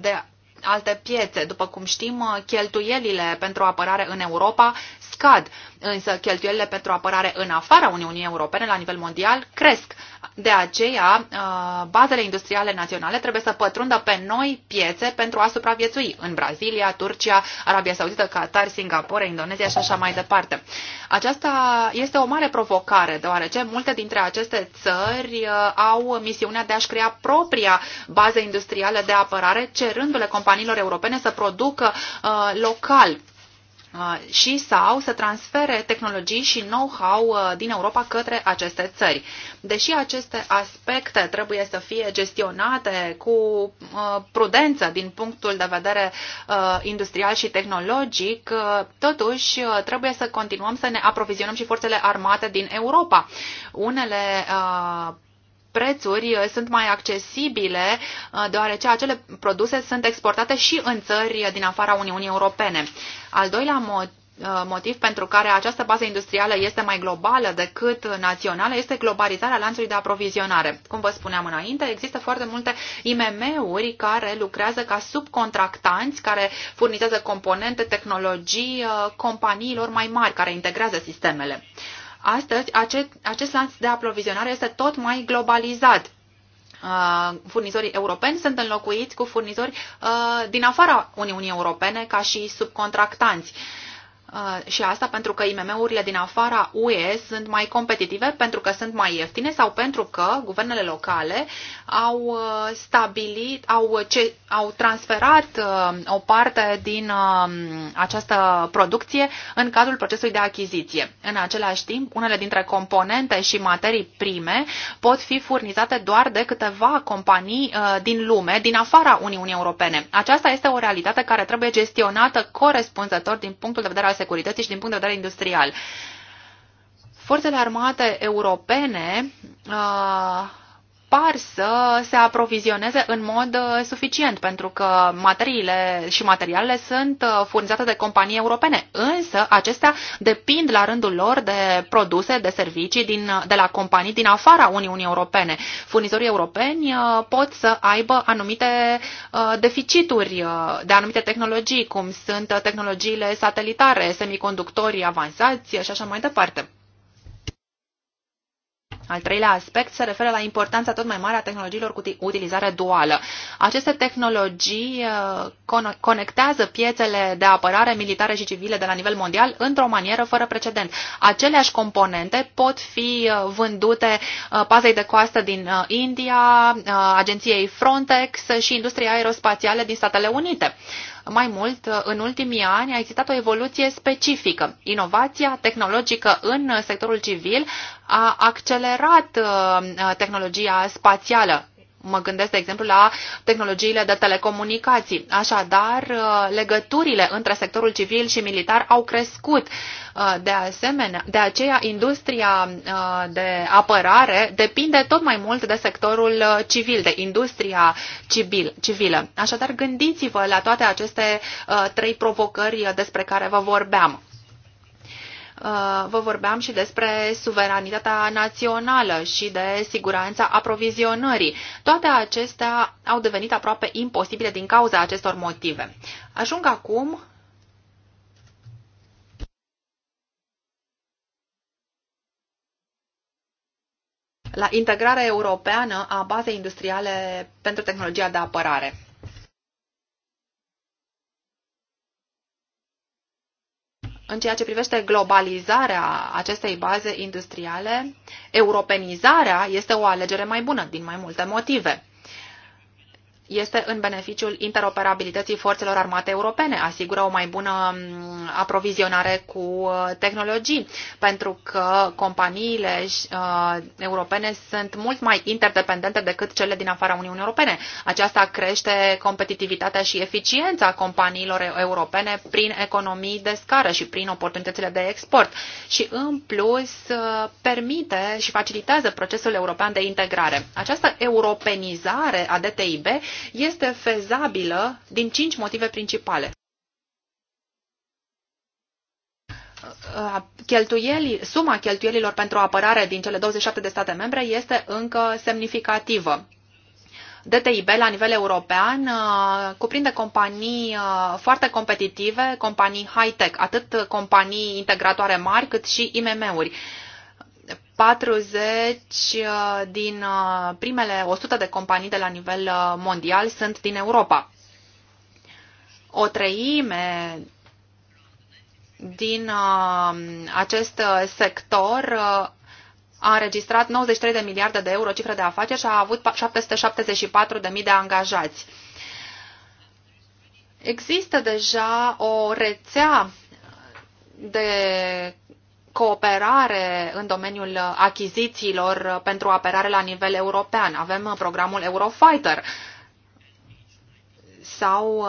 de alte piețe. După cum știm, cheltuielile pentru apărare în Europa scad Însă cheltuielile pentru apărare în afara Uniunii Europene la nivel mondial cresc. De aceea, uh, bazele industriale naționale trebuie să pătrundă pe noi piețe pentru a supraviețui în Brazilia, Turcia, Arabia Saudită, Qatar, Singapore, Indonezia și așa mai departe. Aceasta este o mare provocare, deoarece multe dintre aceste țări uh, au misiunea de a-și crea propria bază industrială de apărare, cerându-le companiilor europene să producă uh, local Ah, și sau să transfere tehnologii și know-how ah, din Europa către aceste țări. Deși aceste aspecte trebuie să fie gestionate cu ah, prudență din punctul de vedere industrial și tehnologic, totuși trebuie să continuăm să ne aprovizionăm și forțele armate din Europa. Unele prețuri uh, sunt mai accesibile, uh, deoarece acele produse sunt exportate și în țări din afara Uniunii Europene. Al doilea motiv uh, motiv pentru care această bază industrială este mai globală decât națională este globalizarea lanțului de aprovizionare. Cum vă spuneam înainte, există foarte multe IMM-uri care lucrează ca subcontractanți, care furnizează componente, tehnologii companiilor mai mari care integrează sistemele. Astăzi, acest, acest lanț de aprovizionare este tot mai globalizat. Uh, furnizorii europeni sunt înlocuiți cu furnizori uh, din afara Uniunii Europene ca și subcontractanți. Uh, Uh, și asta pentru că IMM-urile din afara UE sunt mai competitive, pentru că sunt mai ieftine sau pentru că guvernele locale au uh, stabilit, au, ce, au transferat uh, o parte din um, această producție în cadrul procesului de achiziție. În același timp, unele dintre componente și materii prime pot fi furnizate doar de câteva companii din lume, din afara Uniunii Europene. Aceasta este o realitate care trebuie gestionată corespunzător din punctul de vedere al securității și din punct de vedere industrial. Forțele armate europene uh, par să se aprovizioneze în mod uh, suficient, pentru că materiile și materialele sunt uh, furnizate de companii europene, însă acestea depind la rândul lor de produse, de servicii din, uh, de la companii din afara Uniunii Europene. Furnizorii europeni pot să aibă anumite deficituri de anumite tehnologii, cum sunt tehnologiile satelitare, semiconductorii avansați și așa mai departe. Al treilea aspect se referă la importanța tot mai mare a tehnologiilor cu utilizare duală. Aceste tehnologii uh, conectează piețele de apărare militare și civile de la nivel mondial într-o manieră fără precedent. Aceleași componente pot fi uh, vândute uh, pazei de coastă din India, agenției Frontex și industriei aerospațiale din Statele Unite. Mai mult, în ultimii ani a existat o evoluție specifică. Inovația tehnologică în sectorul civil a accelerat uh, tehnologia spațială Mă gândesc, de exemplu, la tehnologiile de telecomunicații. Așadar, uh, legăturile între sectorul civil și militar au crescut. Uh, de asemenea, de aceea industria uh, de apărare depinde tot mai mult de sectorul civil, de industria civil, civilă. Așadar, gândiți-vă la toate aceste trei provocări despre care vă vorbeam. Uh, vă vorbeam și despre suveranitatea națională și de siguranța aprovizionării. Toate acestea au devenit aproape imposibile din cauza acestor motive. Ajung acum la integrarea europeană a bazei industriale pentru tehnologia de apărare. în ceea ce privește globalizarea acestei baze industriale, europenizarea este o alegere mai bună, din mai multe motive este în beneficiul interoperabilității forțelor armate europene, asigură o mai bună aprovizionare cu uh, tehnologii, pentru că companiile uh, europene sunt mult mai interdependente decât cele din afara Uniunii Europene. Aceasta crește competitivitatea și eficiența companiilor europene prin economii de scară și prin oportunitățile de export și, în plus, uh, permite și facilitează procesul european de integrare. Această europenizare a DTIB este fezabilă din cinci motive principale. Cheltuieli, suma cheltuielilor pentru apărare din cele 27 de state membre este încă semnificativă. DTIB la nivel european cuprinde companii foarte competitive, companii high-tech, atât companii integratoare mari cât și IMM-uri. 40 uh, din uh, primele 100 de companii de la nivel uh, mondial sunt din Europa. O treime din acest sector a înregistrat 93 de miliarde de euro cifră de afaceri și a avut 774 de mii de angajați. Există deja o rețea de cooperare în domeniul achizițiilor pentru apărare la nivel european. Avem programul Eurofighter sau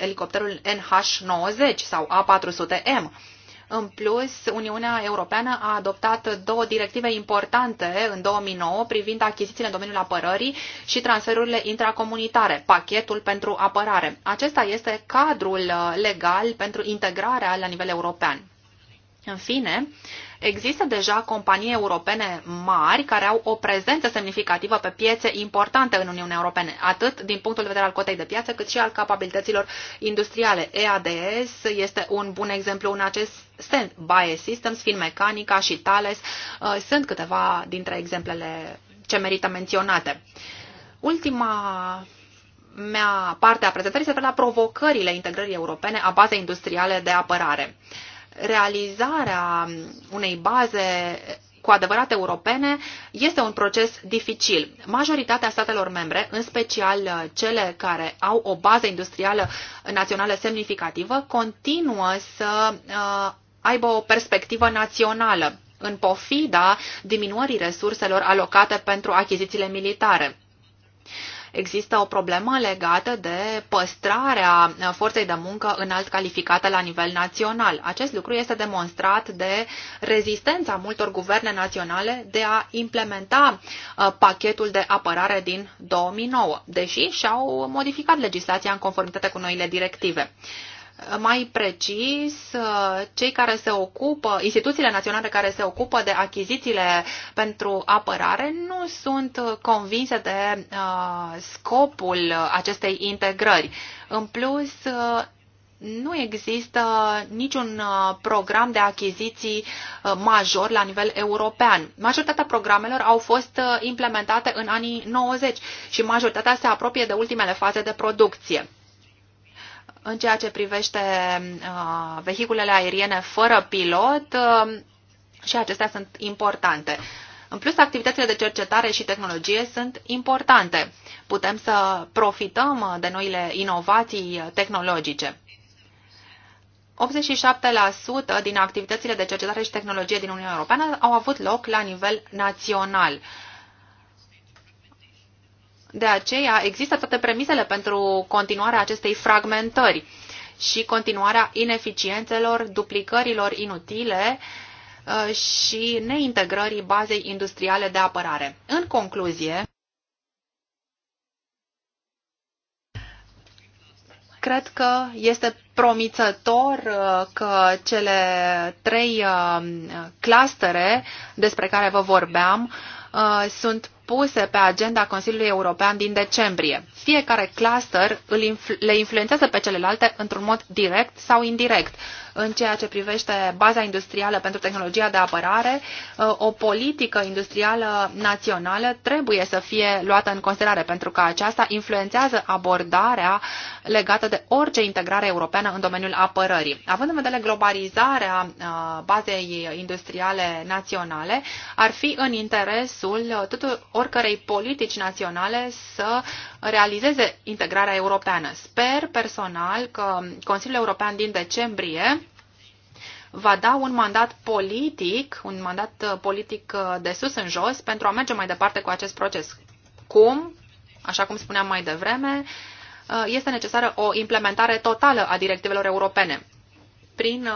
elicopterul NH-90 sau A400M. În plus, Uniunea Europeană a adoptat două directive importante în 2009 privind achizițiile în domeniul apărării și transferurile intracomunitare, pachetul pentru apărare. Acesta este cadrul legal pentru integrarea la nivel european. În fine, există deja companii europene mari care au o prezență semnificativă pe piețe importante în Uniunea Europeană, atât din punctul de vedere al cotei de piață, cât și al capabilităților industriale. EADS este un bun exemplu în acest sens. Bae Systems, Finmecanica și Thales uh, sunt câteva dintre exemplele ce merită menționate. Ultima mea parte a prezentării se referă la provocările integrării europene a bazei industriale de apărare realizarea unei baze cu adevărat europene este un proces dificil. Majoritatea statelor membre, în special uh, cele care au o bază industrială națională semnificativă, continuă să uh, aibă o perspectivă națională în pofida diminuării resurselor alocate pentru achizițiile militare. Există o problemă legată de păstrarea forței de muncă înalt calificată la nivel național. Acest lucru este demonstrat de rezistența multor guverne naționale de a implementa uh, pachetul de apărare din 2009, deși și-au modificat legislația în conformitate cu noile directive mai precis, cei care se ocupă, instituțiile naționale care se ocupă de achizițiile pentru apărare nu sunt convinse de uh, scopul acestei integrări. În plus, uh, nu există niciun uh, program de achiziții major la nivel european. Majoritatea programelor au fost implementate în anii 90 și majoritatea se apropie de ultimele faze de producție. În ceea ce privește uh, vehiculele aeriene fără pilot, uh, și acestea sunt importante. În plus, activitățile de cercetare și tehnologie sunt importante. Putem să profităm uh, de noile inovații uh, tehnologice. 87% din activitățile de cercetare și tehnologie din Uniunea Europeană au avut loc la nivel național. De aceea există toate premisele pentru continuarea acestei fragmentări și continuarea ineficiențelor, duplicărilor inutile uh, și neintegrării bazei industriale de apărare. În concluzie, cred că este promițător uh, că cele trei uh, clustere despre care vă vorbeam sunt puse pe agenda Consiliului European din decembrie. Fiecare cluster îl influ le influențează pe celelalte într-un mod direct sau indirect. În ceea ce privește baza industrială pentru tehnologia de apărare, uh, o politică industrială națională trebuie să fie luată în considerare pentru că aceasta influențează abordarea legată de orice integrare europeană în domeniul apărării. Având în vedere globalizarea uh, bazei industriale naționale, ar fi în interesul tuturor oricărei politici naționale să realizeze integrarea europeană. Sper personal că Consiliul European din decembrie va da un mandat politic, un mandat uh, politic uh, de sus în jos pentru a merge mai departe cu acest proces. Cum? Așa cum spuneam mai devreme, uh, este necesară o implementare totală a directivelor europene prin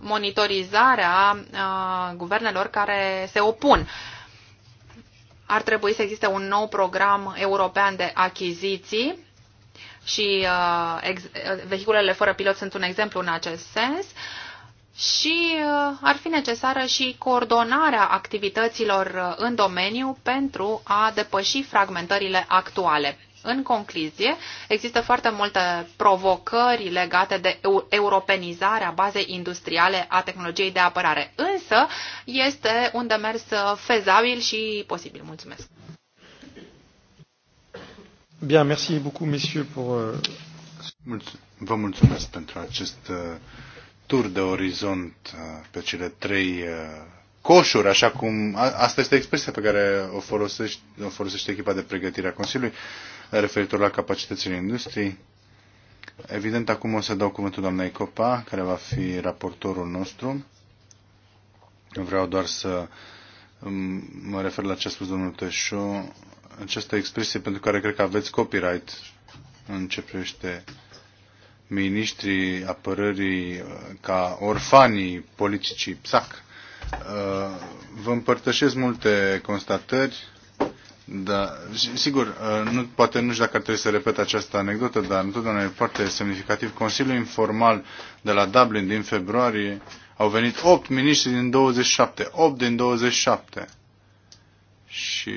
monitorizarea guvernelor care se opun ar trebui să existe un nou program european de achiziții și uh, ex- uh, vehiculele fără pilot sunt un exemplu în acest sens. Și uh, ar fi necesară și coordonarea activităților uh, în domeniu pentru a depăși fragmentările actuale. În concluzie, există foarte multe provocări legate de europenizarea bazei industriale a tehnologiei de apărare, însă este un demers uh, fezabil și posibil. Mulțumesc! Bien, merci beaucoup, messieurs, pour... Uh, vă mulțumesc pentru acest uh, tur de orizont pe cele trei coșuri, așa cum... Asta este expresia pe care o folosește, o folosește echipa de pregătire a Consiliului referitor la capacitățile industriei. Evident, acum o să dau cuvântul doamnei Copa, care va fi raportorul nostru. Vreau doar să mă refer la ce a spus domnul Teșu. Această expresie pentru care cred că aveți copyright în ce privește ministrii apărării uh, ca orfanii politicii PSAC. Uh, vă împărtășesc multe constatări da, sigur, uh, nu, poate nu știu dacă ar trebui să repet această anecdotă, dar întotdeauna e foarte semnificativ. Consiliul informal de la Dublin din februarie au venit 8 miniștri din 27, 8 din 27. Și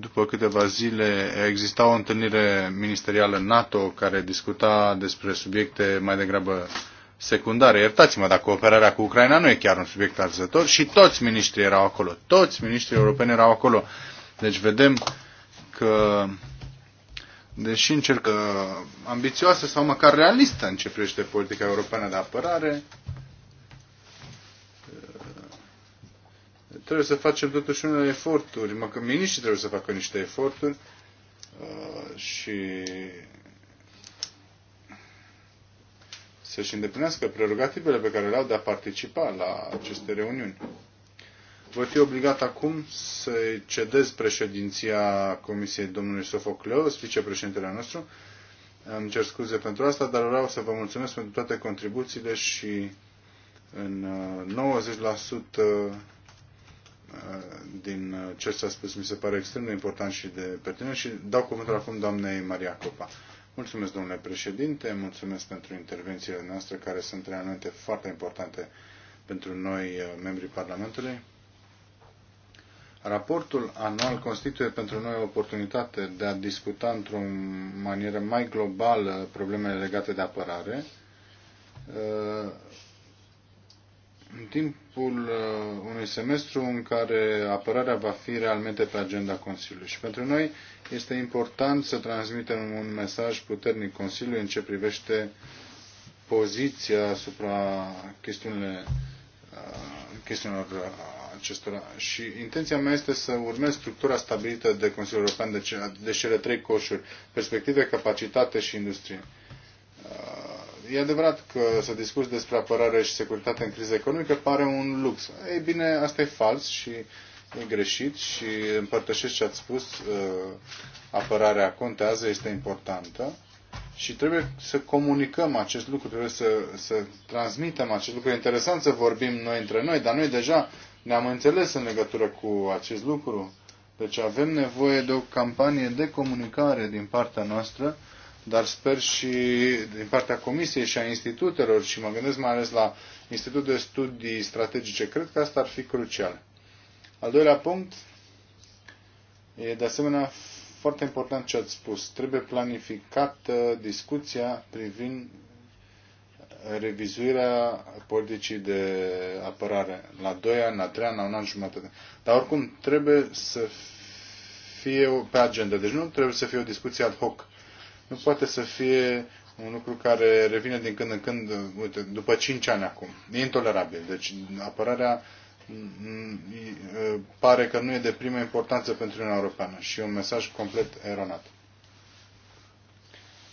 după câteva zile exista o întâlnire ministerială NATO care discuta despre subiecte mai degrabă secundare. Iertați-mă, dar cooperarea cu Ucraina nu e chiar un subiect arzător și toți miniștrii erau acolo, toți miniștrii europeni erau acolo. Deci vedem că, deși încercă ambițioasă sau măcar realistă în ce privește politica europeană de apărare, trebuie să facem totuși unele eforturi, măcar miniștrii trebuie să facă niște eforturi uh, și să-și îndeplinească prerogativele pe care le au de a participa la aceste reuniuni voi fi obligat acum să cedez președinția Comisiei domnului Sofocleos, vicepreședintele nostru. Îmi cer scuze pentru asta, dar vreau să vă mulțumesc pentru toate contribuțiile și în 90% uh, uh, din uh, ce s-a spus mi se pare extrem de important și de pertinent și dau cuvântul acum doamnei Maria Copa. Mulțumesc, domnule președinte, mulțumesc pentru intervențiile noastre care sunt realmente foarte importante pentru noi, membrii Parlamentului. Raportul anual constituie pentru noi o oportunitate de a discuta într-o manieră mai globală problemele legate de apărare. Uh, în timpul uh, unui semestru în care apărarea va fi realmente pe agenda Consiliului. Și pentru noi este important să transmitem un mesaj puternic Consiliului în ce privește poziția asupra chestiunile, uh, chestiunilor acestora. Și intenția mea este să urmez structura stabilită de Consiliul European de, ce, de cele trei coșuri, perspective, capacitate și industrie. Uh, e adevărat că să discuți despre apărare și securitate în criză economică pare un lux. Ei bine, asta e fals și e greșit și împărtășesc ce ați spus. Uh, apărarea contează, este importantă și trebuie să comunicăm acest lucru, trebuie să, să transmitem acest lucru. E interesant să vorbim noi între noi, dar noi deja ne-am înțeles în legătură cu acest lucru. Deci avem nevoie de o campanie de comunicare din partea noastră, dar sper și din partea Comisiei și a institutelor și mă gândesc mai ales la Institutul de Studii Strategice. Cred că asta ar fi crucial. Al doilea punct e de asemenea foarte important ce ați spus. Trebuie planificată discuția privind revizuirea politicii de apărare la 2 ani, la 3 ani, la un an și jumătate. Dar oricum trebuie să fie pe agenda. Deci nu trebuie să fie o discuție ad hoc. Nu poate să fie un lucru care revine din când în când, uite, după 5 ani acum. E intolerabil. Deci apărarea mm, mm, pare că nu e de primă importanță pentru Uniunea Europeană și e un mesaj complet eronat.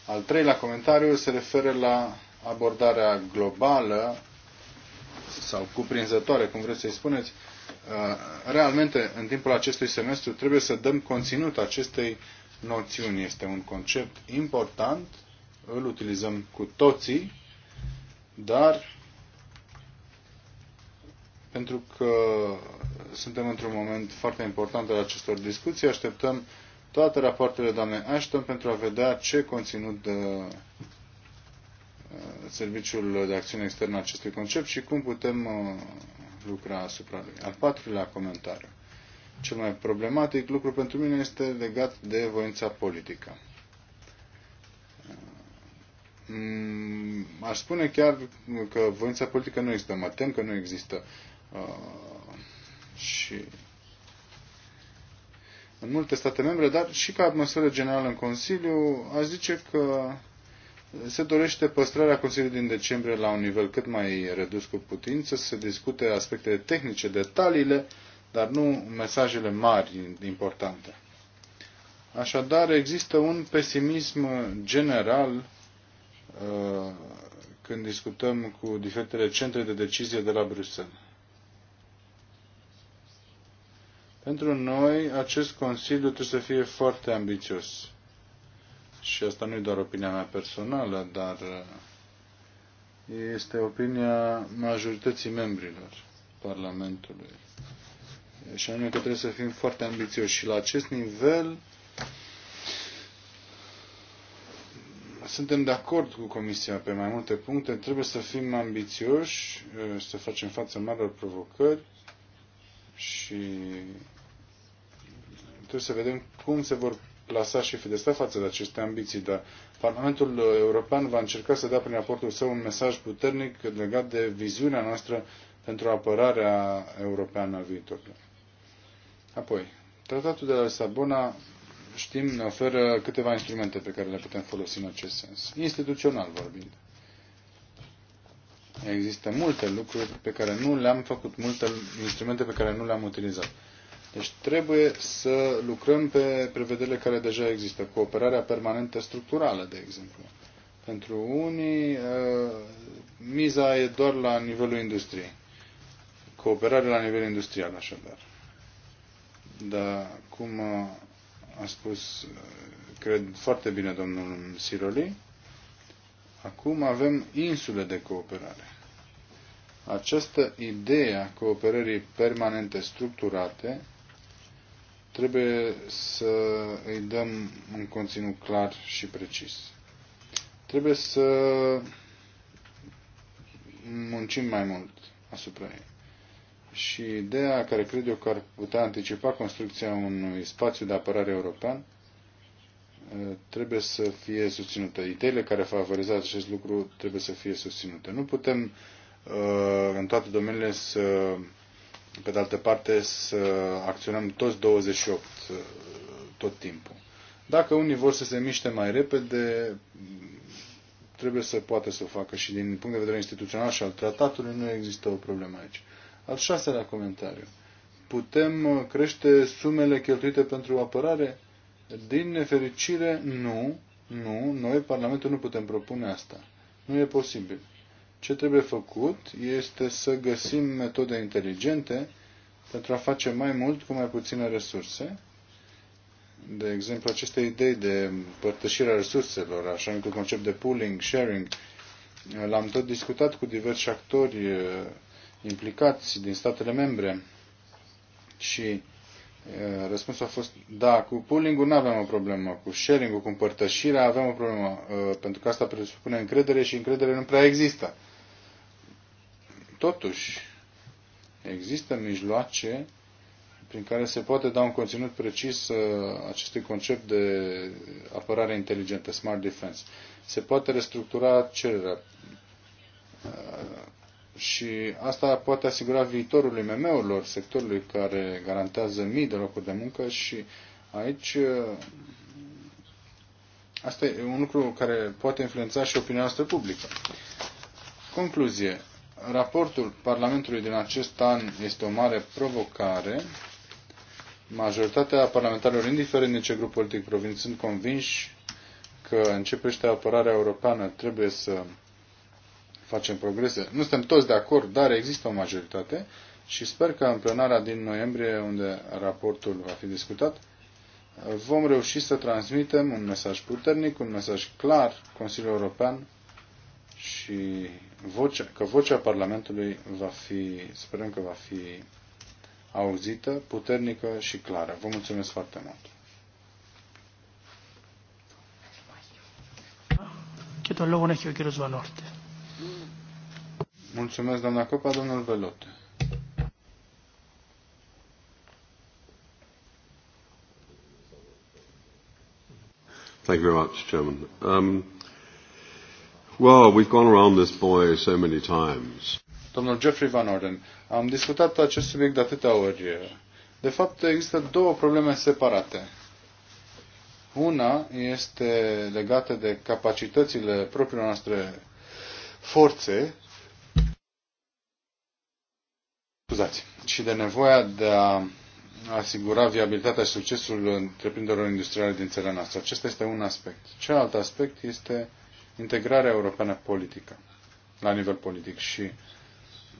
Al treilea comentariu se referă la abordarea globală sau cuprinzătoare, cum vreți să-i spuneți, uh, realmente în timpul acestui semestru trebuie să dăm conținut acestei noțiuni. Este un concept important, îl utilizăm cu toții, dar pentru că suntem într-un moment foarte important al acestor discuții, așteptăm toate rapoartele doamnei Ashton pentru a vedea ce conținut uh, Serviciul de Acțiune Externă acestui concept și cum putem uh, lucra asupra lui. Al patrulea comentariu. Cel mai problematic lucru pentru mine este legat de voința politică. Mm, aș spune chiar că voința politică nu există. Mă tem că nu există. Uh, și în multe state membre, dar și ca atmosferă generală în Consiliu, aș zice că se dorește păstrarea Consiliului din decembrie la un nivel cât mai redus cu putință, să se discute aspectele tehnice, detaliile, dar nu mesajele mari importante. Așadar, există un pesimism general uh, când discutăm cu diferitele centre de decizie de la Bruxelles. Pentru noi, acest Consiliu trebuie să fie foarte ambițios și asta nu e doar opinia mea personală, dar uh, este opinia majorității membrilor Parlamentului. Și anume că trebuie să fim foarte ambițioși și la acest nivel suntem de acord cu Comisia pe mai multe puncte, trebuie să fim ambițioși, uh, să facem față marilor provocări și trebuie să vedem cum se vor plasa și fidesta față de aceste ambiții, dar Parlamentul European va încerca să dea prin raportul său un mesaj puternic legat de viziunea noastră pentru apărarea europeană a viitorului. Apoi, tratatul de la Lisabona, știm, ne oferă câteva instrumente pe care le putem folosi în acest sens, instituțional vorbind. Există multe lucruri pe care nu le-am făcut, multe instrumente pe care nu le-am utilizat. Deci trebuie să lucrăm pe prevederile care deja există, cooperarea permanentă structurală, de exemplu. Pentru unii, uh, miza e doar la nivelul industriei. Cooperare la nivel industrial, așadar. Dar, cum a spus, uh, cred foarte bine domnul Siroli, acum avem insule de cooperare. Această idee a cooperării permanente structurate trebuie să îi dăm un conținut clar și precis. Trebuie să muncim mai mult asupra ei. Și ideea care cred eu că ar putea anticipa construcția unui spațiu de apărare european eh, trebuie să fie susținută. Ideile care favorizează acest lucru trebuie să fie susținute. Nu putem eh, în toate domeniile să pe de altă parte, să acționăm toți 28 tot timpul. Dacă unii vor să se miște mai repede, trebuie să poată să o facă și din punct de vedere instituțional și al tratatului nu există o problemă aici. Al șaselea comentariu. Putem crește sumele cheltuite pentru apărare? Din nefericire, nu. Nu, noi, Parlamentul, nu putem propune asta. Nu e posibil. Ce trebuie făcut este să găsim metode inteligente pentru a face mai mult cu mai puține resurse. De exemplu, aceste idei de părtășirea resurselor, așa încât concept de pooling, sharing, l-am tot discutat cu diversi actori eh, implicați din statele membre și eh, răspunsul a fost da, cu pooling-ul nu avem o problemă, cu sharing-ul, cu împărtășirea avem o problemă, eh, pentru că asta presupune încredere și încredere nu prea există. Totuși, există mijloace prin care se poate da un conținut precis uh, acestui concept de apărare inteligentă, smart defense. Se poate restructura cererea uh, și asta poate asigura viitorul IMM-urilor, sectorului care garantează mii de locuri de muncă și aici uh, asta e un lucru care poate influența și opinia noastră publică. Concluzie. Raportul Parlamentului din acest an este o mare provocare. Majoritatea parlamentarilor, indiferent de ce grup politic provin, sunt convinși că privește apărarea europeană, trebuie să facem progrese. Nu suntem toți de acord, dar există o majoritate și sper că în plenarea din noiembrie, unde raportul va fi discutat, vom reuși să transmitem un mesaj puternic, un mesaj clar Consiliului European și vocea, că vocea Parlamentului va fi, sperăm că va fi auzită, puternică și clară. Vă mulțumesc foarte mult! Mulțumesc, doamna Copa, domnul Velote. Thank you very much, Chairman. Um, Well, we've gone around this boy so many times. Domnul Jeffrey Van Orden, am discutat acest subiect de atâtea ori. De fapt, există două probleme separate. Una este legată de capacitățile propriilor noastre forțe scuzați, și de nevoia de a asigura viabilitatea și succesul întreprinderilor industriale din țara noastră. Acesta este un aspect. Celălalt aspect este integrarea europeană politică, la nivel politic. Și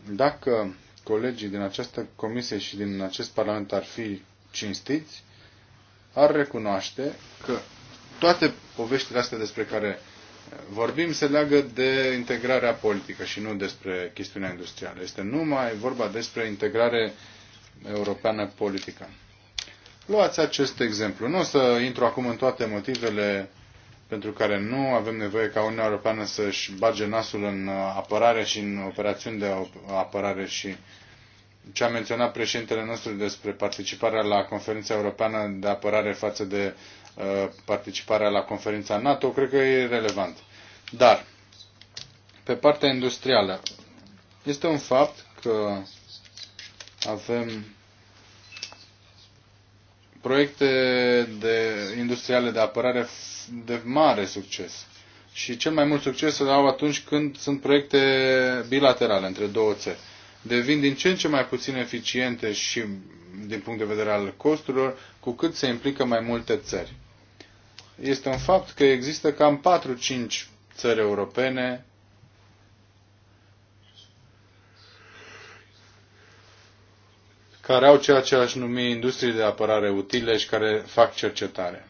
dacă colegii din această comisie și din acest parlament ar fi cinstiți, ar recunoaște că toate poveștile astea despre care vorbim se leagă de integrarea politică și nu despre chestiunea industrială. Este numai vorba despre integrare europeană politică. Luați acest exemplu. Nu o să intru acum în toate motivele pentru care nu avem nevoie ca Uniunea Europeană să-și bage nasul în apărare și în operațiuni de apărare și ce a menționat președintele nostru despre participarea la conferința europeană de apărare față de uh, participarea la conferința NATO, cred că e relevant. Dar, pe partea industrială, este un fapt că avem proiecte de, industriale de apărare de mare succes. Și cel mai mult succes se dau atunci când sunt proiecte bilaterale între două țări. Devin din ce în ce mai puțin eficiente și din punct de vedere al costurilor, cu cât se implică mai multe țări. Este un fapt că există cam 4-5 țări europene care au ceea ce aș numi industrie de apărare utile și care fac cercetare.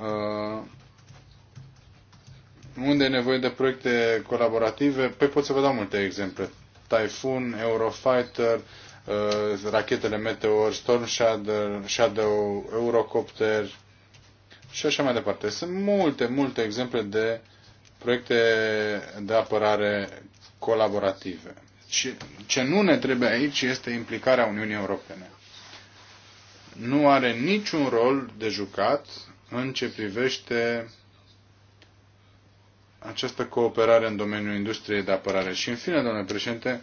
Uh, unde e nevoie de proiecte colaborative? Păi pot să vă dau multe exemple. Typhoon, Eurofighter, uh, rachetele Meteor, Storm Shadow, Shadow, Eurocopter și așa mai departe. Sunt multe, multe exemple de proiecte de apărare colaborative. Ce, ce nu ne trebuie aici este implicarea Uniunii Europene. Nu are niciun rol de jucat în ce privește această cooperare în domeniul industriei de apărare. Și în fine, domnule președinte,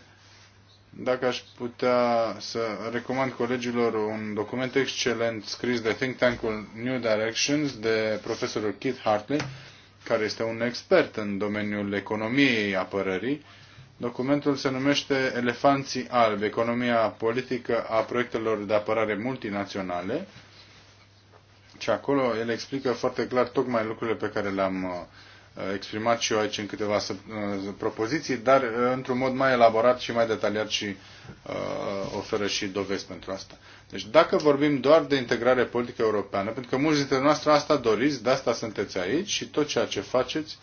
dacă aș putea să recomand colegilor un document excelent scris de think tank-ul New Directions de profesorul Keith Hartley, care este un expert în domeniul economiei apărării Documentul se numește Elefanții albi, economia politică a proiectelor de apărare multinaționale. Și acolo el explică foarte clar tocmai lucrurile pe care le-am uh, exprimat și eu aici în câteva uh, propoziții, dar uh, într-un mod mai elaborat și mai detaliat și uh, oferă și dovezi pentru asta. Deci dacă vorbim doar de integrare politică europeană, pentru că mulți dintre noastre asta doriți, de asta sunteți aici și tot ceea ce faceți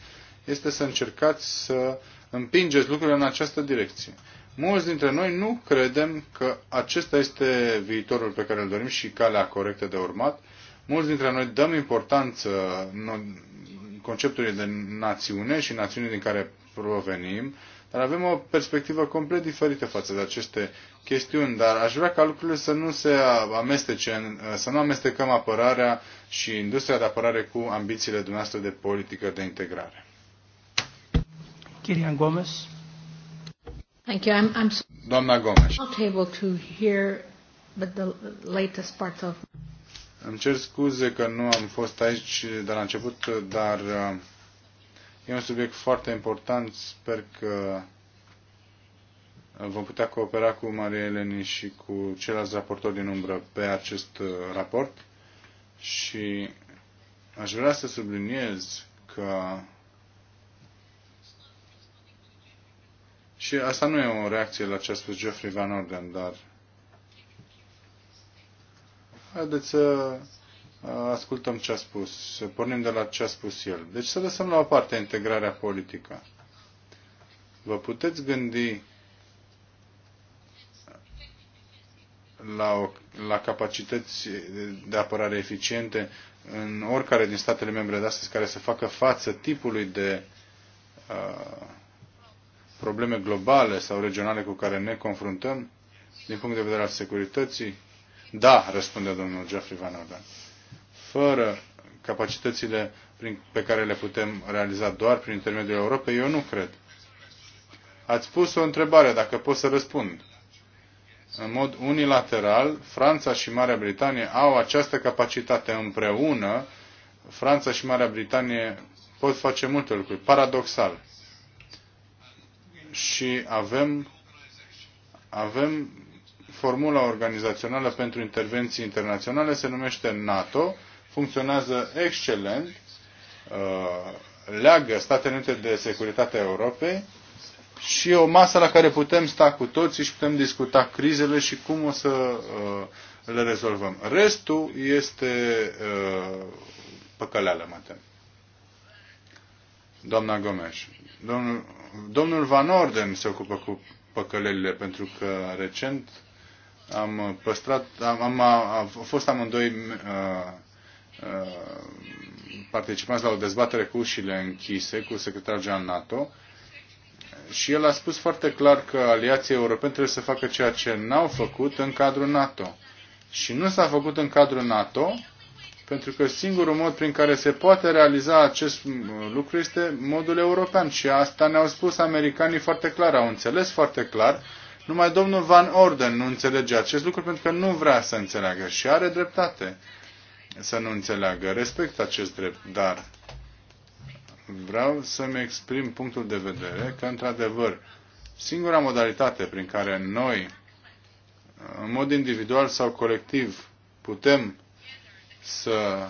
este să încercați să împingeți lucrurile în această direcție. Mulți dintre noi nu credem că acesta este viitorul pe care îl dorim și calea corectă de urmat. Mulți dintre noi dăm importanță conceptului de națiune și națiunii din care provenim, dar avem o perspectivă complet diferită față de aceste chestiuni, dar aș vrea ca lucrurile să nu se amestece, să nu amestecăm apărarea și industria de apărare cu ambițiile dumneavoastră de politică de integrare. Kirian Gomez. Thank you. I'm, I'm Doamna Gomes. Not able to hear but the latest part of... Îmi cer scuze că nu am fost aici de la început, dar uh, e un subiect foarte important. Sper că uh, vom putea coopera cu Maria Eleni și cu ceilalți raportori din umbră pe acest uh, raport și aș vrea să subliniez că Și asta nu e o reacție la ce a spus Geoffrey Van Orden, dar haideți să ascultăm ce a spus, să pornim de la ce a spus el. Deci să lăsăm la o parte integrarea politică. Vă puteți gândi la, o, la capacități de apărare eficiente în oricare din statele membre de astăzi care să facă față tipului de uh, probleme globale sau regionale cu care ne confruntăm din punct de vedere al securității? Da, răspunde domnul Geoffrey Van Orden. Fără capacitățile prin, pe care le putem realiza doar prin intermediul Europei, eu nu cred. Ați pus o întrebare, dacă pot să răspund. În mod unilateral, Franța și Marea Britanie au această capacitate împreună. Franța și Marea Britanie pot face multe lucruri. Paradoxal, și avem, avem formula organizațională pentru intervenții internaționale, se numește NATO, funcționează excelent, uh, leagă Statele Unite de Securitatea Europei și e o masă la care putem sta cu toții și putem discuta crizele și cum o să uh, le rezolvăm. Restul este uh, păcăleală, mă tem doamna Gomes. Domnul, domnul Van Orden se ocupă cu păcălelile, pentru că recent am păstrat, am, am, am fost amândoi uh, uh, participanți la o dezbatere cu ușile închise cu secretarul general NATO și el a spus foarte clar că aliații europeni trebuie să facă ceea ce n-au făcut în cadrul NATO. Și nu s-a făcut în cadrul NATO pentru că singurul mod prin care se poate realiza acest lucru este modul european. Și asta ne-au spus americanii foarte clar, au înțeles foarte clar. Numai domnul Van Orden nu înțelege acest lucru pentru că nu vrea să înțeleagă și are dreptate să nu înțeleagă. Respect acest drept, dar vreau să-mi exprim punctul de vedere că, într-adevăr, singura modalitate prin care noi, în mod individual sau colectiv, putem să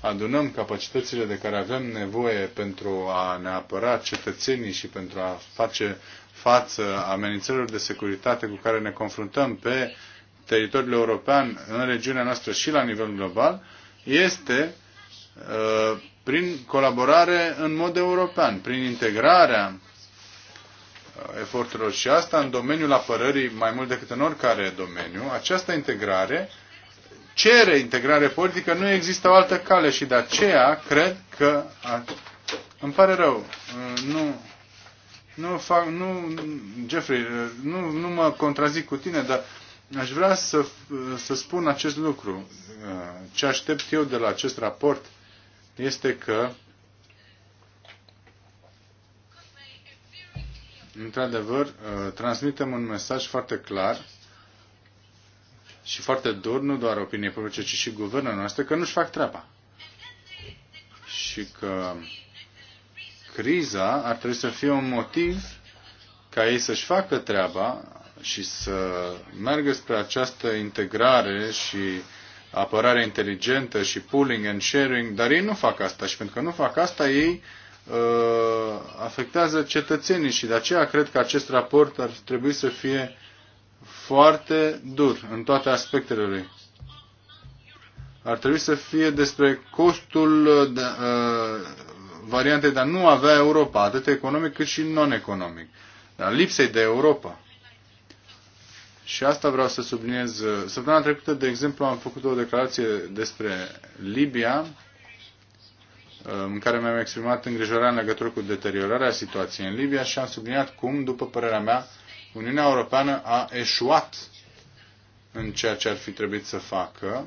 adunăm capacitățile de care avem nevoie pentru a ne apăra cetățenii și pentru a face față amenințărilor de securitate cu care ne confruntăm pe teritoriul european, în regiunea noastră și la nivel global, este uh, prin colaborare în mod european, prin integrarea uh, eforturilor și asta în domeniul apărării mai mult decât în oricare domeniu. Această integrare cere integrare politică, nu există o altă cale și de aceea cred că... Îmi pare rău, uh, nu, nu fac, nu, Jeffrey, uh, nu, nu mă contrazic cu tine, dar aș vrea să, uh, să spun acest lucru. Ce aștept eu de la acest raport este că într-adevăr, transmitem un mesaj foarte clar și foarte dur, nu doar opinie publică, ci și guvernul noastră, că nu-și fac treaba. Și că criza ar trebui să fie un motiv ca ei să-și facă treaba și să meargă spre această integrare și apărare inteligentă și pooling and sharing, dar ei nu fac asta și pentru că nu fac asta, ei uh, afectează cetățenii și de aceea cred că acest raport ar trebui să fie foarte dur în toate aspectele lui. Ar trebui să fie despre costul de, uh, variantei de a nu avea Europa, atât economic cât și non-economic, dar lipsei de Europa. Și asta vreau să subliniez. Săptămâna trecută, de exemplu, am făcut o declarație despre Libia, uh, în care mi-am exprimat îngrijorarea în legătură cu deteriorarea situației în Libia și am subliniat cum, după părerea mea, Uniunea Europeană a eșuat în ceea ce ar fi trebuit să facă.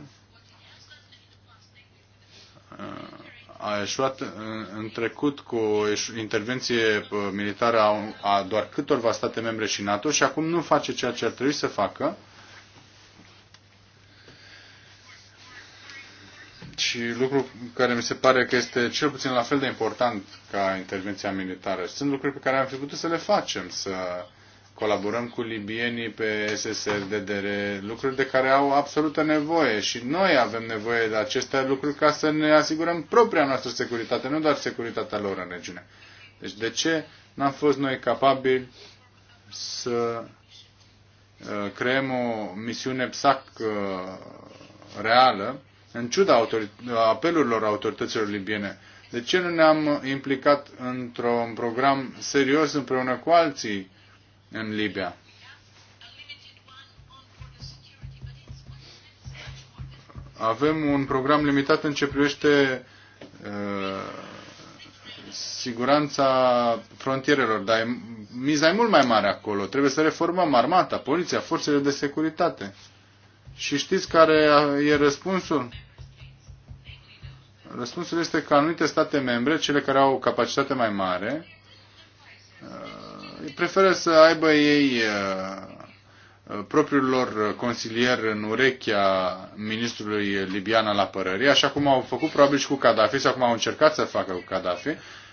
A eșuat în trecut cu o intervenție uh, militară a doar câtorva state membre și NATO și acum nu face ceea ce ar trebui să facă. și lucru care mi se pare că este cel puțin la fel de important ca intervenția militară. Sunt lucruri pe care am fi putut să le facem, să colaborăm cu libienii pe SSR, DDR, lucruri de care au absolută nevoie și noi avem nevoie de aceste lucruri ca să ne asigurăm propria noastră securitate, nu doar securitatea lor în regiune. Deci de ce n-am fost noi capabili să uh, creăm o misiune PSAC uh, reală, în ciuda apelurilor autorităților libiene? De ce nu ne-am implicat într-un program serios împreună cu alții în Libia. Avem un program limitat în ce privește uh, siguranța frontierelor, dar miza e mult mai mare acolo. Trebuie să reformăm armata, poliția, forțele de securitate. Și știți care e răspunsul? Răspunsul este că anumite state membre, cele care au o capacitate mai mare, uh, preferă să aibă ei uh, uh, propriul lor consilier în urechea ministrului libian al apărării, așa cum au făcut probabil și cu Gaddafi sau cum au încercat să facă cu Gaddafi,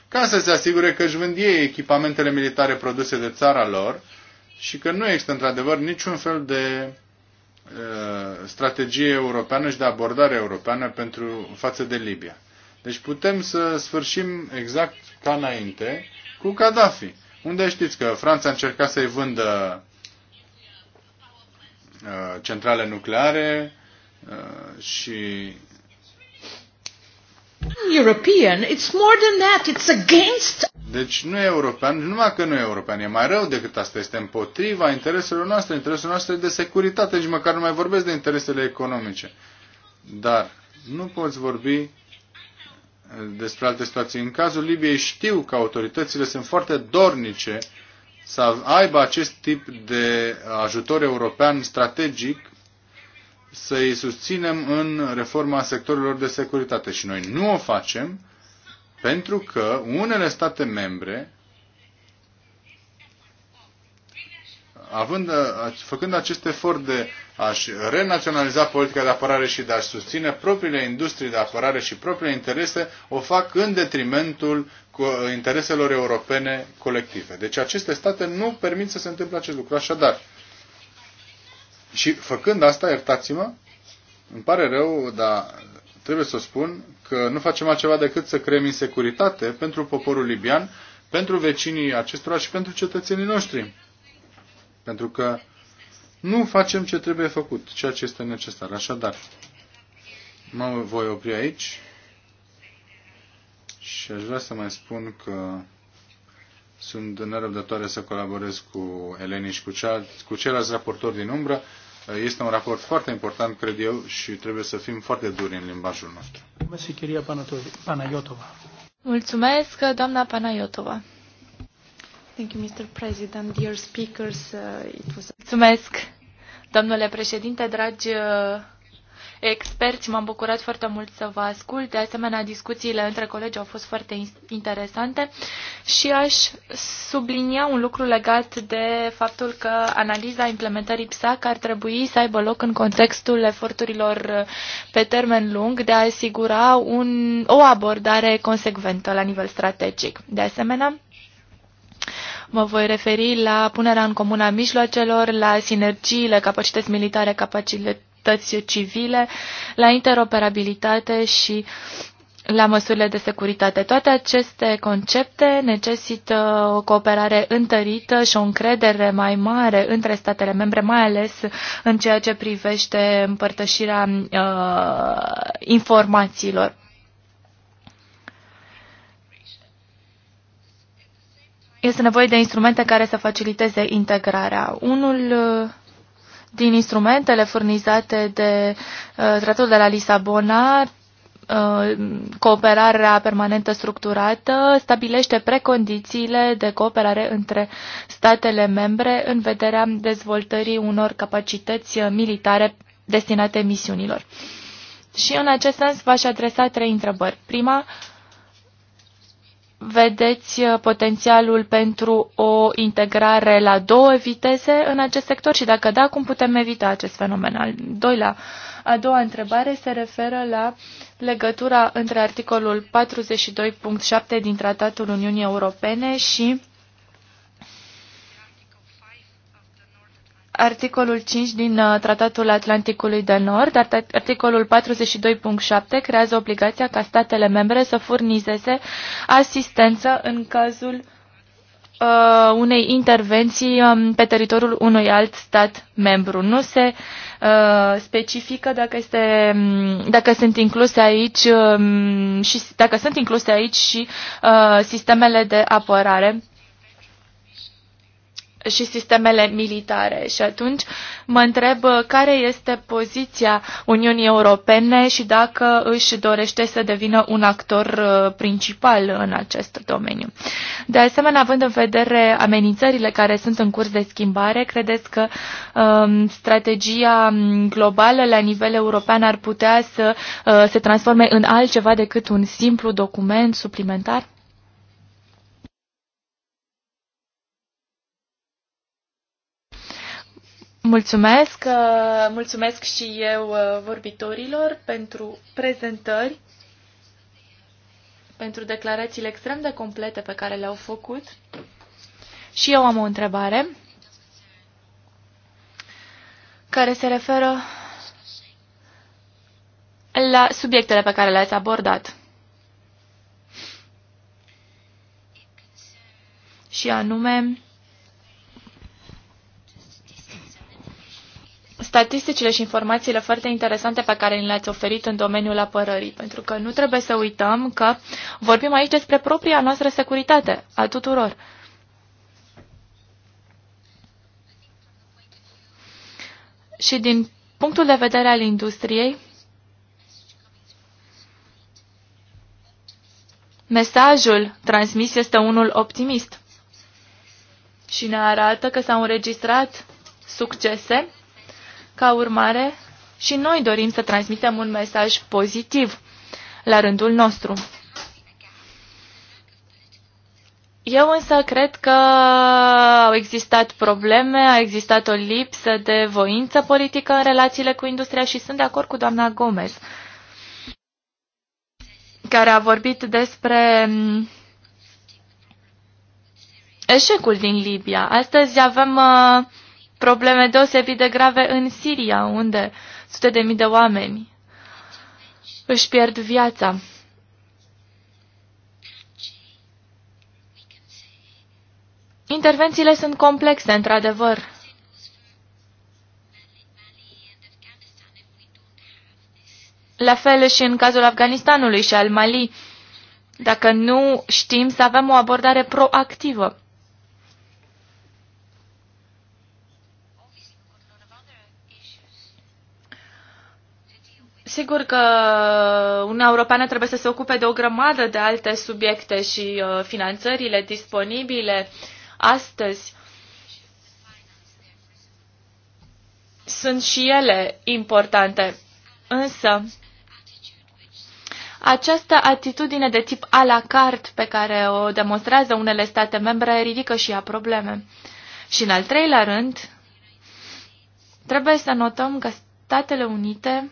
ca să se asigure că își vând ei echipamentele militare produse de țara lor și că nu există într-adevăr niciun fel de uh, strategie europeană și de abordare europeană pentru față de Libia. Deci putem să sfârșim exact ca înainte cu Gaddafi. Unde știți că Franța încerca să-i vândă uh, centrale nucleare uh, și European, it's more than that, it's against deci nu e european, numai că nu e european, e mai rău decât asta, este împotriva intereselor noastre, intereselor noastre de securitate, nici măcar nu mai vorbesc de interesele economice. Dar nu poți vorbi despre alte situații. În cazul Libiei știu că autoritățile sunt foarte dornice să aibă acest tip de ajutor european strategic să îi susținem în reforma sectorilor de securitate. Și noi nu o facem pentru că unele state membre, având, făcând acest efort de a-și renaționaliza politica de apărare și de a susține propriile industrii de apărare și propriile interese, o fac în detrimentul intereselor europene colective. Deci aceste state nu permit să se întâmple acest lucru. Așadar, și făcând asta, iertați-mă, îmi pare rău, dar trebuie să spun, că nu facem altceva decât să creăm insecuritate pentru poporul libian, pentru vecinii acestora și pentru cetățenii noștri. Pentru că nu facem ce trebuie făcut, ceea ce este necesar. Așadar, mă voi opri aici și aș vrea să mai spun că sunt nerăbdătoare să colaborez cu Eleni și cu, cea, cu ceilalți raportori din umbră. Este un raport foarte important, cred eu, și trebuie să fim foarte duri în limbajul nostru. Mulțumesc, doamna Panayotova. Thank you, Mr. President, dear speakers. Uh, it was... Mulțumesc, Domnule președinte, dragi uh, experți, m-am bucurat foarte mult să vă ascult. De asemenea, discuțiile între colegi au fost foarte interesante și aș sublinia un lucru legat de faptul că analiza implementării PSAC ar trebui să aibă loc în contextul eforturilor uh, pe termen lung de a asigura un, o abordare consecventă la nivel strategic. De asemenea, Mă voi referi la punerea în comun a mijloacelor, la sinergiile, capacități militare, capacități civile, la interoperabilitate și la măsurile de securitate. Toate aceste concepte necesită o cooperare întărită și o încredere mai mare între statele membre, mai ales în ceea ce privește împărtășirea uh, informațiilor. este nevoie de instrumente care să faciliteze integrarea. Unul uh, din instrumentele furnizate de uh, Tratatul de la Lisabona, uh, cooperarea permanentă structurată, stabilește precondițiile de cooperare între statele membre în vederea dezvoltării unor capacități uh, militare destinate misiunilor. Și în acest sens v-aș adresa trei întrebări. Prima, uh, vedeți uh, potențialul pentru o integrare la două viteze în acest sector și dacă da, cum putem evita acest fenomen? Al doilea, a doua întrebare se referă la legătura între articolul 42.7 din Tratatul Uniunii Europene și articolul 5 din uh, Tratatul Atlanticului de Nord, articolul 42.7 creează obligația ca statele membre să furnizeze asistență în cazul uh, unei intervenții um, pe teritoriul unui alt stat membru. Nu se uh, specifică dacă, este, um, dacă sunt incluse aici um, și dacă sunt incluse aici și uh, sistemele de apărare și sistemele militare. Și atunci mă întreb uh, care este poziția Uniunii Europene și dacă își dorește să devină un actor uh, principal în acest domeniu. De asemenea, având în vedere amenințările care sunt în curs de schimbare, credeți că um, strategia globală la nivel european ar putea să uh, se transforme în altceva decât un simplu document suplimentar? Mulțumesc, uh, mulțumesc și eu uh, vorbitorilor pentru prezentări, pentru declarațiile extrem de complete pe care le-au făcut. Și eu am o întrebare care se referă la subiectele pe care le-ați abordat. Și anume, statisticile și informațiile foarte interesante pe care ni le-ați oferit în domeniul apărării, pentru că nu trebuie să uităm că vorbim aici despre propria noastră securitate a tuturor. Și din punctul de vedere al industriei, mesajul transmis este unul optimist și ne arată că s-au înregistrat succese ca urmare, și noi dorim să transmitem un mesaj pozitiv la rândul nostru. Eu însă cred că au existat probleme, a existat o lipsă de voință politică în relațiile cu industria și sunt de acord cu doamna Gomez, care a vorbit despre mm, eșecul din Libia. Astăzi avem uh, probleme deosebit de grave în Siria, unde sute de mii de oameni își pierd viața. Intervențiile sunt complexe, într-adevăr. La fel și în cazul Afganistanului și al Mali, dacă nu știm să avem o abordare proactivă. Sigur că Uniunea Europeană trebuie să se ocupe de o grămadă de alte subiecte și uh, finanțările disponibile astăzi sunt și ele importante. Însă, această atitudine de tip a la carte pe care o demonstrează unele state membre ridică și ea probleme. Și în al treilea rând, trebuie să notăm că Statele Unite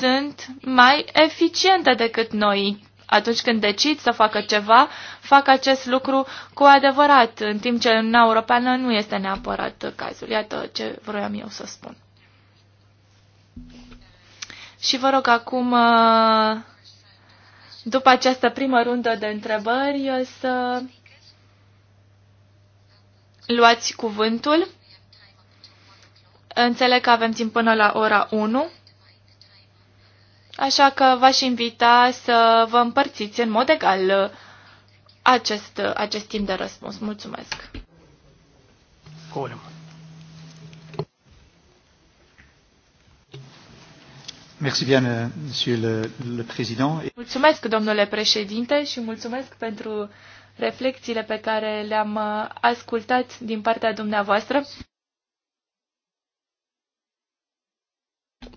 sunt mai eficiente decât noi. Atunci când decid să facă ceva, fac acest lucru cu adevărat, în timp ce în Europeană nu este neapărat cazul. Iată ce vroiam eu să spun. Și vă rog acum, uh, după această primă rundă de întrebări, uh, să luați cuvântul. Înțeleg că avem timp până la ora 1. Așa că v-aș invita să vă împărțiți în mod egal uh, acest, uh, acest timp de răspuns. Mulțumesc! Merci bien, euh, le, le président. Mulțumesc, domnule președinte, și mulțumesc pentru reflexiile pe care le-am uh, ascultat din partea dumneavoastră.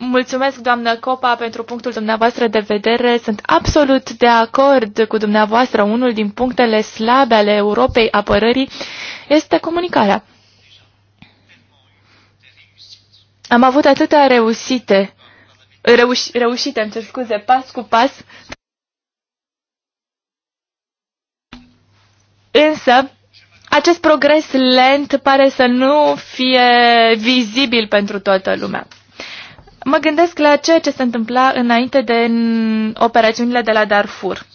Mulțumesc, doamnă Copa, pentru punctul dumneavoastră de vedere. Sunt absolut de acord cu dumneavoastră. Unul din punctele slabe ale Europei apărării este comunicarea. Am avut atâtea reușite, reuș, reușite, îmi cer scuze, pas cu pas. Însă, acest progres lent pare să nu fie vizibil pentru toată lumea. Mă gândesc la ceea ce se întâmpla înainte de operațiunile de la Darfur.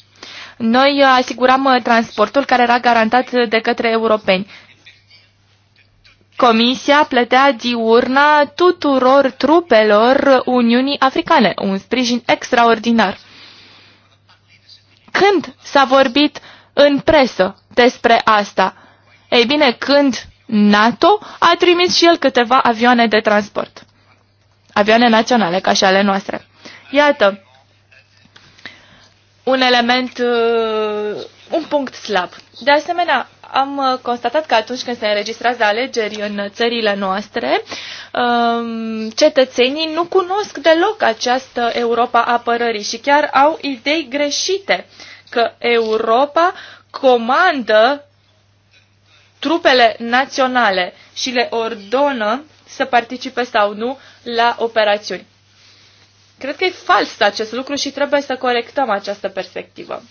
Noi uh, asiguram uh, transportul care era garantat uh, de către europeni. Comisia plătea diurna tuturor trupelor Uniunii Africane, un sprijin extraordinar. Când s-a vorbit în presă despre asta? Ei bine, când NATO a trimis și el câteva avioane de transport avioane naționale ca și ale noastre. Iată, un element, uh, un punct slab. De asemenea, am uh, constatat că atunci când se înregistrează alegeri în țările noastre, um, cetățenii nu cunosc deloc această Europa apărării și chiar au idei greșite că Europa comandă trupele naționale și le ordonă să participe sau nu la operațiuni. Cred că e fals acest lucru și trebuie să corectăm această perspectivă.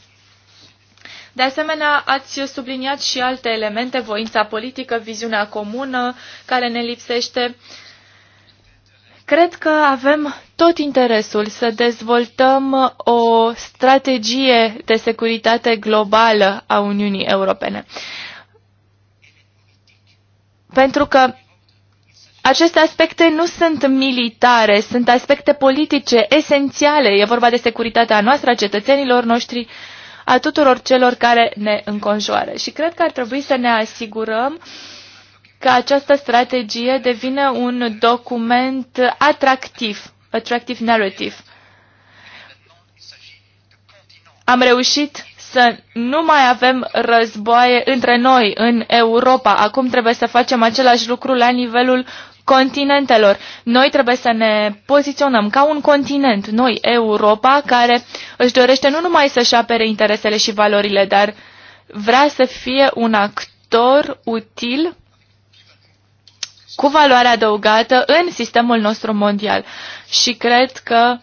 De asemenea, ați subliniat și alte elemente, voința politică, viziunea comună care ne lipsește. Cred că avem tot interesul să dezvoltăm o strategie de securitate globală a Uniunii Europene. Pentru că aceste aspecte nu sunt militare, sunt aspecte politice esențiale. E vorba de securitatea noastră, a cetățenilor noștri, a tuturor celor care ne înconjoară. Și cred că ar trebui să ne asigurăm că această strategie devine un document atractiv, attractive narrative. Am reușit să nu mai avem războaie între noi în Europa. Acum trebuie să facem același lucru la nivelul continentelor. Noi trebuie să ne poziționăm ca un continent, noi, Europa, care își dorește nu numai să-și apere interesele și valorile, dar vrea să fie un actor util cu valoare adăugată în sistemul nostru mondial. Și cred că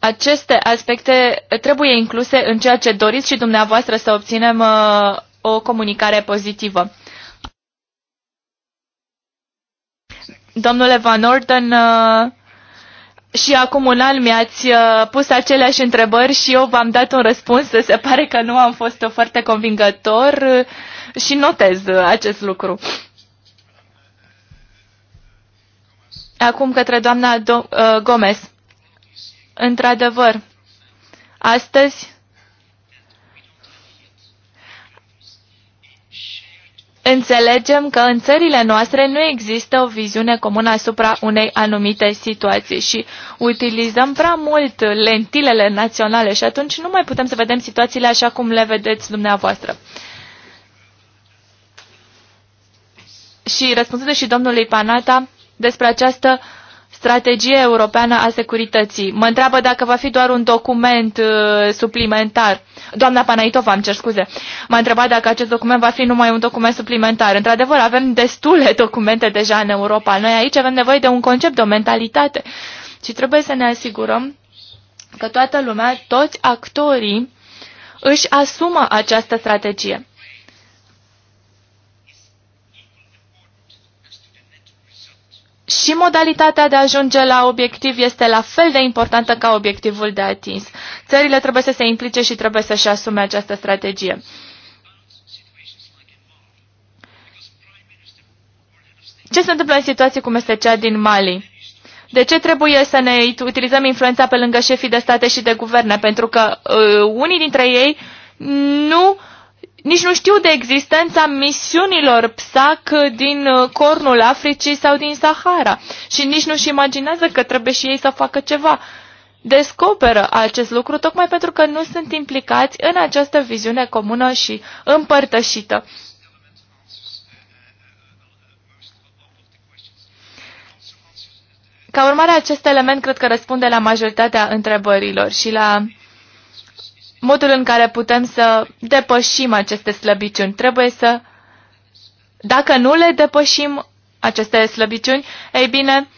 aceste aspecte trebuie incluse în ceea ce doriți și dumneavoastră să obținem uh, o comunicare pozitivă. Domnule Van Orden, uh, și acum un an mi-ați uh, pus aceleași întrebări și eu v-am dat un răspuns. Se pare că nu am fost foarte convingător și notez acest lucru. Acum către doamna Do- Gomez într-adevăr, astăzi Înțelegem că în țările noastre nu există o viziune comună asupra unei anumite situații și utilizăm prea mult lentilele naționale și atunci nu mai putem să vedem situațiile așa cum le vedeți dumneavoastră. Și răspunsul și domnului Panata despre această uh, strategie europeană a securității. Mă întreabă dacă va fi doar un document uh, suplimentar. Doamna Panaitova, îmi cer scuze, m-a întrebat dacă acest document va fi numai un document suplimentar. Într-adevăr, avem destule documente deja în Europa. Noi aici avem nevoie de un concept, de o mentalitate. Și trebuie să ne asigurăm că toată lumea, toți actorii, își asumă această strategie. și modalitatea de a ajunge la obiectiv este la fel de importantă ca obiectivul de atins. Țările trebuie să se implice și trebuie să-și asume această strategie. Ce se întâmplă în situații cum este cea din Mali? De ce trebuie să ne utilizăm influența pe lângă șefii de state și de guverne? Pentru că uh, unii dintre ei nu uh, nici nu știu de existența misiunilor PSAC din uh, cornul Africii sau din Sahara și nici nu-și imaginează că trebuie și ei să facă ceva. Descoperă acest lucru tocmai pentru că nu sunt implicați în această viziune comună și împărtășită. Ca urmare, acest element cred că răspunde la majoritatea întrebărilor și la modul în care putem să depășim aceste slăbiciuni. Trebuie să, dacă nu le depășim, aceste slăbiciuni, ei bine,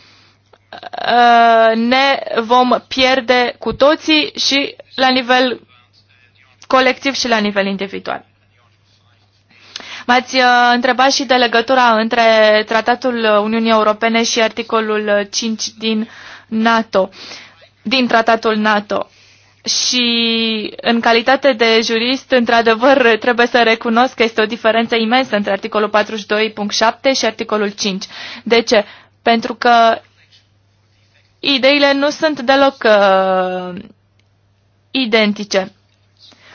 ă, ne vom pierde cu toții și la nivel colectiv și la nivel individual. M-ați ă, întrebat și de legătura între Tratatul Uniunii Europene și articolul 5 din NATO, din Tratatul NATO și în calitate de jurist, într-adevăr, trebuie să recunosc că este o diferență imensă între articolul 42.7 și articolul 5. De ce? Pentru că ideile nu sunt deloc uh, identice.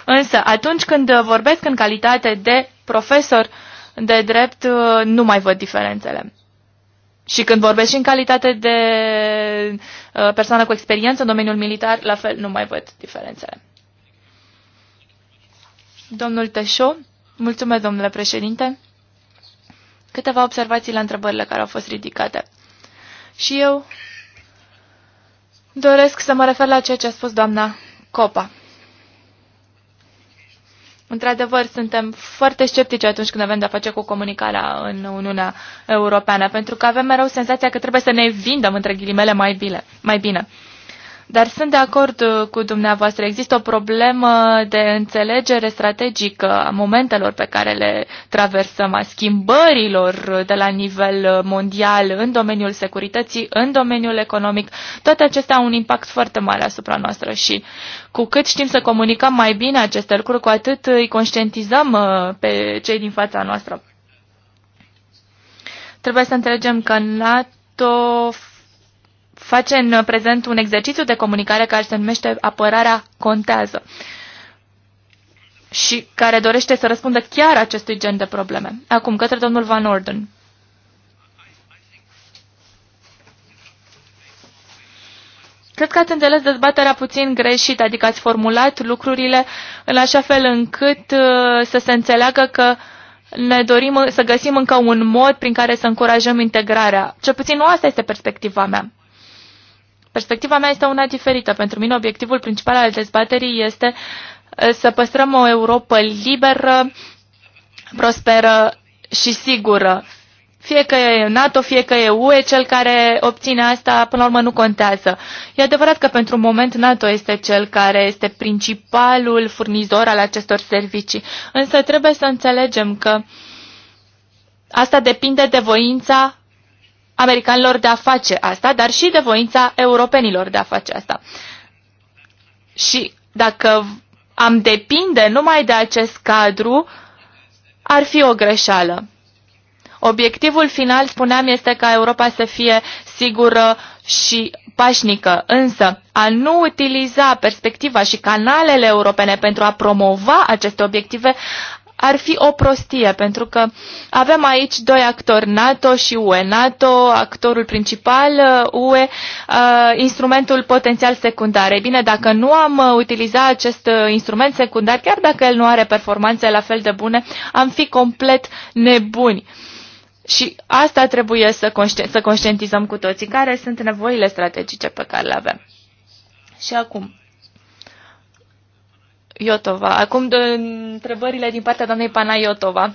Însă, atunci când vorbesc în calitate de profesor de drept, uh, nu mai văd diferențele. Și când vorbesc și în calitate de uh, persoană cu experiență în domeniul militar, la fel nu mai văd diferențele. Domnul Tășo, mulțumesc, domnule președinte. Câteva observații la întrebările care au fost ridicate. Și eu doresc să mă refer la ceea ce a spus doamna Copa. Într-adevăr, suntem foarte sceptici atunci când avem de-a face cu comunicarea în Uniunea Europeană, pentru că avem mereu senzația că trebuie să ne vindem, între ghilimele, mai bine. Mai bine. Dar sunt de acord uh, cu dumneavoastră. Există o problemă de înțelegere strategică a momentelor pe care le traversăm, a schimbărilor de la nivel mondial în domeniul securității, în domeniul economic. Toate acestea au un impact foarte mare asupra noastră și cu cât știm să comunicăm mai bine aceste lucruri, cu atât îi conștientizăm uh, pe cei din fața noastră. Trebuie să înțelegem că NATO face în prezent un exercițiu de comunicare care se numește Apărarea contează și care dorește să răspundă chiar acestui gen de probleme. Acum, către domnul Van Orden. Cred că ați înțeles dezbaterea puțin greșit, adică ați formulat lucrurile în așa fel încât uh, să se înțeleagă că ne dorim să găsim încă un mod prin care să încurajăm integrarea. Cel puțin nu asta este perspectiva mea. Perspectiva mea este una diferită. Pentru mine obiectivul principal al dezbaterii este uh, să păstrăm o Europa liberă, prosperă și sigură. Fie că e NATO, fie că e UE, cel care obține asta, până la urmă nu contează. E adevărat că pentru un moment NATO este cel care este principalul furnizor al acestor servicii. Însă trebuie să înțelegem că asta depinde de voința americanilor de a face asta, dar și de voința europenilor de a face asta. Și dacă am depinde numai de acest cadru, ar fi o greșeală. Obiectivul final, spuneam, este ca Europa să fie sigură și pașnică, însă a nu utiliza perspectiva și canalele europene pentru a promova aceste obiective ar fi o prostie, pentru că avem aici doi actori, NATO și UE. NATO, actorul principal, uh, UE, uh, instrumentul potențial secundar. Ei bine, dacă nu am uh, utilizat acest instrument secundar, chiar dacă el nu are performanțe la fel de bune, am fi complet nebuni. Și asta trebuie să, conștient, să conștientizăm cu toții, care sunt nevoile strategice pe care le avem. Și acum, Iotova. Acum întrebările din partea doamnei Pana Iotova.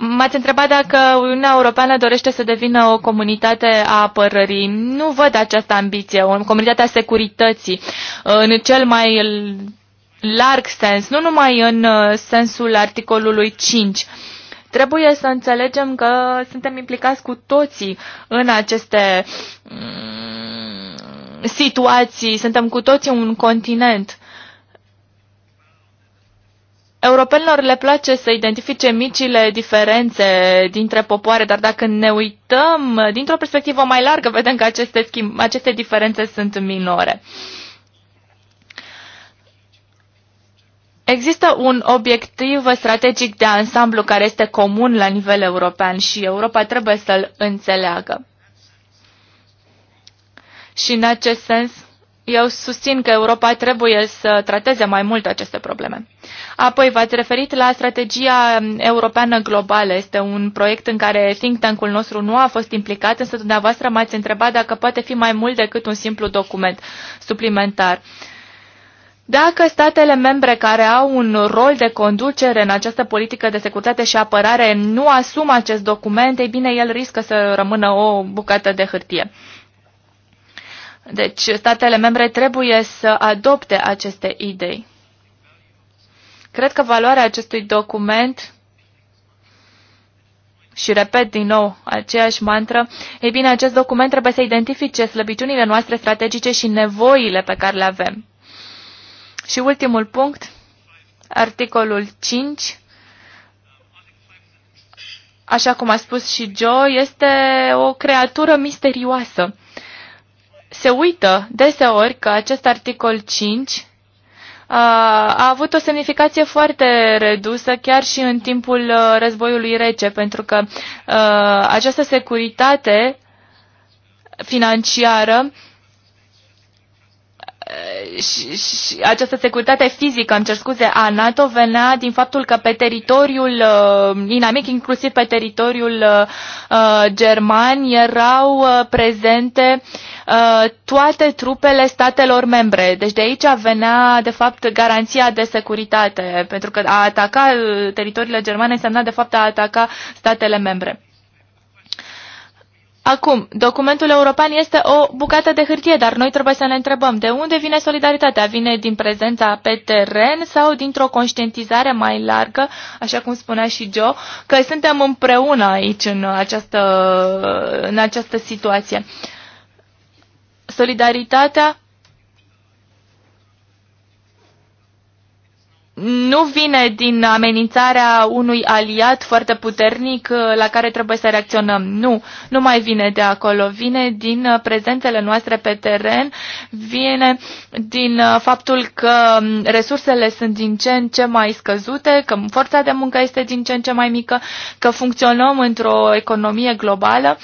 M-ați întrebat dacă Uniunea Europeană dorește să devină o comunitate a apărării. Nu văd această ambiție, o comunitate a securității, în cel mai larg sens, nu numai în uh, sensul articolului 5 Trebuie să înțelegem că suntem implicați cu toții în aceste mm, situații, suntem cu toții un continent. Europenilor le place să identifice micile diferențe dintre popoare, dar dacă ne uităm dintr-o perspectivă mai largă, vedem că aceste, schimb, aceste diferențe sunt minore. Uh, Există un obiectiv strategic de ansamblu care este comun la nivel european și Europa trebuie să-l înțeleagă. Și în acest sens, eu susțin că Europa trebuie să trateze mai mult aceste probleme. Apoi v-ați referit la strategia europeană globală. Este un proiect în care think tank-ul nostru nu a fost implicat, însă dumneavoastră m-ați întrebat dacă poate fi mai mult decât un simplu document suplimentar. Uh, dacă statele membre care au un rol de conducere în această politică de securitate și apărare nu asumă acest document, ei bine, el riscă să rămână o bucată de hârtie. Deci, statele membre trebuie să adopte aceste idei. Cred că valoarea acestui document și repet din nou aceeași mantră, ei bine, acest document trebuie să identifice slăbiciunile noastre strategice și nevoile pe care le avem. Și ultimul punct, articolul 5, așa cum a spus și Joe, este o creatură misterioasă. Se uită deseori că acest articol 5 a avut o semnificație foarte redusă chiar și în timpul uh, războiului rece, pentru că uh, această securitate financiară Eh, și, și această securitate fizică, îmi cer scuze, a NATO venea din faptul că pe teritoriul uh, inamic, inclusiv pe teritoriul uh, german, erau uh, prezente uh, toate trupele statelor membre. Deci de aici venea, de fapt, garanția de securitate, pentru că a ataca teritoriile germane însemna, de fapt, a ataca statele membre. Acum, documentul european este o bucată de hârtie, dar noi trebuie să ne întrebăm de unde vine solidaritatea? Vine din prezența pe teren sau dintr-o conștientizare mai largă, așa cum spunea și Joe, că suntem împreună aici în această, în această situație? Solidaritatea nu vine din amenințarea unui aliat foarte puternic uh, la care trebuie să reacționăm. Nu, nu mai vine de acolo. Vine din uh, prezențele noastre pe teren, vine din uh, faptul că um, resursele sunt din ce în ce mai scăzute, că forța de muncă este din ce în ce mai mică, că funcționăm într-o economie globală.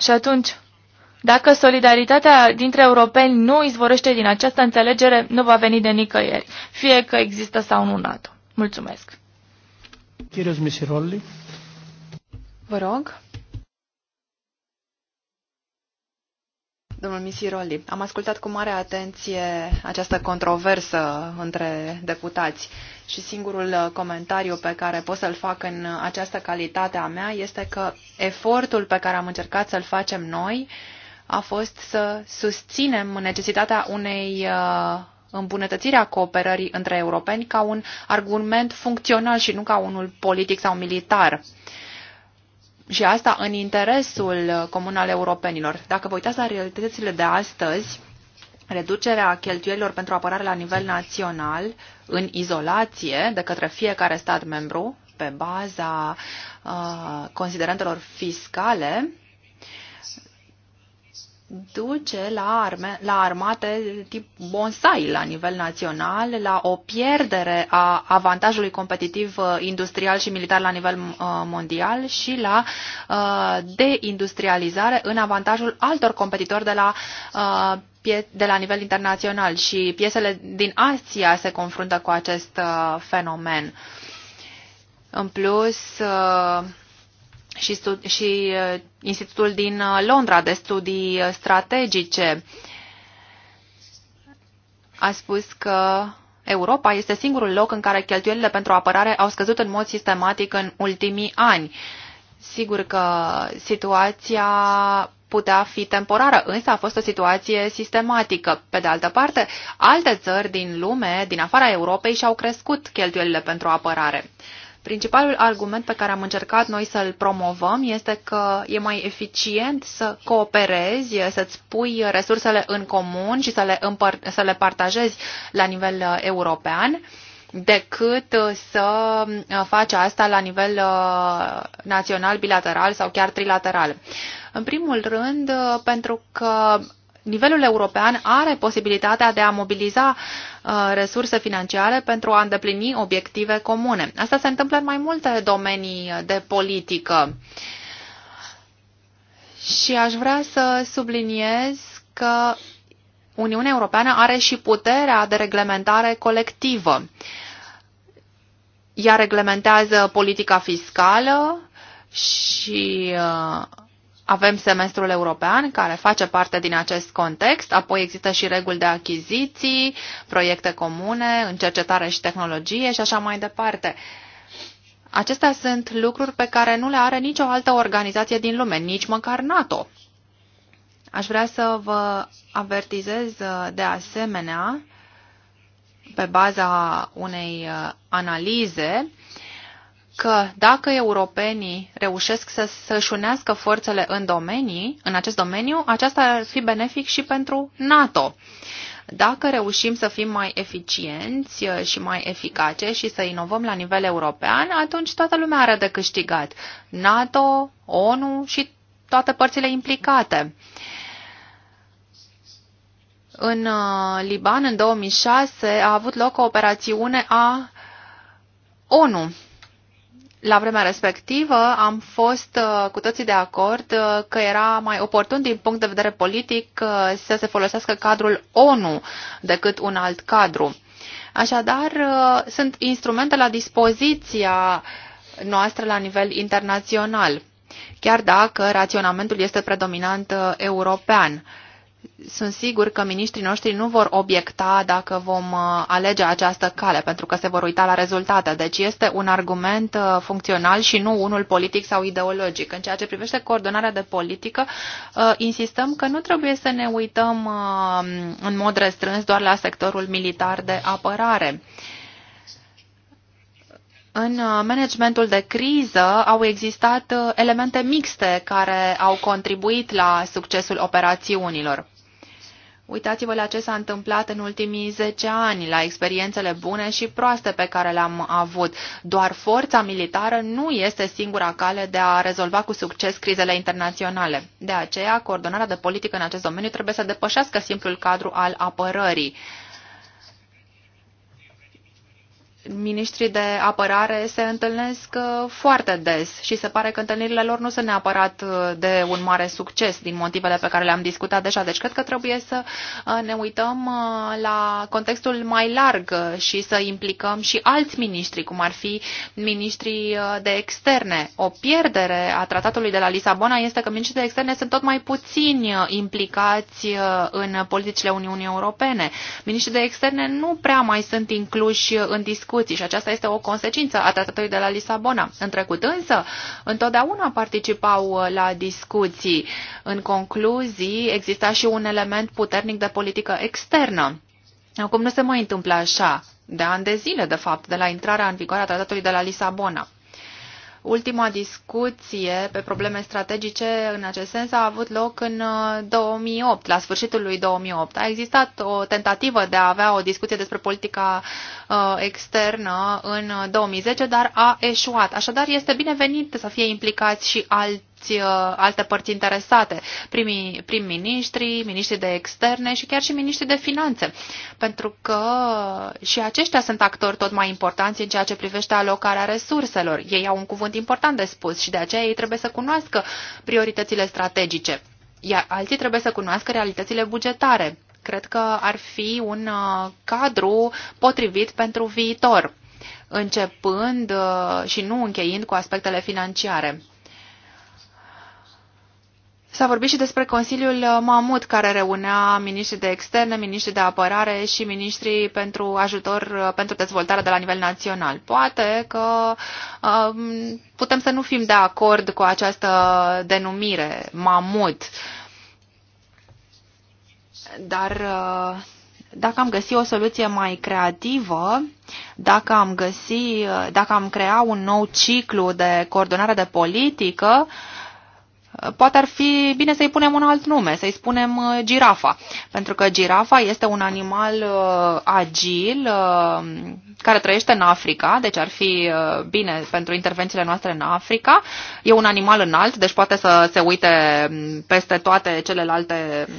Și atunci, dacă solidaritatea dintre europeni nu izvorăște din această înțelegere, nu va veni de nicăieri, fie că există sau nu NATO. Mulțumesc. Vă rog. Domnul Misiroli, am ascultat cu mare atenție această controversă între deputați și singurul comentariu pe care pot să-l fac în această calitate a mea este că efortul pe care am încercat să-l facem noi uh, a fost să susținem necesitatea unei uh, îmbunătățiri a cooperării între europeni ca un argument funcțional și nu ca unul politic sau militar. Și asta în interesul comun al europenilor. Dacă vă uitați la realitățile de astăzi, reducerea cheltuielilor pentru apărare la nivel național în izolație de către fiecare stat membru pe baza uh, considerentelor fiscale duce la, arme, la armate tip bonsai la nivel național, la o pierdere a avantajului competitiv uh, industrial și militar la nivel uh, mondial și la uh, deindustrializare în avantajul altor competitori de la de la nivel internațional și piesele din Asia se confruntă cu acest fenomen. În plus, și, și uh, Institutul din uh, Londra de Studii uh, Strategice a spus că Europa este singurul loc în care cheltuielile pentru apărare au scăzut în mod sistematic în ultimii ani. Sigur că situația putea fi temporară, însă a fost o situație sistematică. Pe de altă parte, alte țări din lume, din afara Europei, și-au crescut cheltuielile pentru apărare. Principalul argument pe care am încercat noi să-l promovăm este că e mai eficient să cooperezi, să-ți pui resursele în comun și să le, împăr- să le partajezi la nivel uh, european decât uh, să uh, faci asta la nivel național, bilateral sau chiar trilateral. În primul rând, pentru că nivelul european are posibilitatea de a mobiliza uh, resurse financiare pentru a îndeplini obiective comune. Asta se întâmplă în mai multe domenii de politică. Și aș vrea să subliniez că Uniunea Europeană are și puterea de reglementare colectivă. Ea reglementează politica fiscală și uh, avem semestrul european, care face parte din acest context, apoi există și reguli de achiziții, proiecte comune în cercetare și tehnologie și așa mai departe. Acestea sunt lucruri pe care nu le are nicio altă organizație din lume, nici măcar NATO. Aș vrea să vă avertizez uh, de asemenea, pe baza unei uh, analize, că dacă europenii reușesc să, își unească forțele în, domenii, în acest domeniu, aceasta ar fi benefic și pentru NATO. Dacă reușim să fim mai eficienți uh, și mai eficace și să inovăm la nivel european, atunci toată lumea are de câștigat. NATO, ONU și toate părțile implicate. În uh, Liban, în 2006, a avut loc o operațiune a ONU la vremea respectivă am fost uh, cu toții de acord uh, că era mai oportun din punct de vedere politic uh, să se folosească cadrul ONU decât un alt cadru. Așadar, sunt instrumente la dispoziția noastră la nivel internațional, chiar dacă raționamentul este predominant european sunt sigur că miniștrii noștri nu vor obiecta dacă vom uh, alege această cale, pentru că se vor uita la rezultate. Deci este un argument uh, funcțional și nu unul politic sau ideologic. În ceea ce privește coordonarea de politică, uh, insistăm că nu trebuie să ne uităm în mod restrâns doar la sectorul militar de apărare. În managementul de criză au existat elemente mixte care au contribuit la succesul operațiunilor. Uitați-vă la ce s-a întâmplat în ultimii 10 ani, la experiențele bune și proaste pe care le-am avut. Doar forța militară nu este singura cale de a rezolva cu succes crizele internaționale. De aceea, coordonarea de politică în acest domeniu trebuie să depășească simplul cadru al apărării Ministrii de apărare se întâlnesc uh, foarte des și se pare că întâlnirile lor nu sunt neapărat uh, de un mare succes din motivele pe care le-am discutat deja. Deci cred că trebuie să uh, ne uităm la contextul mai larg și să implicăm și alți miniștri, cum ar fi miniștrii de externe. O pierdere a tratatului de la Lisabona este că miniștrii de externe sunt tot mai puțini implicați în politicile Uniunii Europene. Miniștrii de externe nu prea mai sunt incluși în discuții discuții și aceasta este o consecință a tratatului de la Lisabona. În trecut însă, întotdeauna participau uh, la discuții. În concluzii exista și un element puternic de politică externă. Acum nu se mai întâmplă așa, de ani de zile, de fapt, de la intrarea în vigoare a tratatului de la Lisabona. Ultima discuție pe probleme strategice în acest sens a avut loc în 2008, uh, la sfârșitul lui 2008. A existat o tentativă de a avea o discuție despre politica uh, externă în 2010, uh, dar a eșuat. Așadar, este binevenit să fie implicați și alți alți, uh, alte părți interesate, prim-ministri, miniștri de externe și chiar și miniștri de finanțe, pentru că și aceștia sunt actori tot mai importanți în ceea ce privește alocarea resurselor. Ei au un cuvânt important de spus și de aceea ei trebuie să cunoască prioritățile strategice, iar alții trebuie să cunoască realitățile bugetare. Cred că ar fi un uh, cadru potrivit pentru viitor începând uh, și nu încheind cu aspectele financiare. S-a vorbit și despre Consiliul uh, Mamut, care reunea miniștri de externe, miniștri de apărare și miniștri pentru ajutor uh, pentru dezvoltare de la nivel național. Poate că um, putem să nu fim de acord cu această denumire, Mamut. Dar uh, dacă am găsit o soluție mai creativă, dacă am găsi, dacă am crea un nou ciclu de coordonare de politică, uh, Poate ar fi bine să-i punem un alt nume, să-i spunem uh, girafa, pentru că girafa este un animal uh, agil uh, care trăiește în Africa, deci ar fi bine pentru intervențiile noastre în Africa. E un animal înalt, deci poate să se uite mm, peste toate celelalte mm,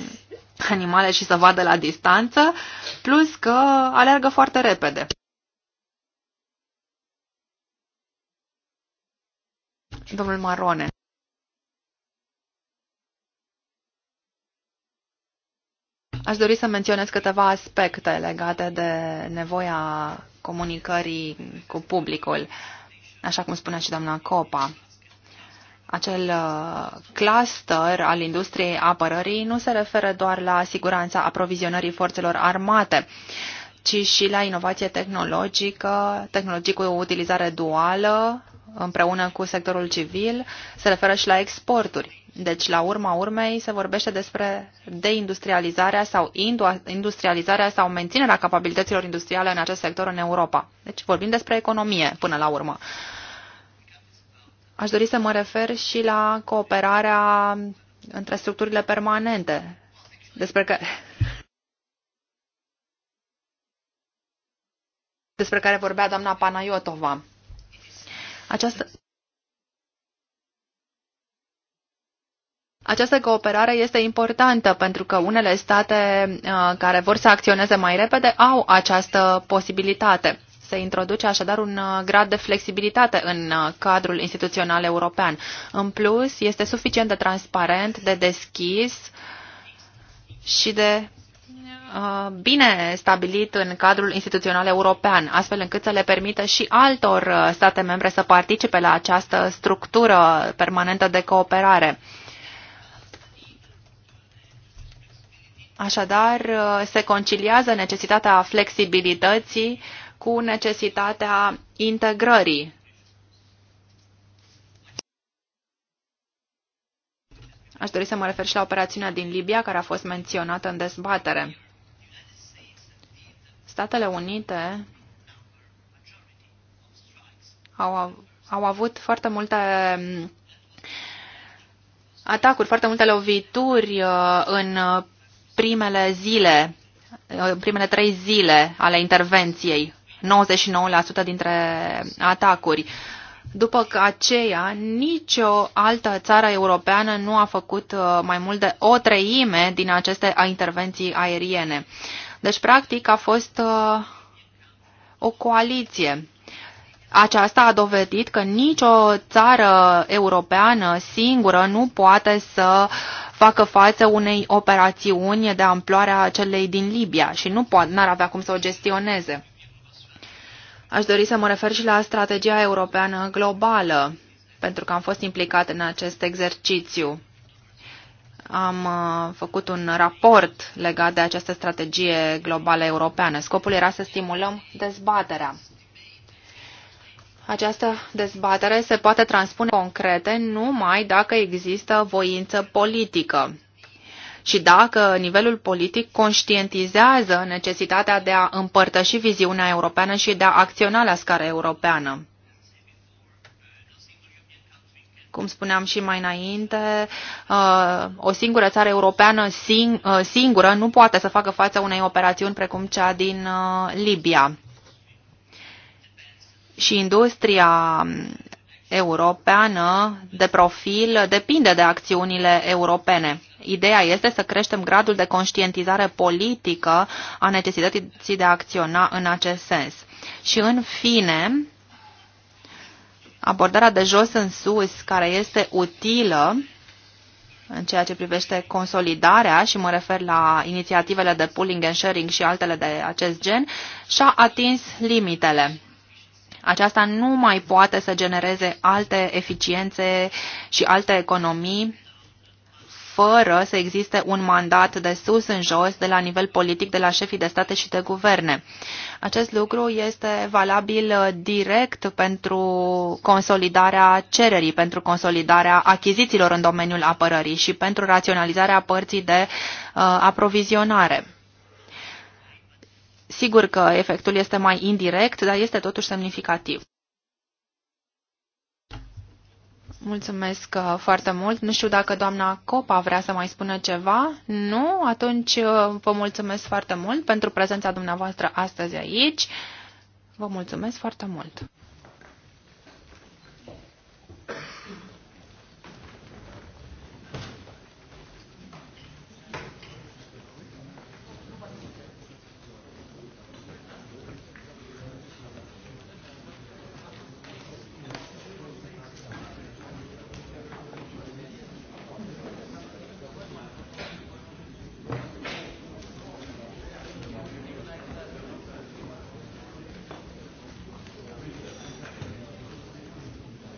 animale și să vadă la distanță, plus că alergă foarte repede. Domnul Marone. Aș dori să menționez câteva aspecte legate de nevoia comunicării cu publicul, așa cum spunea și doamna Copa. Acel uh, cluster al industriei apărării nu se referă doar la siguranța aprovizionării forțelor armate, ci și la inovație tehnologică, tehnologii cu utilizare duală, împreună cu sectorul civil, se referă și la exporturi. Deci, la urma urmei, se vorbește despre deindustrializarea sau industrializarea sau menținerea capabilităților industriale în acest sector în Europa. Deci, vorbim despre economie până la urmă. Aș dori să mă refer și la cooperarea între structurile permanente, despre care, despre care vorbea doamna Panayotova. Această, Această cooperare este importantă pentru că unele state uh, care vor să acționeze mai repede au această posibilitate. Se introduce așadar un uh, grad de flexibilitate în uh, cadrul instituțional european. În plus, este suficient de transparent, de deschis și de bine stabilit în cadrul instituțional european, astfel încât să le permită și altor state membre să participe la această structură permanentă de cooperare. Așadar, uh, se conciliază necesitatea flexibilității cu necesitatea integrării. Aș dori să mă refer și la operațiunea din Libia, care a fost menționată în dezbatere. Statele Unite au, au avut foarte multe mm, atacuri, foarte multe lovituri uh, în primele zile, eh, primele trei zile ale intervenției, 99% dintre atacuri. După că aceea, nicio altă țară europeană nu a făcut eh, mai mult de o treime din aceste intervenții aeriene. Deci, practic, a fost eh, o coaliție. Aceasta a dovedit că nicio țară europeană singură nu poate să facă față unei operațiuni de a celei din Libia și nu n-ar avea cum să o gestioneze. Aș dori să mă refer și la strategia europeană globală, pentru că am fost implicat în acest exercițiu. Am uh, făcut un raport legat de această strategie globală europeană. Scopul era să stimulăm dezbaterea. Această dezbatere se poate transpune concrete numai dacă există voință politică și dacă nivelul politic conștientizează necesitatea de a împărtăși viziunea europeană și de a acționa la scară europeană. Cum spuneam și mai înainte, uh, o singură țară europeană uh, singură nu poate să facă față unei operațiuni precum cea din uh, Libia și industria europeană de profil depinde de acțiunile europene. Ideea este să creștem gradul de conștientizare politică a necesității de a acționa în acest sens. Și în fine, abordarea de jos în sus, care este utilă în ceea ce privește consolidarea, și mă refer la inițiativele de pooling and sharing și altele de acest gen, și-a atins limitele aceasta nu mai poate să genereze alte eficiențe și alte economii fără să existe un mandat de sus în jos, de la nivel politic, de la șefii de state și de guverne. Acest lucru este valabil direct pentru consolidarea cererii, pentru consolidarea achizițiilor în domeniul apărării și pentru raționalizarea părții de uh, aprovizionare. Sigur că efectul este mai indirect, dar este totuși semnificativ. Mulțumesc uh, foarte mult. Nu știu dacă doamna Copa vrea să mai spună ceva. Nu? Atunci uh, vă mulțumesc foarte mult pentru prezența dumneavoastră astăzi aici. Vă mulțumesc foarte mult.